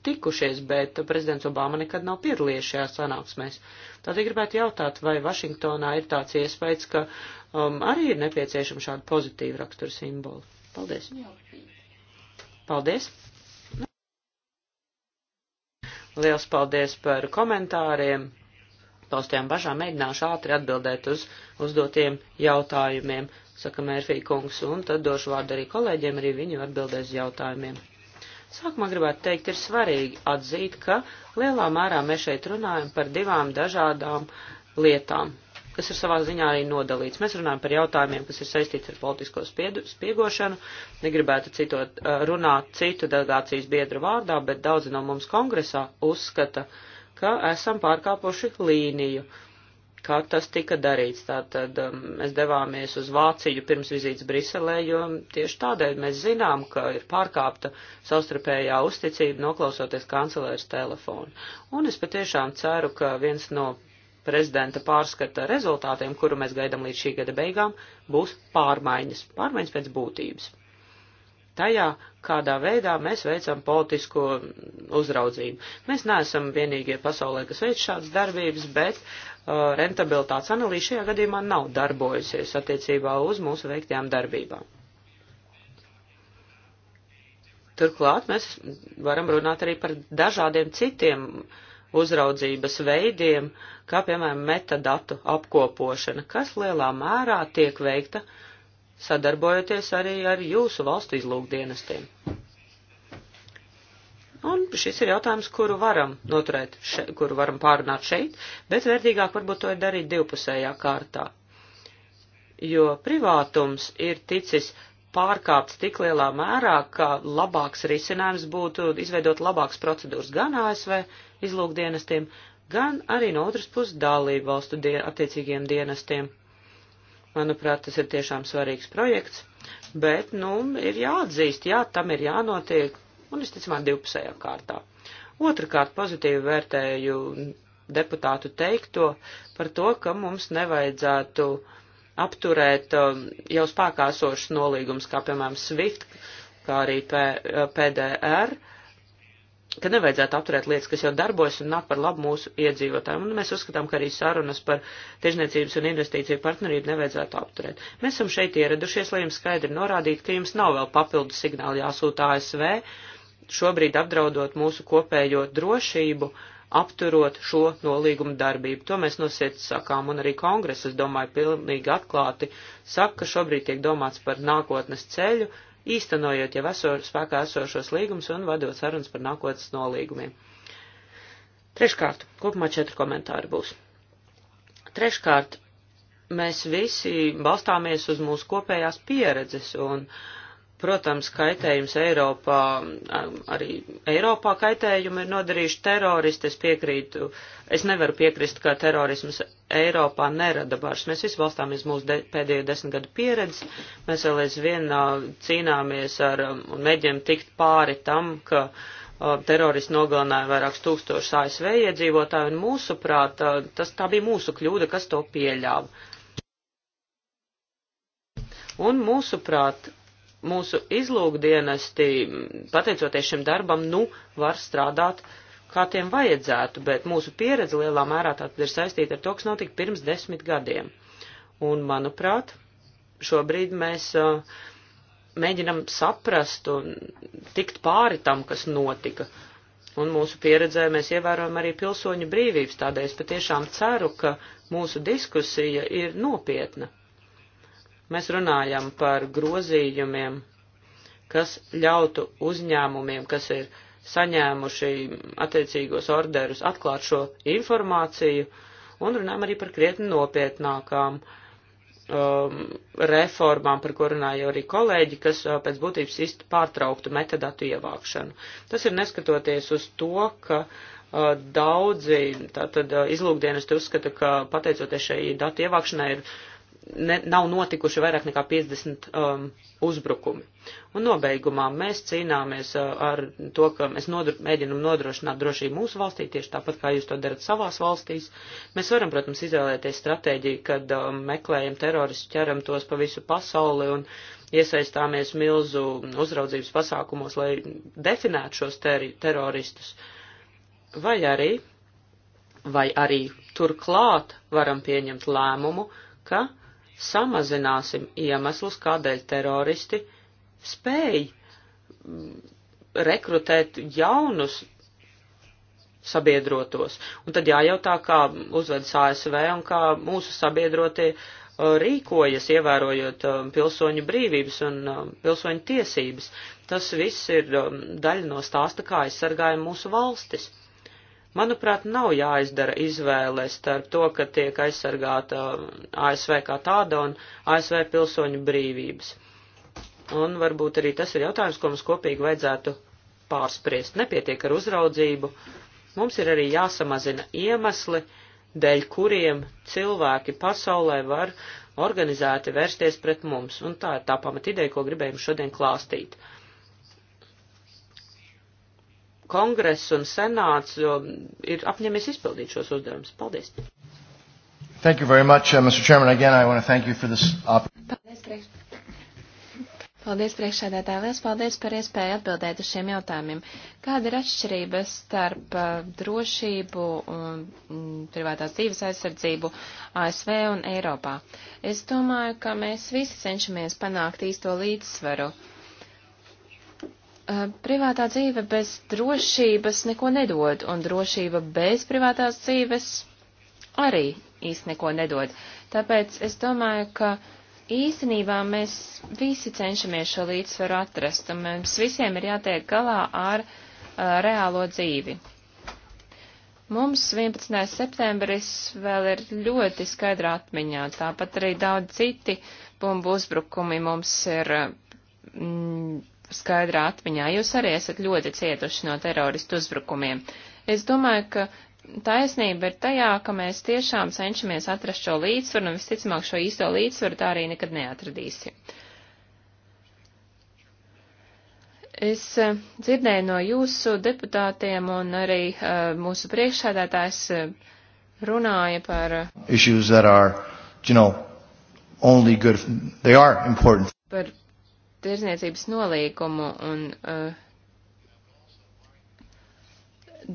tikušies, bet prezidents Obama nekad nav piedalījies šajā sanāksmēs. Tādēļ gribētu jautāt, vai Vašingtonā ir tāds iespējas, ka um, arī ir nepieciešama šāda pozitīva rakstura simbola. Paldies. Paldies. Liels paldies par komentāriem. Paustajām bažām mēģināšu ātri atbildēt uz uzdotiem jautājumiem, saka Mērfī kungs, un tad došu vārdu arī kolēģiem, arī viņu atbildēs jautājumiem. Sākumā gribētu teikt, ir svarīgi atzīt, ka lielā mērā mēs šeit runājam par divām dažādām lietām kas ir savā ziņā arī nodalīts. Mēs runājam par jautājumiem, kas ir saistīts ar politisko spiegošanu. Negribētu citot, runāt citu delegācijas biedru vārdā, bet daudzi no mums kongresā uzskata, ka esam pārkāpuši līniju, kā tas tika darīts. Tātad mēs devāmies uz Vāciju pirms vizītes Briselē, jo tieši tādēļ mēs zinām, ka ir pārkāpta savstarpējā uzticība noklausoties kanceleres telefonu. Un es patiešām ceru, ka viens no prezidenta pārskata rezultātiem, kuru mēs gaidām līdz šī gada beigām, būs pārmaiņas, pārmaiņas pēc būtības. Tajā, kādā veidā mēs veicam politisko uzraudzību. Mēs neesam vienīgie pasaulē, kas veic šādas darbības, bet uh, rentabilitātes analīze šajā gadījumā nav darbojusies attiecībā uz mūsu veiktajām darbībām. Turklāt mēs varam runāt arī par dažādiem citiem uh, uzraudzības veidiem, kā piemēram metadatu apkopošana, kas lielā mērā tiek veikta sadarbojoties arī ar jūsu valstu izlūkdienestiem. Un šis ir jautājums, kuru varam noturēt, še, kuru varam pārunāt šeit, bet vērtīgāk varbūt to ir darīt divpusējā kārtā. Jo privātums ir ticis pārkāpts tik lielā mērā, ka labāks risinājums būtu izveidot labāks procedūras gan ASV, izlūkdienestiem, gan arī no otras puses dalību valstu die, attiecīgiem dienestiem. Manuprāt, tas ir tiešām svarīgs projekts, bet, nu, ir jāatzīst, jā, tam ir jānotiek, un, visticamāk, divpusējā kārtā. Otrakārt, pozitīvi vērtēju deputātu teikto par to, ka mums nevajadzētu apturēt um, jau spēkā esošus nolīgumus, kā piemēram SWIFT, kā arī PDR, ka nevajadzētu apturēt lietas, kas jau darbojas un nāk par labu mūsu iedzīvotājiem. Un mēs uzskatām, ka arī sarunas par tiešniecības un investīciju partnerību nevajadzētu apturēt. Mēs esam šeit ieradušies, lai jums skaidri norādītu, ka jums nav vēl papildu signāli jāsūta ASV, šobrīd apdraudot mūsu kopējo drošību, apturot šo nolīgumu darbību. To mēs nosiet sakām, un arī kongress, es domāju, pilnīgi atklāti saka, ka šobrīd tiek domāts par nākotnes ceļu, īstenojot jau eso, spēkā esošos līgumus un vadot sarunas par nākotnes nolīgumiem. Treškārt, kopumā četri komentāri būs. Treškārt, mēs visi balstāmies uz mūsu kopējās pieredzes un uh, Protams, kaitējums Eiropā, um, arī Eiropā kaitējumi ir nodarījuši teroristi, es piekrītu, es nevaru piekrist, ka terorisms Eiropā nerada bažas. Mēs visi balstāmies mūsu de, pēdējo desmit gadu pieredzi, mēs vēl aizvien uh, cīnāmies ar um, un mēģinām tikt pāri tam, ka uh, teroristi nogalināja vairākus tūkstošus ASV iedzīvotāju, un mūsuprāt, uh, tas tā bija mūsu kļūda, kas to pieļāva. Un mūsuprāt, mūsu izlūkdienesti, pateicoties šim darbam, nu var strādāt, kā tiem vajadzētu, bet mūsu pieredze lielā mērā tātad ir saistīta ar to, kas notika pirms desmit gadiem. Un, manuprāt, šobrīd mēs uh, mēģinam saprast un tikt pāri tam, kas notika. Un mūsu pieredzē mēs ievērojam arī pilsoņu brīvības, tādēļ es patiešām ceru, ka mūsu diskusija ir nopietna. Mēs runājam par grozījumiem, kas ļautu uzņēmumiem, kas ir saņēmuši attiecīgos orderus, atklāt šo informāciju, un runājam arī par krietni nopietnākām um, reformām, par ko runāja arī kolēģi, kas uh, pēc būtības īsti pārtrauktu metadatu ievākšanu. Tas ir neskatoties uz to, ka uh, daudzi tātad uh, izlūkdienesti uzskata, ka pateicoties šai datu ievākšanai ir uh, ne, nav notikuši vairāk nekā 50 um, uzbrukumi. Un nobeigumā mēs cīnāmies uh, ar to, ka mēs nodru, mēģinam nodrošināt drošību mūsu valstī, tieši tāpat kā jūs to darat savās valstīs. Mēs varam, protams, izvēlēties stratēģiju, kad um, meklējam teroristu, ķeram tos pa visu pasauli un iesaistāmies milzu uzraudzības pasākumos, lai definētu šos ter teroristus. Vai arī, vai arī turklāt varam pieņemt lēmumu, ka samazināsim iemeslus, kādēļ teroristi spēj mm, rekrutēt jaunus sabiedrotos. Un tad jājautā, kā uzvedas ASV un kā mūsu sabiedrotie uh, rīkojas, ievērojot um, pilsoņu brīvības un um, pilsoņu tiesības. Tas viss ir um, daļa no stāsta, kā aizsargājam mūsu valstis. Manuprāt, nav jāizdara izvēle starp to, ka tiek aizsargāta ASV kā tāda un ASV pilsoņu brīvības. Un varbūt arī tas ir jautājums, ko mums kopīgi vajadzētu pārspriest. Nepietiek ar uzraudzību. Mums ir arī jāsamazina iemesli, dēļ kuriem cilvēki pasaulē var organizēti vērsties pret mums. Un tā ir tā pamatideja, ko gribējām šodien klāstīt kongress un senāts ir apņemies izpildīt šos uzdevumus. Paldies! Thank you very much, uh, Mr. Chairman. Again, I want to thank you for this opportunity. Paldies, priekšsēdētāji. Liels paldies par iespēju atbildēt uz šiem jautājumiem. Kāda ir atšķirība starp uh, drošību un mm, privātās dzīves aizsardzību ASV un Eiropā? Es domāju, ka mēs visi cenšamies panākt īsto līdzsvaru. Uh, Eh, privātā dzīve bez drošības neko nedod, un drošība bez privātās dzīves arī īsti neko nedod. Tāpēc es domāju, ka īstenībā mēs visi cenšamies šo līdzsvaru atrast, un mums visiem ir jātiek galā ar uh, reālo dzīvi. Mums 11. septembris vēl ir ļoti skaidrā atmiņā, tāpat arī daudz citi bumbu uzbrukumi mums ir mm, skaidrā atmiņā. Jūs arī esat ļoti cietuši no teroristu uzbrukumiem. Es domāju, ka taisnība ir tajā, ka mēs tiešām cenšamies atrast šo līdzsvaru, un visticamāk šo īsto līdzsvaru tā arī nekad neatradīsim. Es eh, dzirdēju no jūsu deputātiem un arī uh, mūsu priekšsēdētājs eh, runāja par issues that are, you know, only good, they are important. Par tirzniecības nolīgumu un uh,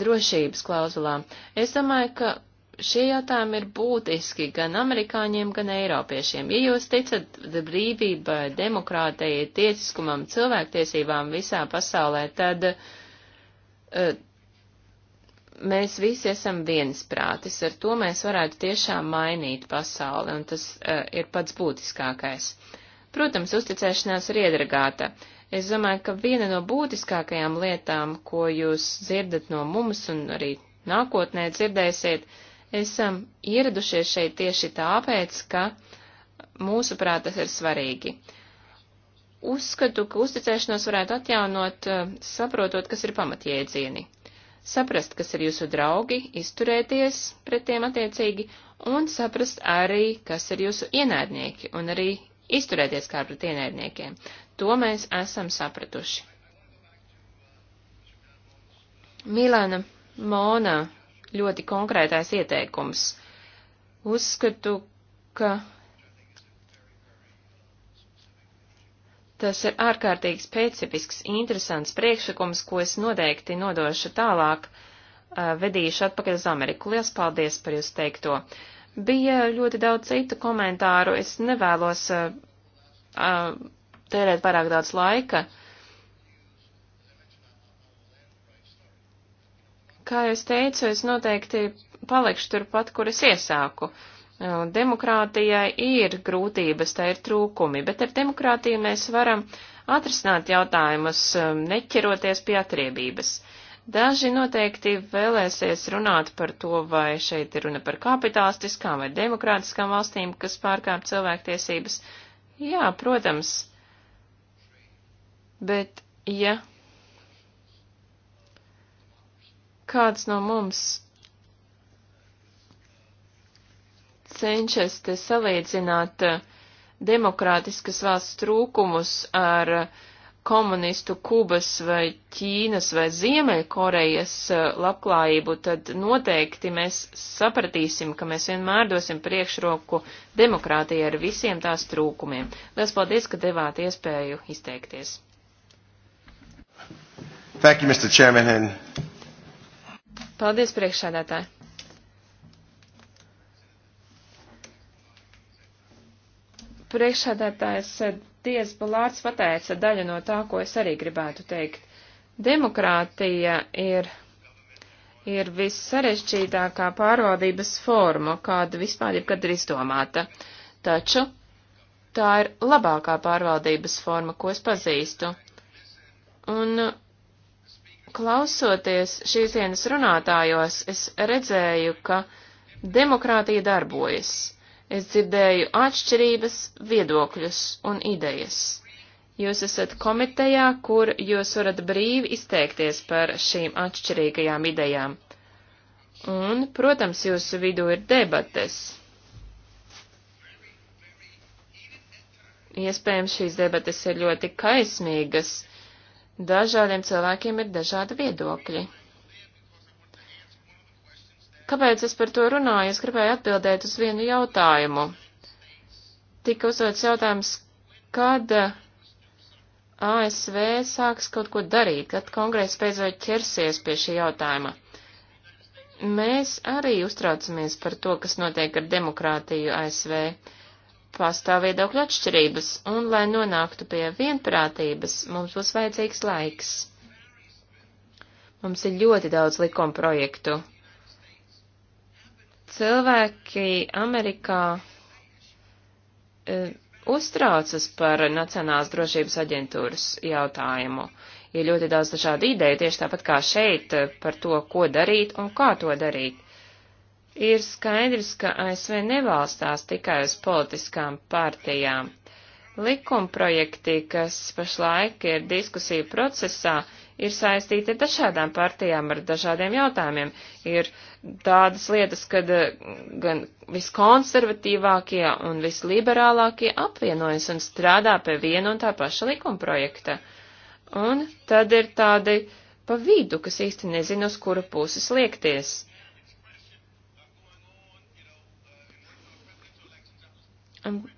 drošības klauzulām. Es domāju, ka šie jautājumi ir būtiski gan amerikāņiem, gan eiropiešiem. Ja jūs ticat brīvībai, demokrātijai, tiesiskumam, cilvēktiesībām visā pasaulē, tad uh, mēs visi esam viensprātis. Ar to mēs varētu tiešām mainīt pasauli, un tas uh, ir pats būtiskākais. Uh, Protams, uzticēšanās ir iedragāta. Es domāju, ka viena no būtiskākajām lietām, ko jūs dzirdat no mums un arī nākotnē dzirdēsiet, esam ieradušies šeit tieši tāpēc, ka mūsuprāt tas ir svarīgi. Uzskatu, ka uzticēšanos varētu atjaunot, saprotot, kas ir pamatjēdzieni saprast, kas ir jūsu draugi, izturēties pret tiem attiecīgi, un saprast arī, kas ir jūsu ienaidnieki, un arī izturēties kā pret ienaidniekiem. To mēs esam sapratuši. Milana Mona ļoti konkrētais ieteikums. Uzskatu, ka tas ir ārkārtīgi specifisks, interesants priekšlikums, ko es noteikti nodošu tālāk, uh, vedīšu atpakaļ uz Ameriku. Lielas paldies par jūs teikto! Uh, Bija ļoti daudz citu komentāru. Es nevēlos uh, uh, tērēt pārāk daudz laika. Kā jau es teicu, es noteikti palikšu turpat, kur es iesāku. Uh, demokrātijai ir grūtības, tā ir trūkumi, bet ar demokrātiju mēs varam atrisināt jautājumus, um, neķeroties pie atriebības. Daži noteikti vēlēsies runāt par to, vai šeit ir runa par kapitalistiskām vai demokrātiskām valstīm, kas pārkāp cilvēktiesības. Jā, protams. Bet, ja kāds no mums cenšas te salīdzināt eh, demokrātiskas valsts trūkumus ar uh, komunistu Kubas vai Ķīnas vai Ziemeļkorejas eh, labklājību, tad noteikti mēs sapratīsim, ka mēs vienmēr dosim priekšroku demokrātijai ar visiem tās trūkumiem. Lielas paldies, ka devāt iespēju izteikties. Thank you, Mr. Chairman. And... Paldies, priekšsēdētāji. priekšsēdētājs Dievs Balārds pateica daļu no tā, ko es arī gribētu teikt. Demokrātija ir, ir vissarežģītākā pārvaldības forma, kāda vispār jebkad ir izdomāta. Taču tā ir labākā pārvaldības forma, ko es pazīstu. Un klausoties šīs dienas runātājos, es redzēju, ka demokrātija darbojas Es dzirdēju atšķirības, viedokļus un idejas. Jūs esat komitejā, kur jūs varat brīvi izteikties par šīm atšķirīgajām idejām. Un, protams, jūsu vidū ir debates. Iespējams, šīs debates ir ļoti kaismīgas. Dažādiem cilvēkiem ir dažādi viedokļi. Kāpēc es par to runāju? Es gribēju atbildēt uz vienu jautājumu. Tika uzdots jautājums, kad eh, ASV sāks kaut ko darīt, kad kongress beidzot ķersies pie šī jautājuma. Mēs arī uztraucamies par to, kas notiek ar demokrātiju ASV. Pastāv viedokļu atšķirības, un, lai nonāktu pie vienprātības, mums būs vajadzīgs laiks. Mums ir ļoti daudz likuma projektu cilvēki Amerikā e, uztraucas par Nacionālās drošības aģentūras jautājumu. Ir ļoti daudz dažādu ideju, tieši tāpat kā šeit, eh, par to, ko darīt un kā to darīt. Ir skaidrs, ka ASV nevalstās tikai uz politiskām partijām. Likumprojekti, kas pašlaik ir diskusiju procesā, ir saistīti ar dažādām partijām, ar dažādiem jautājumiem. Ir tādas lietas, kad eh, gan viskonservatīvākie un visliberālākie apvienojas un strādā pie viena un tā paša likumprojekta. Un tad ir tādi pa vidu, kas īsti nezina, uz kuru pusi liekties.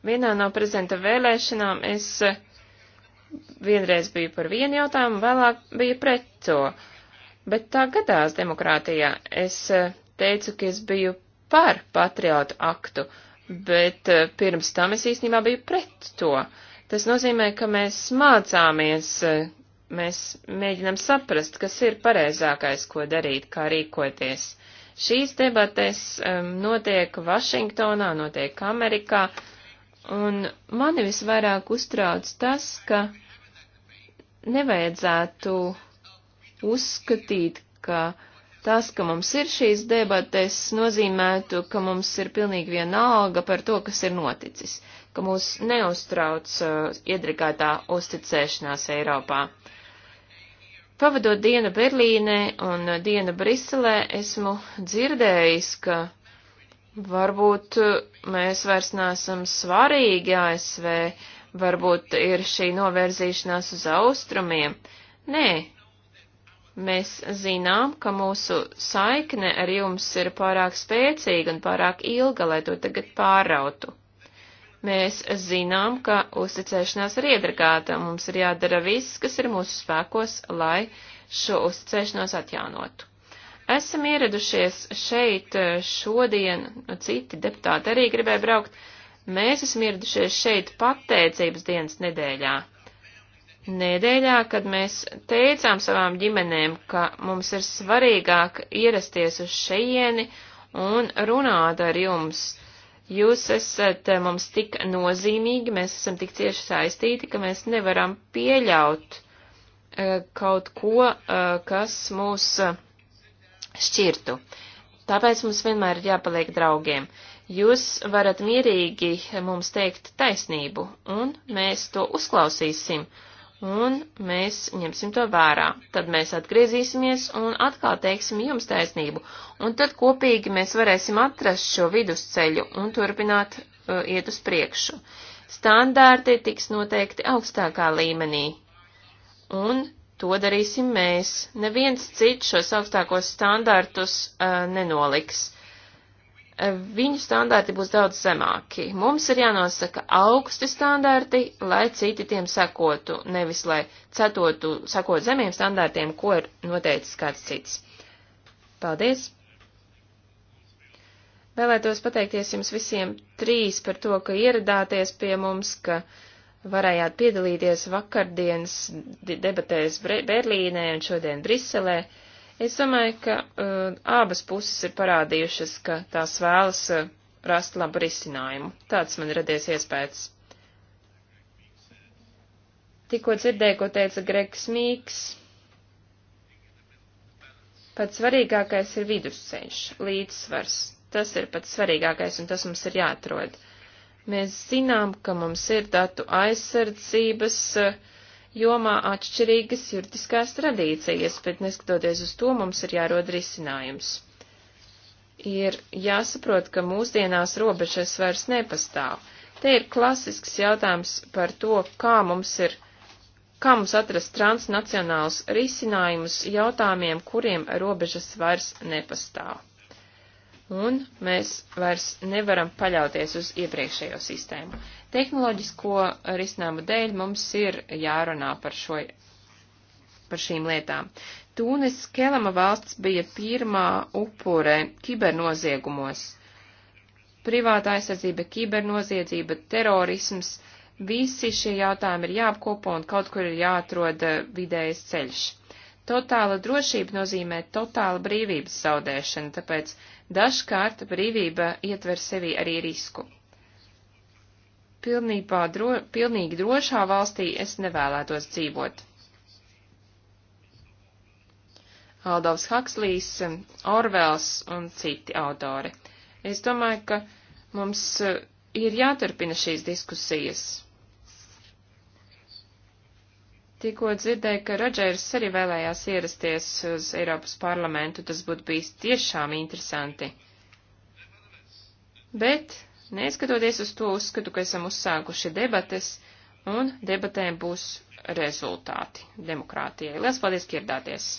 Vienā no prezidenta vēlēšanām es uh, vienreiz bija par vienu jautājumu, vēlāk bija pret to. Bet tā gadās demokrātijā. Es eh, teicu, ka es biju par patriotu aktu, bet eh, pirms tam es īstenībā biju pret to. Tas nozīmē, ka mēs mācāmies, eh, mēs mēģinam saprast, kas ir pareizākais, ko darīt, kā rīkoties. Šīs debates um, notiek Vašingtonā, notiek Amerikā, un mani visvairāk uztrauc tas, ka uh, nevajadzētu uzskatīt, ka tas, ka mums ir šīs debates, nozīmētu, ka mums ir pilnīgi vienalga par to, kas ir noticis, ka mūs neuztrauc uh, iedrigātā uzticēšanās Eiropā. Pavadot dienu Berlīnē un dienu Briselē, esmu dzirdējis, ka varbūt uh, mēs vairs nesam svarīgi ASV, varbūt ir šī novirzīšanās uz austrumiem. Nē, mēs zinām, ka mūsu saikne ar jums ir pārāk spēcīga un pārāk ilga, lai to tagad pārautu. Mēs zinām, ka uzticēšanās ir iedragāta, mums ir jādara viss, kas ir mūsu spēkos, lai šo uzticēšanos atjaunotu. Esam ieradušies šeit eh, šodien, nu, citi deputāti arī gribēja braukt, uh, Mēs esam ieradušies šeit pateicības dienas nedēļā. Nedēļā, kad mēs teicām savām ģimenēm, ka mums ir svarīgāk ierasties uz šeieni un runāt ar jums. Jūs esat eh, mums tik nozīmīgi, mēs esam tik cieši saistīti, ka mēs nevaram pieļaut uh, kaut ko, uh, kas mūs uh, šķirtu. Tāpēc mums vienmēr ir jāpaliek draugiem. Uh, Jūs varat mierīgi mums teikt taisnību, un mēs to uzklausīsim, un mēs ņemsim to vērā. Tad mēs atgriezīsimies un atkal teiksim jums taisnību, un tad kopīgi mēs varēsim atrast šo vidusceļu un turpināt uh, iet uz priekšu. Standārti tiks noteikti augstākā līmenī, un To darīsim mēs. Neviens cits šos augstākos standartus uh, nenoliks viņu standarti būs daudz zemāki. Mums ir jānosaka augsti standarti, lai citi tiem sekotu, nevis lai cetotu, sekot zemiem standartiem, ko ir noteicis kāds cits. Paldies! Vēlētos pateikties jums visiem trīs par to, ka ieradāties pie mums, ka varējāt piedalīties vakardienas debatēs Berlīnē un šodien Briselē. Es domāju, ka uh, abas puses ir parādījušas, ka tās vēlas uh, rast labu risinājumu. Tāds man radies iespējas. Tikko dzirdēju, ko teica Gregs Mīks. Pats svarīgākais ir vidusceļš, līdzsvars. Tas ir pats svarīgākais, un tas mums ir jāatrod. Mēs zinām, ka mums ir datu aizsardzības uh, jomā atšķirīgas juridiskās tradīcijas, bet neskatoties uz to, mums ir jārod risinājums. Ir jāsaprot, ka mūsdienās robežas vairs nepastāv. Te ir klasisks jautājums par to, kā mums ir, kā mums atrast transnacionāls risinājumus jautājumiem, kuriem robežas vairs nepastāv. Un mēs vairs nevaram paļauties uz iepriekšējo sistēmu. Tehnoloģisko risinājumu dēļ mums ir jārunā par, šo, par šīm lietām. Tūnis Kelama valsts bija pirmā upure kibernoziegumos. Privāta aizsardzība, kibernoziedzība, terorisms, visi šie jautājumi ir jāapkopo un kaut kur ir jāatrod eh, vidējais ceļš. Totāla drošība nozīmē totāla brīvības zaudēšana, tāpēc dažkārt brīvība ietver sevi arī risku pilnībā dro, pilnīgi drošā valstī es nevēlētos dzīvot. Aldovs Hakslīs, Orvels un citi autori. Es domāju, ka mums eh, ir jāturpina šīs diskusijas. Tikko dzirdēju, ka Rodžers arī vēlējās ierasties uz Eiropas parlamentu, tas būtu bijis tiešām interesanti. Bet Neskatoties uz to, uzskatu, ka esam uzsākuši debates, un debatēm būs rezultāti demokrātijai. Lielas paldies, ka ieradāties!